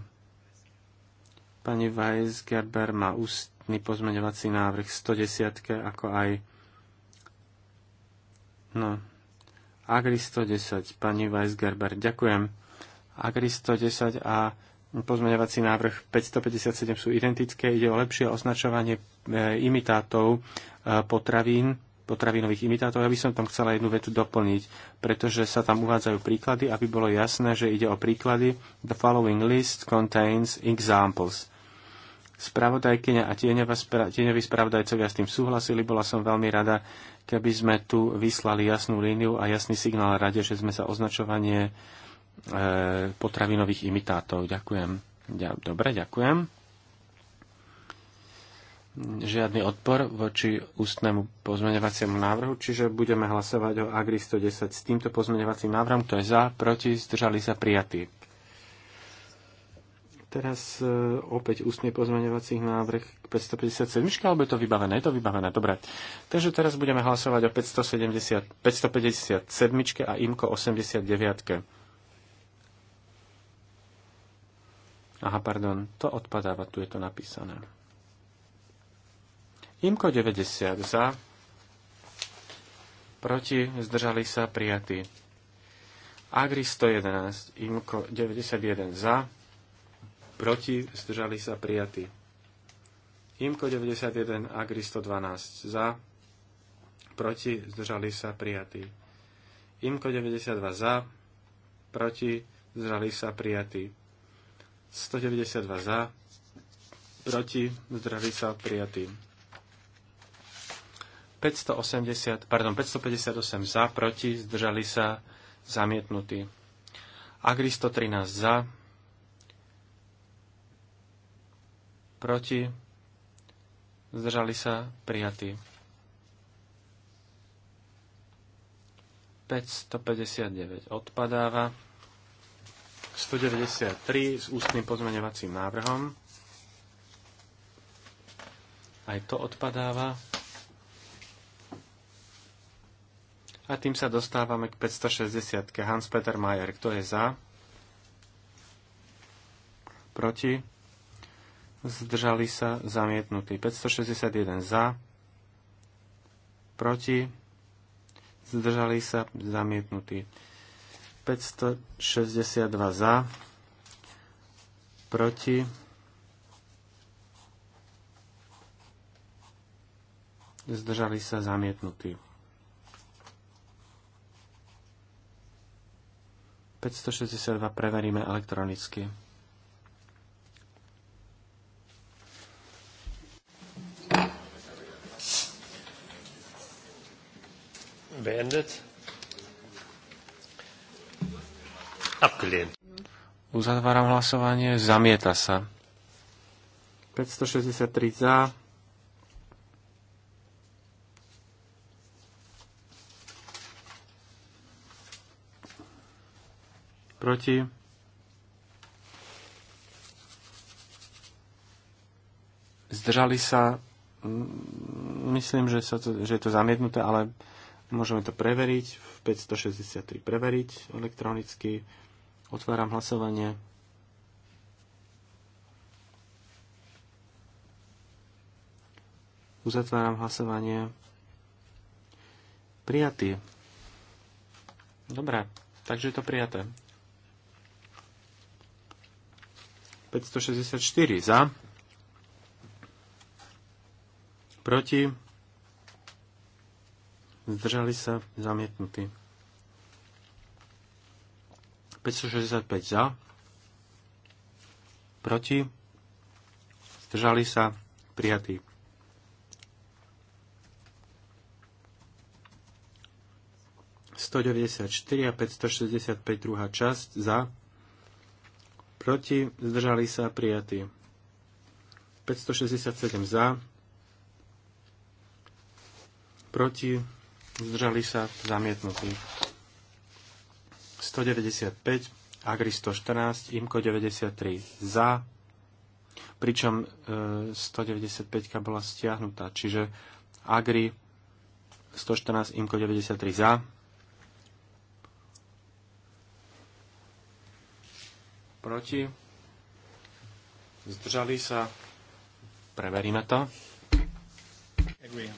Pani Weisgerber má ústny pozmeňovací návrh 110, ako aj no, Agri 110, pani Weisgerber, ďakujem. Agri 110 a pozmeňovací návrh 557 sú identické. Ide o lepšie označovanie e, imitátov e, potravín, potravinových imitátov. Ja by som tam chcela jednu vetu doplniť, pretože sa tam uvádzajú príklady, aby bolo jasné, že ide o príklady. The following list contains examples. Spravodajkyňa a tieňoví spravodajcovia s tým súhlasili. Bola som veľmi rada, keby sme tu vyslali jasnú líniu a jasný signál rade, že sme sa označovanie E, potravinových imitátov. Ďakujem. Dobre, ďakujem. Žiadny odpor voči ústnemu pozmeňovaciemu návrhu, čiže budeme hlasovať o Agri 110 s týmto pozmeňovacím návrhom. To je za, proti, zdržali sa prijatí. Teraz e, opäť ústny pozmeňovací návrh k 557, alebo je to vybavené? Je to vybavené, dobre. Takže teraz budeme hlasovať o 570, 557 a IMKO 89. Aha, pardon, to odpadáva, tu je to napísané. Imko 90 za, proti, zdržali sa, prijatí. Agri 111, Imko 91 za, proti, zdržali sa, prijatí. Imko 91, Agri 112 za, proti, zdržali sa, prijatí. Imko 92 za, proti, zdržali sa, prijatí. 192 za, proti, zdržali sa prijatý. 580, pardon, 558 za, proti, zdržali sa zamietnutí. Agri 113 za, proti, zdržali sa prijatí. 559 odpadáva. 193 s ústnym pozmeňovacím návrhom. Aj to odpadáva. A tým sa dostávame k 560. Hans-Peter Mayer, kto je za? Proti? Zdržali sa zamietnutí. 561 za. Proti? Zdržali sa zamietnutí. 562 za, proti, zdržali sa zamietnutí. 562 preveríme elektronicky. Beendet. Abgelehnt. Uzatváram hlasovanie. Zamieta sa. 563 za. Proti. Zdržali sa. Mm, myslím, že, sa to, že je to zamietnuté, ale môžeme to preveriť. V 563 preveriť elektronicky. Otváram hlasovanie. Uzatváram hlasovanie. Prijatý. Dobre, takže je to prijaté. 564 za. Proti. Zdržali sa zamietnutí. 565 za, proti, zdržali sa, prijatí. a 565 druhá časť za, proti, zdržali sa, prijatí. 567 za, proti, zdržali sa, zamietnutí. 195, Agri 114, Imko 93 za, pričom 195 e, bola stiahnutá, čiže Agri 114, Imko 93 za. Proti. Zdržali sa. Preveríme to. Agree, 114.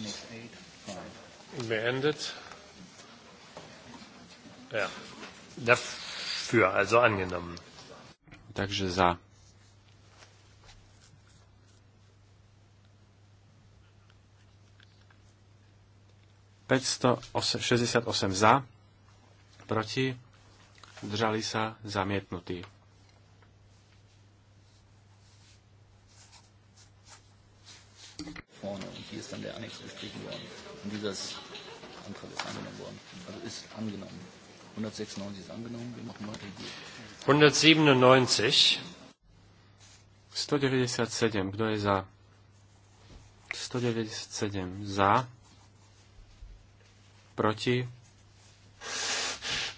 8, 5 beendet. Ja. Dafür, also angenommen. Takže za. osem za, proti, držali sa zamietnutí. Vorne, und hier ist dann der Annex gestrichen worden. Und dieser Antrag ist angenommen worden. Also ist angenommen. 196 ist angenommen. Wir machen weiter. 197. 197. Kto je za? 197 za. Proti.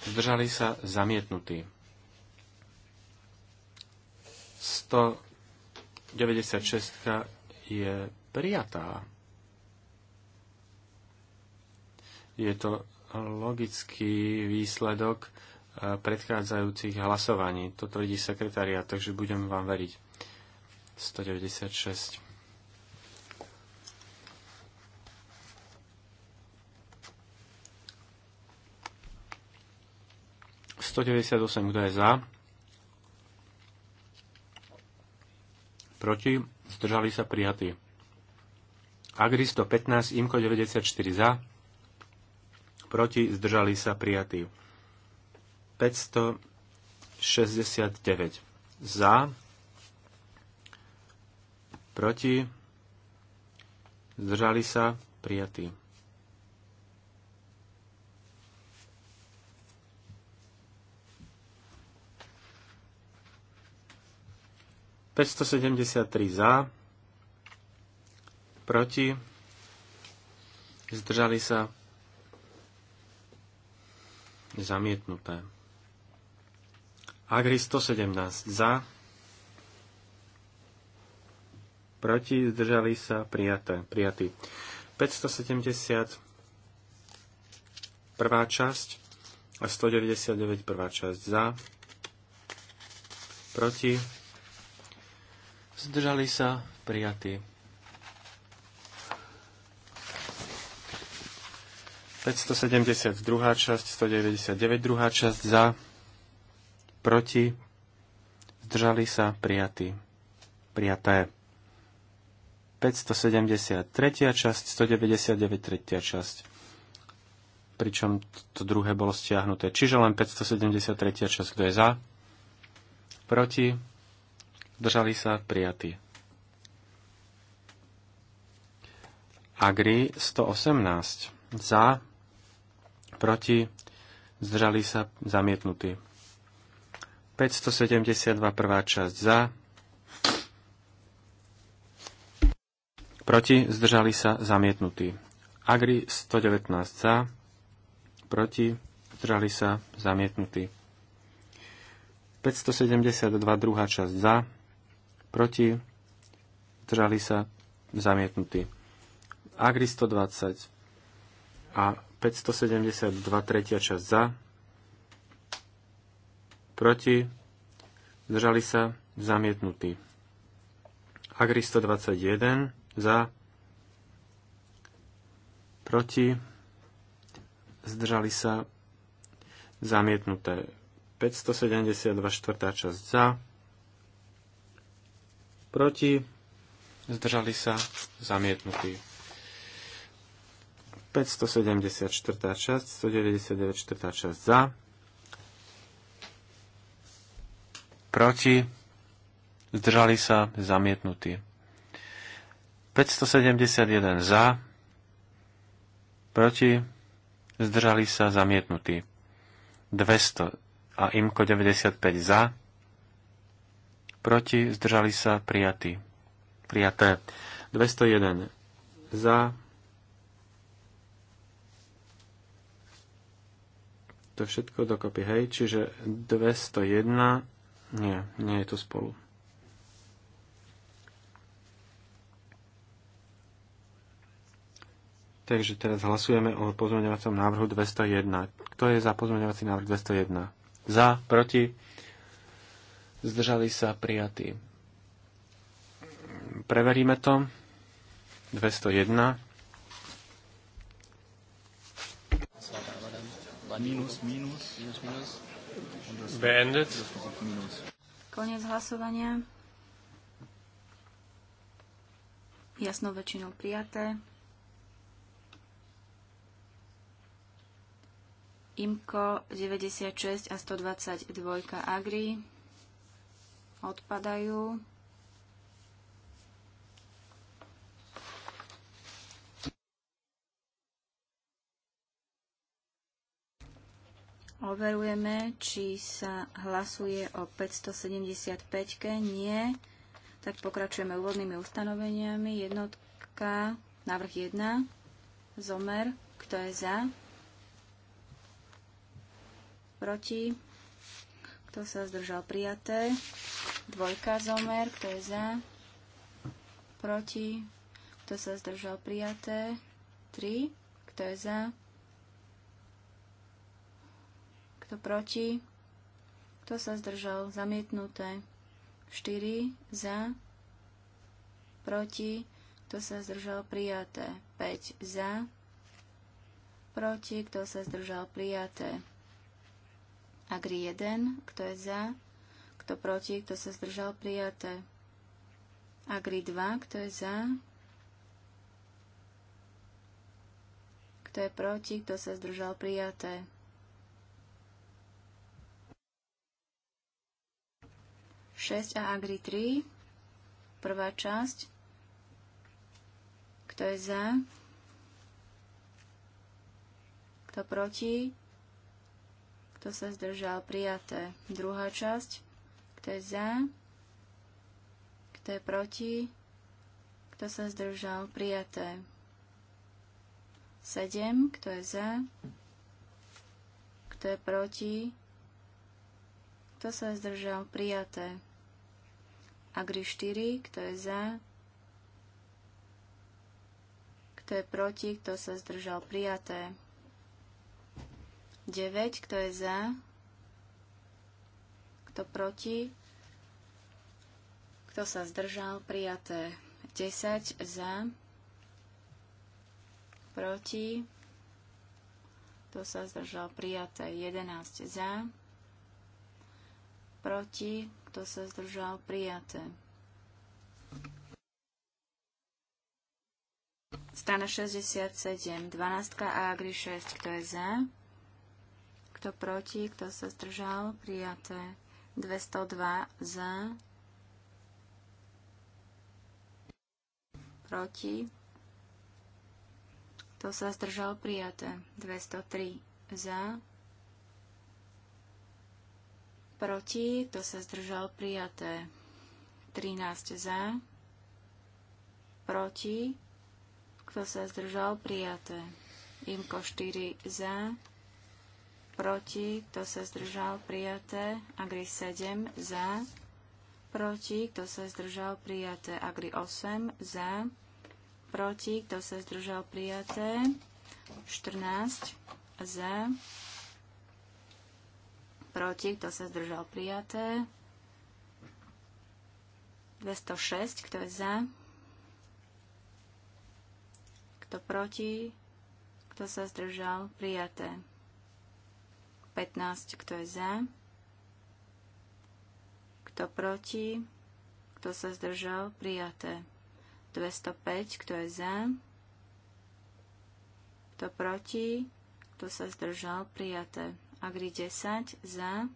Zdržali sa zamietnutí. 196 je prijatá. Je to logický výsledok eh, predchádzajúcich hlasovaní. To tvrdí sekretariat, takže budem vám veriť. 196. ...198, kto je za? Proti? Zdržali sa prijatí. Agri 15, Imko 94 za proti, zdržali sa prijatí. 569 za, proti, zdržali sa prijatí. Pesto sedemdesiat tri za, proti, zdržali sa Zamietnuté. Agri 117 za. Proti zdržali sa prijaté, prijatí. 570 prvá časť a 199 prvá časť za. Proti zdržali sa prijatí. 572. časť, 199. druhá časť za, proti, zdržali sa, prijatí. Prijaté. 573. časť, 199. tretia časť. Pričom to druhé bolo stiahnuté. Čiže len 573. časť, kto je za, proti, zdržali sa, prijatí. Agri 118. Za, proti, zdržali sa zamietnutí. 572 prvá časť za, proti, zdržali sa zamietnutí. Agri 119 za, proti, zdržali sa zamietnutí. 572 druhá časť za, proti, zdržali sa zamietnutí. Agri 120 a 572 tretia časť za, proti, zdržali sa, zamietnutí. Agri 121 za, proti, zdržali sa, zamietnuté. 572 štvrtá časť za, proti, zdržali sa, zamietnutí. 574. časť, 199. 4. časť za, proti, zdržali sa, zamietnutí. 571 za, proti, zdržali sa, zamietnutí. 200 a IMKO 95 za, proti, zdržali sa, prijatí. Prijaté. 201 za, to všetko dokopy, hej, čiže 201, nie, nie je to spolu. Takže teraz hlasujeme o pozmeňovacom návrhu 201. Kto je za pozmeňovací návrh 201? Za, proti, zdržali sa prijatí. Preveríme to. 201. Minus, minus. minus, Beendet. Konec hlasovania. Jasnou väčšinou prijaté. IMKO 96 a 122 Agri odpadajú. Overujeme, či sa hlasuje o 575-ke. Nie. Tak pokračujeme úvodnými ustanoveniami. Jednotka, návrh 1, zomer. Kto je za? Proti? Kto sa zdržal? Prijaté. Dvojka, zomer. Kto je za? Proti? Kto sa zdržal? Prijaté. 3. Kto je za? Kto proti? Kto sa zdržal? Zamietnuté. 4 za. Proti. Kto sa zdržal? Prijaté. 5 za. Proti. Kto sa zdržal? Prijaté. Agri 1. Kto je za? Kto proti? Kto sa zdržal? Prijaté. Agri 2. Kto je za? Kto je proti? Kto sa zdržal? Prijaté. 6 a Agri 3. Prvá časť. Kto je za? Kto proti? Kto sa zdržal? Prijaté. Druhá časť. Kto je za? Kto je proti? Kto sa zdržal? Prijaté. 7. Kto je za? Kto je proti? Kto sa zdržal? Prijaté. Agri 4, kto je za, kto je proti, kto sa zdržal prijaté. 9, kto je za, kto proti, kto sa zdržal prijaté. 10 za, proti, kto sa zdržal prijaté. 11 za, proti, kto sa zdržal, prijaté. Strana 67, 12 a agri 6, kto je za, kto proti, kto sa zdržal, prijaté. 202 za, proti, kto sa zdržal, prijaté. 203 za, proti, kto sa zdržal prijaté. 13 za, proti, kto sa zdržal prijaté. Imko 4 za, proti, kto sa zdržal prijaté. Agri 7 za, proti, kto sa zdržal prijaté. Agri 8 za, proti, kto sa zdržal prijaté. 14 za, proti, kto sa zdržal prijaté. 206, kto je za, kto proti, kto sa zdržal prijaté. 15, kto je za, kto proti, kto sa zdržal prijaté. 205, kto je za, kto proti, kto sa zdržal prijaté. Agri 10 za,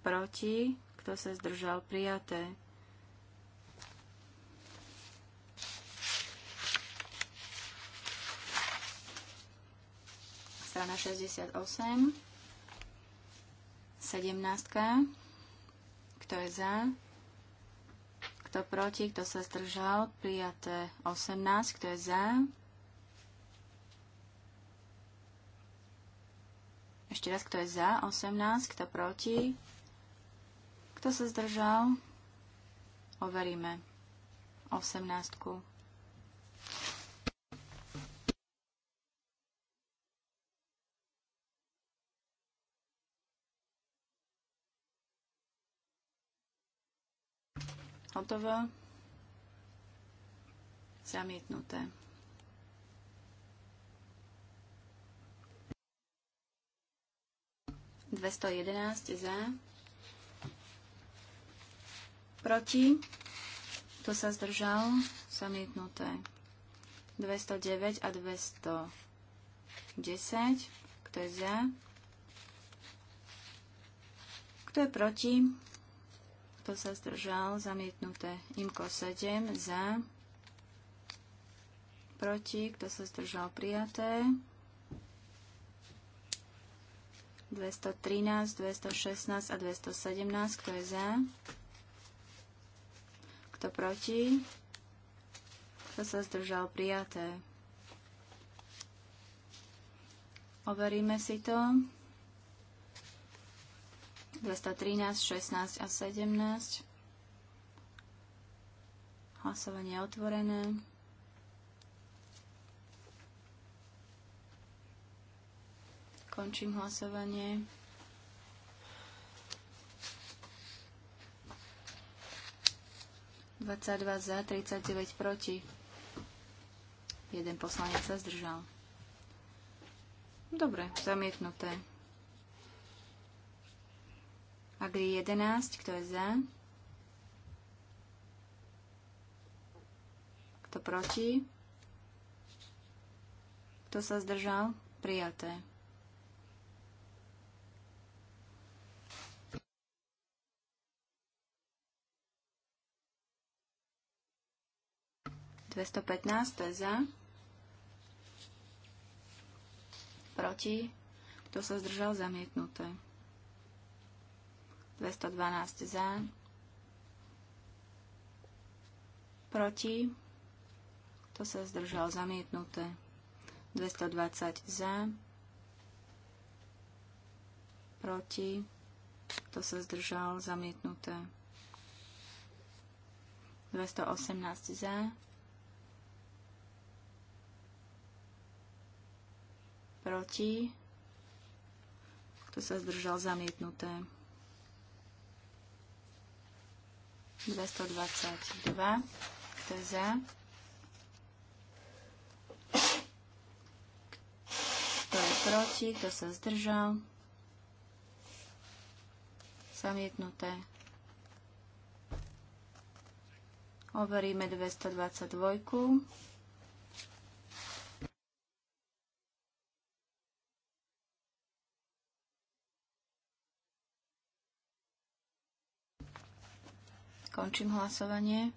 proti, kto sa zdržal, prijaté. Strana 68, 17, kto je za, kto proti, kto sa zdržal, prijaté 18, kto je za, Ešte raz, kto je za 18, kto proti, kto sa zdržal, overíme 18. Hotovo. Zamietnuté. 211 za, proti, kto sa zdržal, zamietnuté. 209 a 210, kto je za, kto je proti, kto sa zdržal, zamietnuté. Imko 7 za, proti, kto sa zdržal, prijaté. 213, 216 a 217. Kto je za? Kto proti? Kto sa zdržal? Prijaté. Overíme si to. 213, 16 a 17. Hlasovanie je otvorené. Končím hlasovanie. Dvadsaťdva za, 39 proti. Jeden poslanec sa zdržal. Dobre, zamietnuté. Agri 11, kto je za? Kto proti? Kto sa zdržal? Prijaté. 215, to je za. Proti. Kto sa zdržal? Zamietnuté. 212 za. Proti. Kto sa zdržal? Zamietnuté. 220 za. Proti. Kto sa zdržal? Zamietnuté. 218 za proti, kto sa zdržal zamietnuté. 222, kto je za, kto je proti, kto sa zdržal, zamietnuté. Overíme 222. Končím hlasovanie.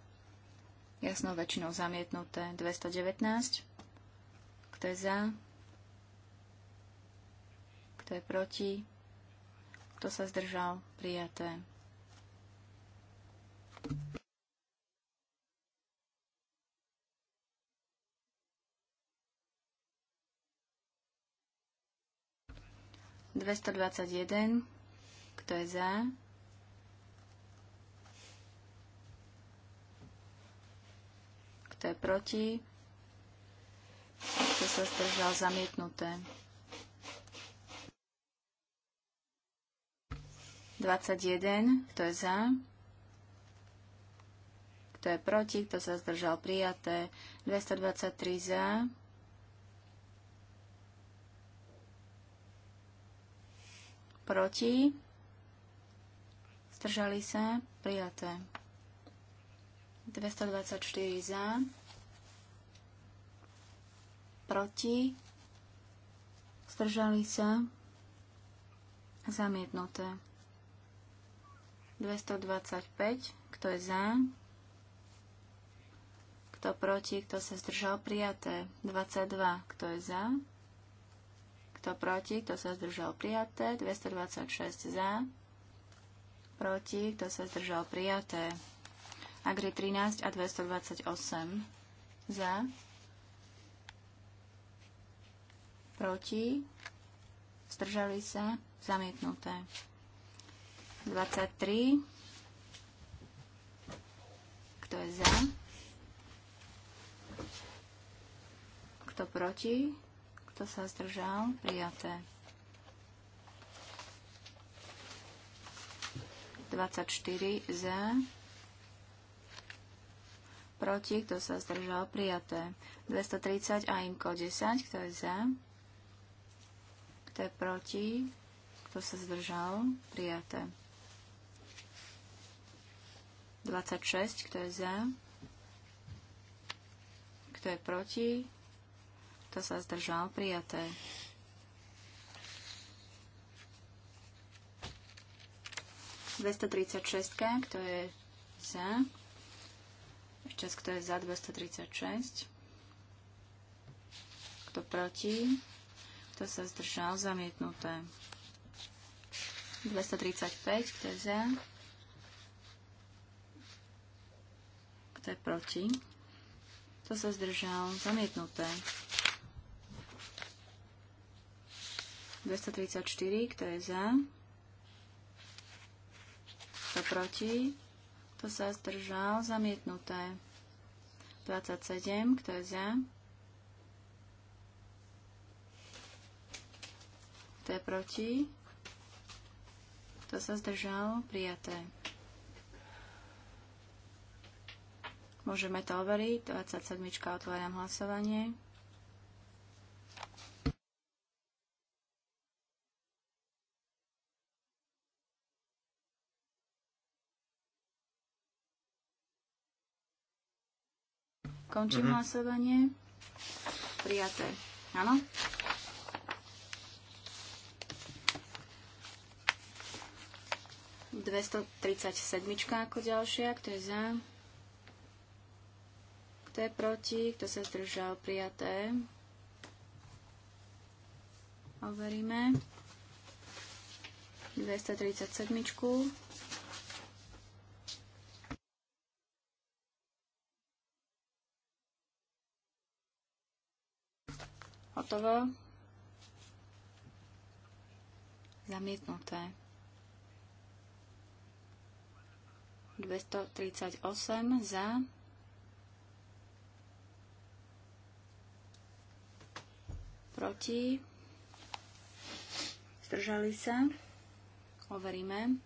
Jasnou väčšinou zamietnuté 219. Kto je za? Kto je proti? Kto sa zdržal? Prijaté. Dvestodvadsaťjeden. Kto je za? kto je proti, kto sa zdržal, zamietnuté. 21, kto je za, kto je proti, kto sa zdržal, prijaté. 223 za, proti, zdržali sa, prijaté. 224 za, proti, zdržali sa, zamietnuté. 225, kto je za, kto proti, kto sa zdržal, prijaté. 22, kto je za, kto proti, kto sa zdržal, prijaté. 226 za, proti, kto sa zdržal, prijaté je 13 a 228 za, proti, zdržali sa, zamietnuté. 23, kto je za, kto proti, kto sa zdržal, prijaté. 24 za, proti, kto sa zdržal, prijaté. 230 a imko 10, kto je za, kto je proti, kto sa zdržal, prijaté. 26, kto je za, kto je proti, kto sa zdržal, prijaté. 236, kto je za, ešte kto je za 236? Kto proti? Kto sa zdržal? Zamietnuté. 235, kto je za? Kto je proti? Kto sa zdržal? Zamietnuté. 234, kto je za? Kto proti? Kto sa zdržal? Zamietnuté. 27. Kto je za? Kto je proti? Kto sa zdržal? Prijaté. Môžeme to overiť. 27. Otváram hlasovanie. Končím mm-hmm. hlasovanie. Prijaté. Áno? sedmička ako ďalšia. Kto je za? Kto je proti? Kto sa zdržal? Prijaté. Overíme. 237. Hotovo. Zamietnuté. 238 za. Proti. Zdržali sa. Overíme.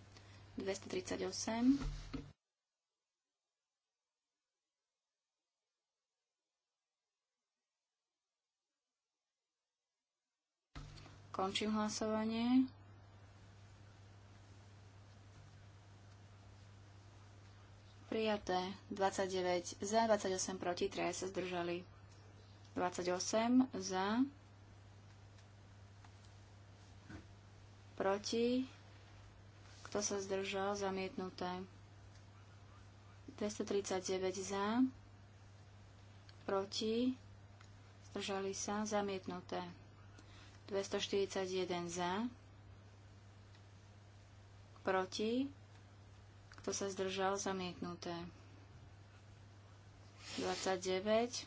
238. Končím hlasovanie. Prijaté 29 za, 28 proti, 3 sa zdržali. 28 za, proti, kto sa zdržal, zamietnuté. 239 za, proti, zdržali sa, zamietnuté. 241 za, proti, kto sa zdržal, zamietnuté. 29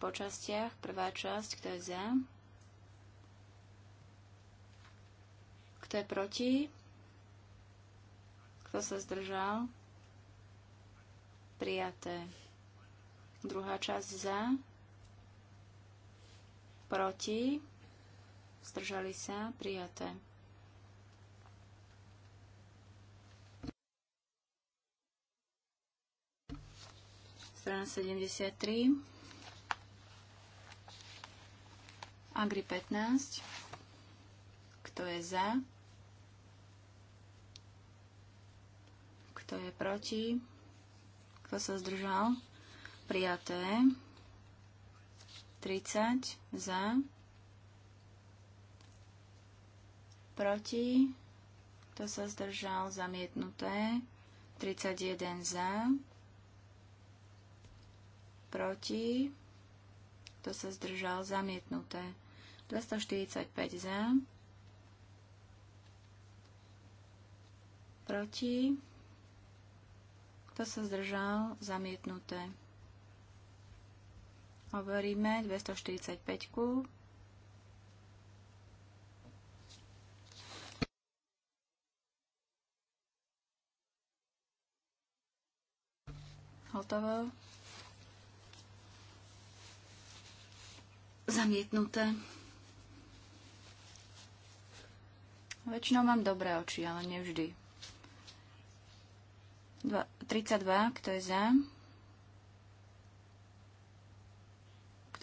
po častiach, prvá časť, kto je za, kto je proti, kto sa zdržal, prijaté. Druhá časť za, proti, zdržali sa, prijaté. Strana 73. Agri 15. Kto je za? Kto je proti? Kto sa zdržal? Prijaté. Prijaté. 30 za, proti, to sa zdržal, zamietnuté, 31 za, proti, to sa zdržal, zamietnuté, 245 za, proti, to sa zdržal, zamietnuté. Overíme 245. -ku. Hotovo. Zamietnuté. Väčšinou mám dobré oči, ale nevždy. 32, kto je za?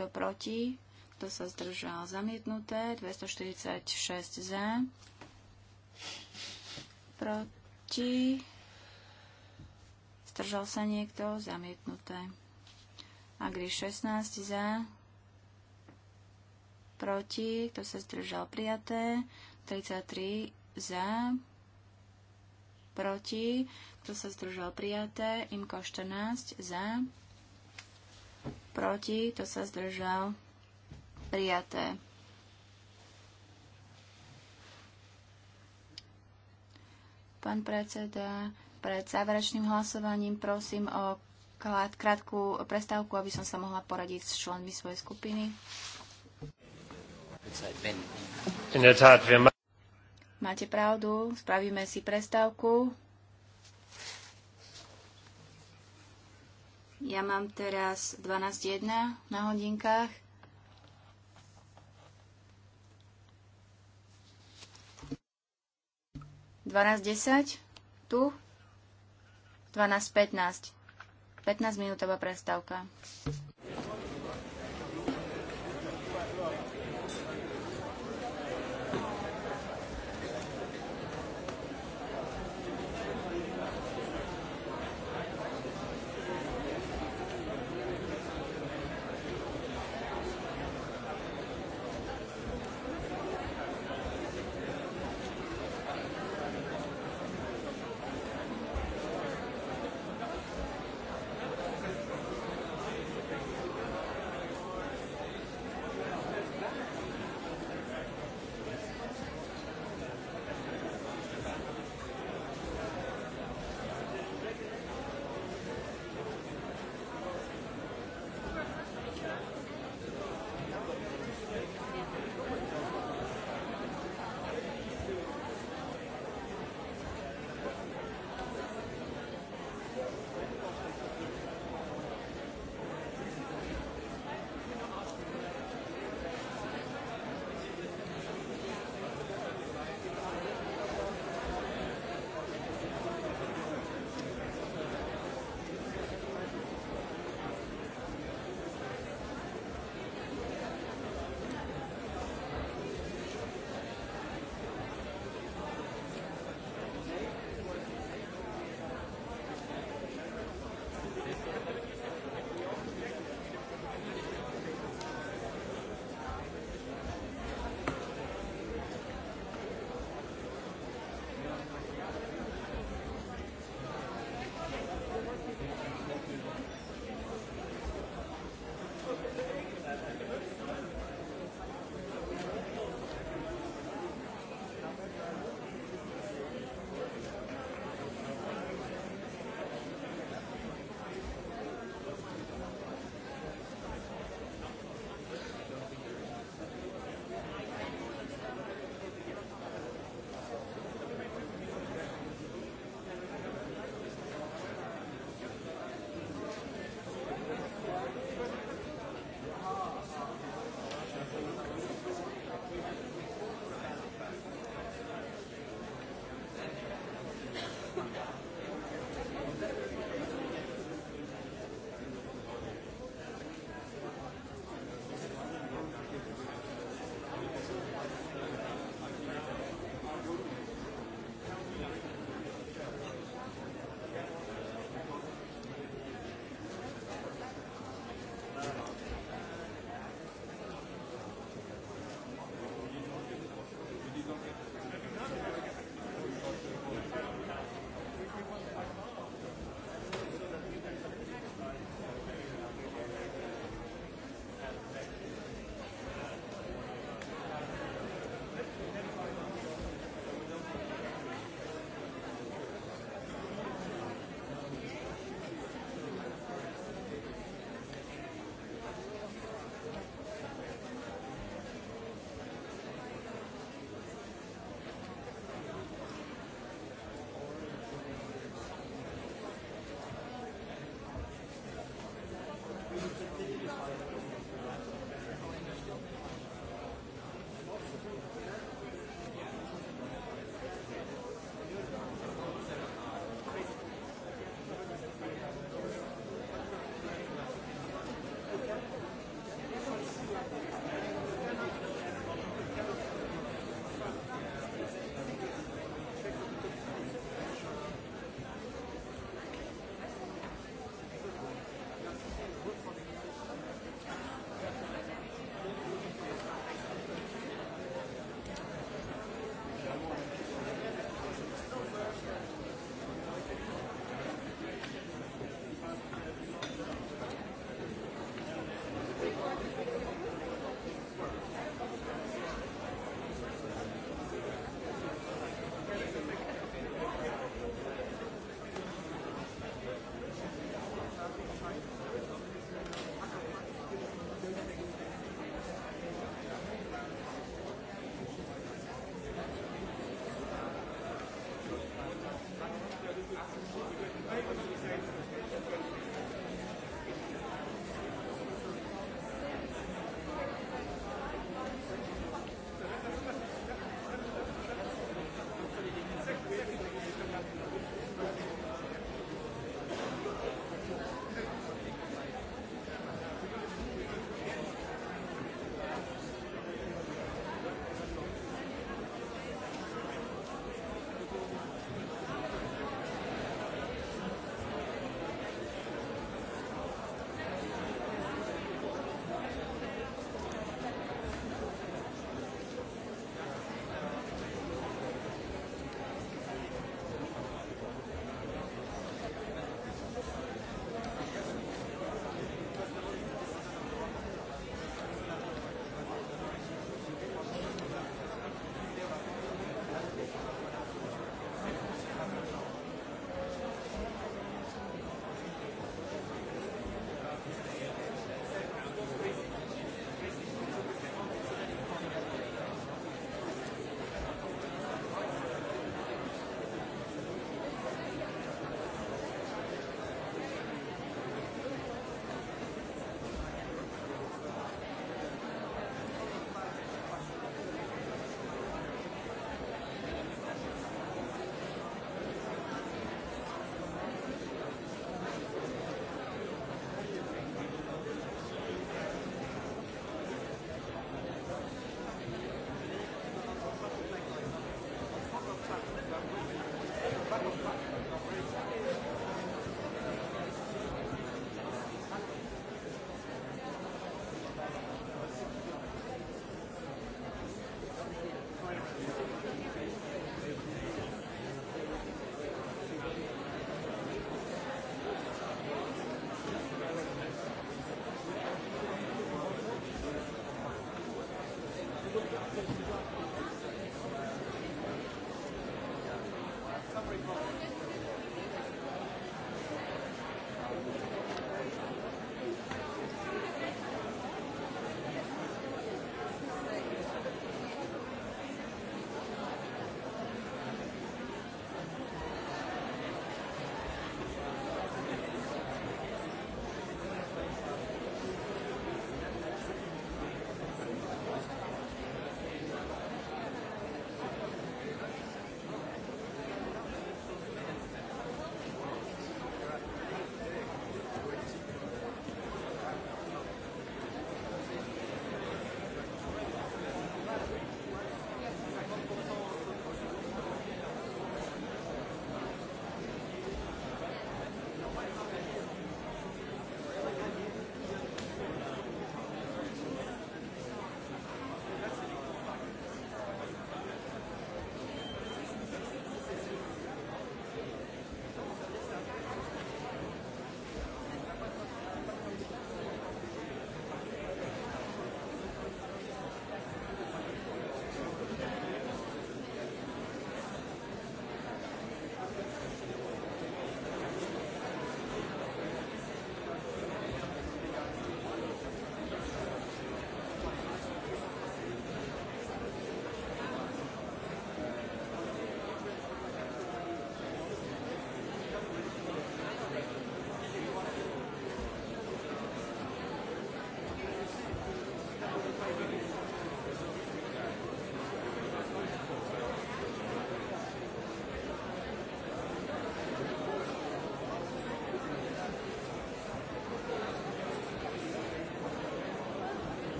Kto proti? Kto sa zdržal? Zamietnuté. 246 za. Proti. Zdržal sa niekto? Zamietnuté. Agri 16 za. Proti. Kto sa zdržal? Prijaté. 33 za. Proti. Kto sa zdržal? Prijaté. Imko 14 za proti, to sa zdržal, prijaté. Pán predseda, pred záverečným hlasovaním prosím o krátku prestávku, aby som sa mohla poradiť s členmi svojej skupiny. Máte pravdu, spravíme si prestávku. Ja mám teraz 12.1 na hodinkách. Dvanásť desať, tu, dvanásť pätnásť. Pätnásť minútová prestávka.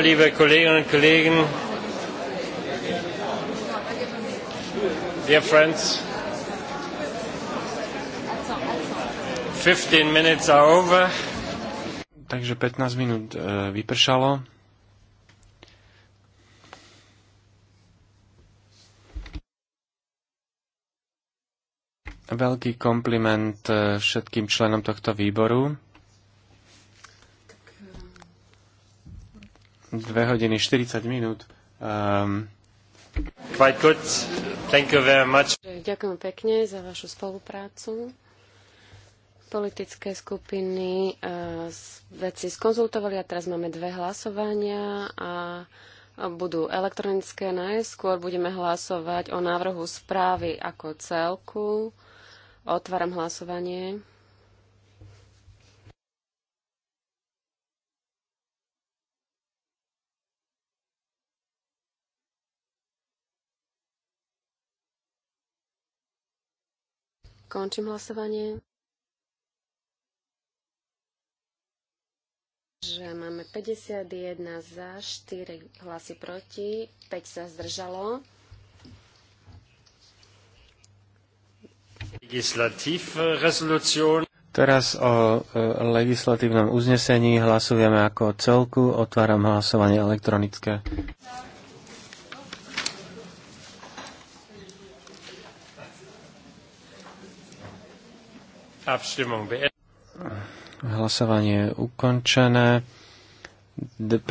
liebe Kolleginnen und Kollegen, dear friends, 15 minutes are over. Takže 15 minút e, vypršalo. Veľký kompliment e, všetkým členom tohto výboru 2 hodiny 40 minút. Um, Quite good. Thank you very much. Ďakujem pekne za vašu spoluprácu. Politické skupiny uh, e, veci skonzultovali a teraz máme dve hlasovania a budú elektronické. Najskôr budeme hlasovať o návrhu správy ako celku. Otváram hlasovanie. Končím hlasovanie. že máme 51 za, 4 hlasy proti, 5 sa zdržalo. Eh, Teraz o eh, legislatívnom uznesení hlasujeme ako celku. Otváram hlasovanie elektronické. Hlasovanie je ukončené. 52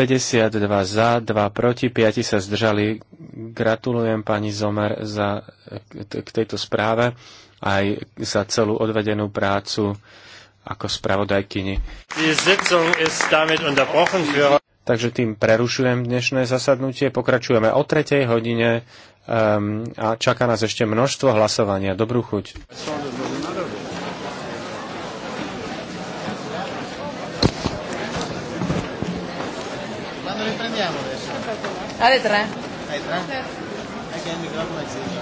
za, 2 proti, 5 sa zdržali. Gratulujem pani Zomer za, k tejto správe aj za celú odvedenú prácu ako spravodajkyni. Takže tým prerušujem dnešné zasadnutie. Pokračujeme o tretej hodine um, a čaká nás ešte množstvo hlasovania. Dobrú chuť. Alle drei. Alle micrófono Ja.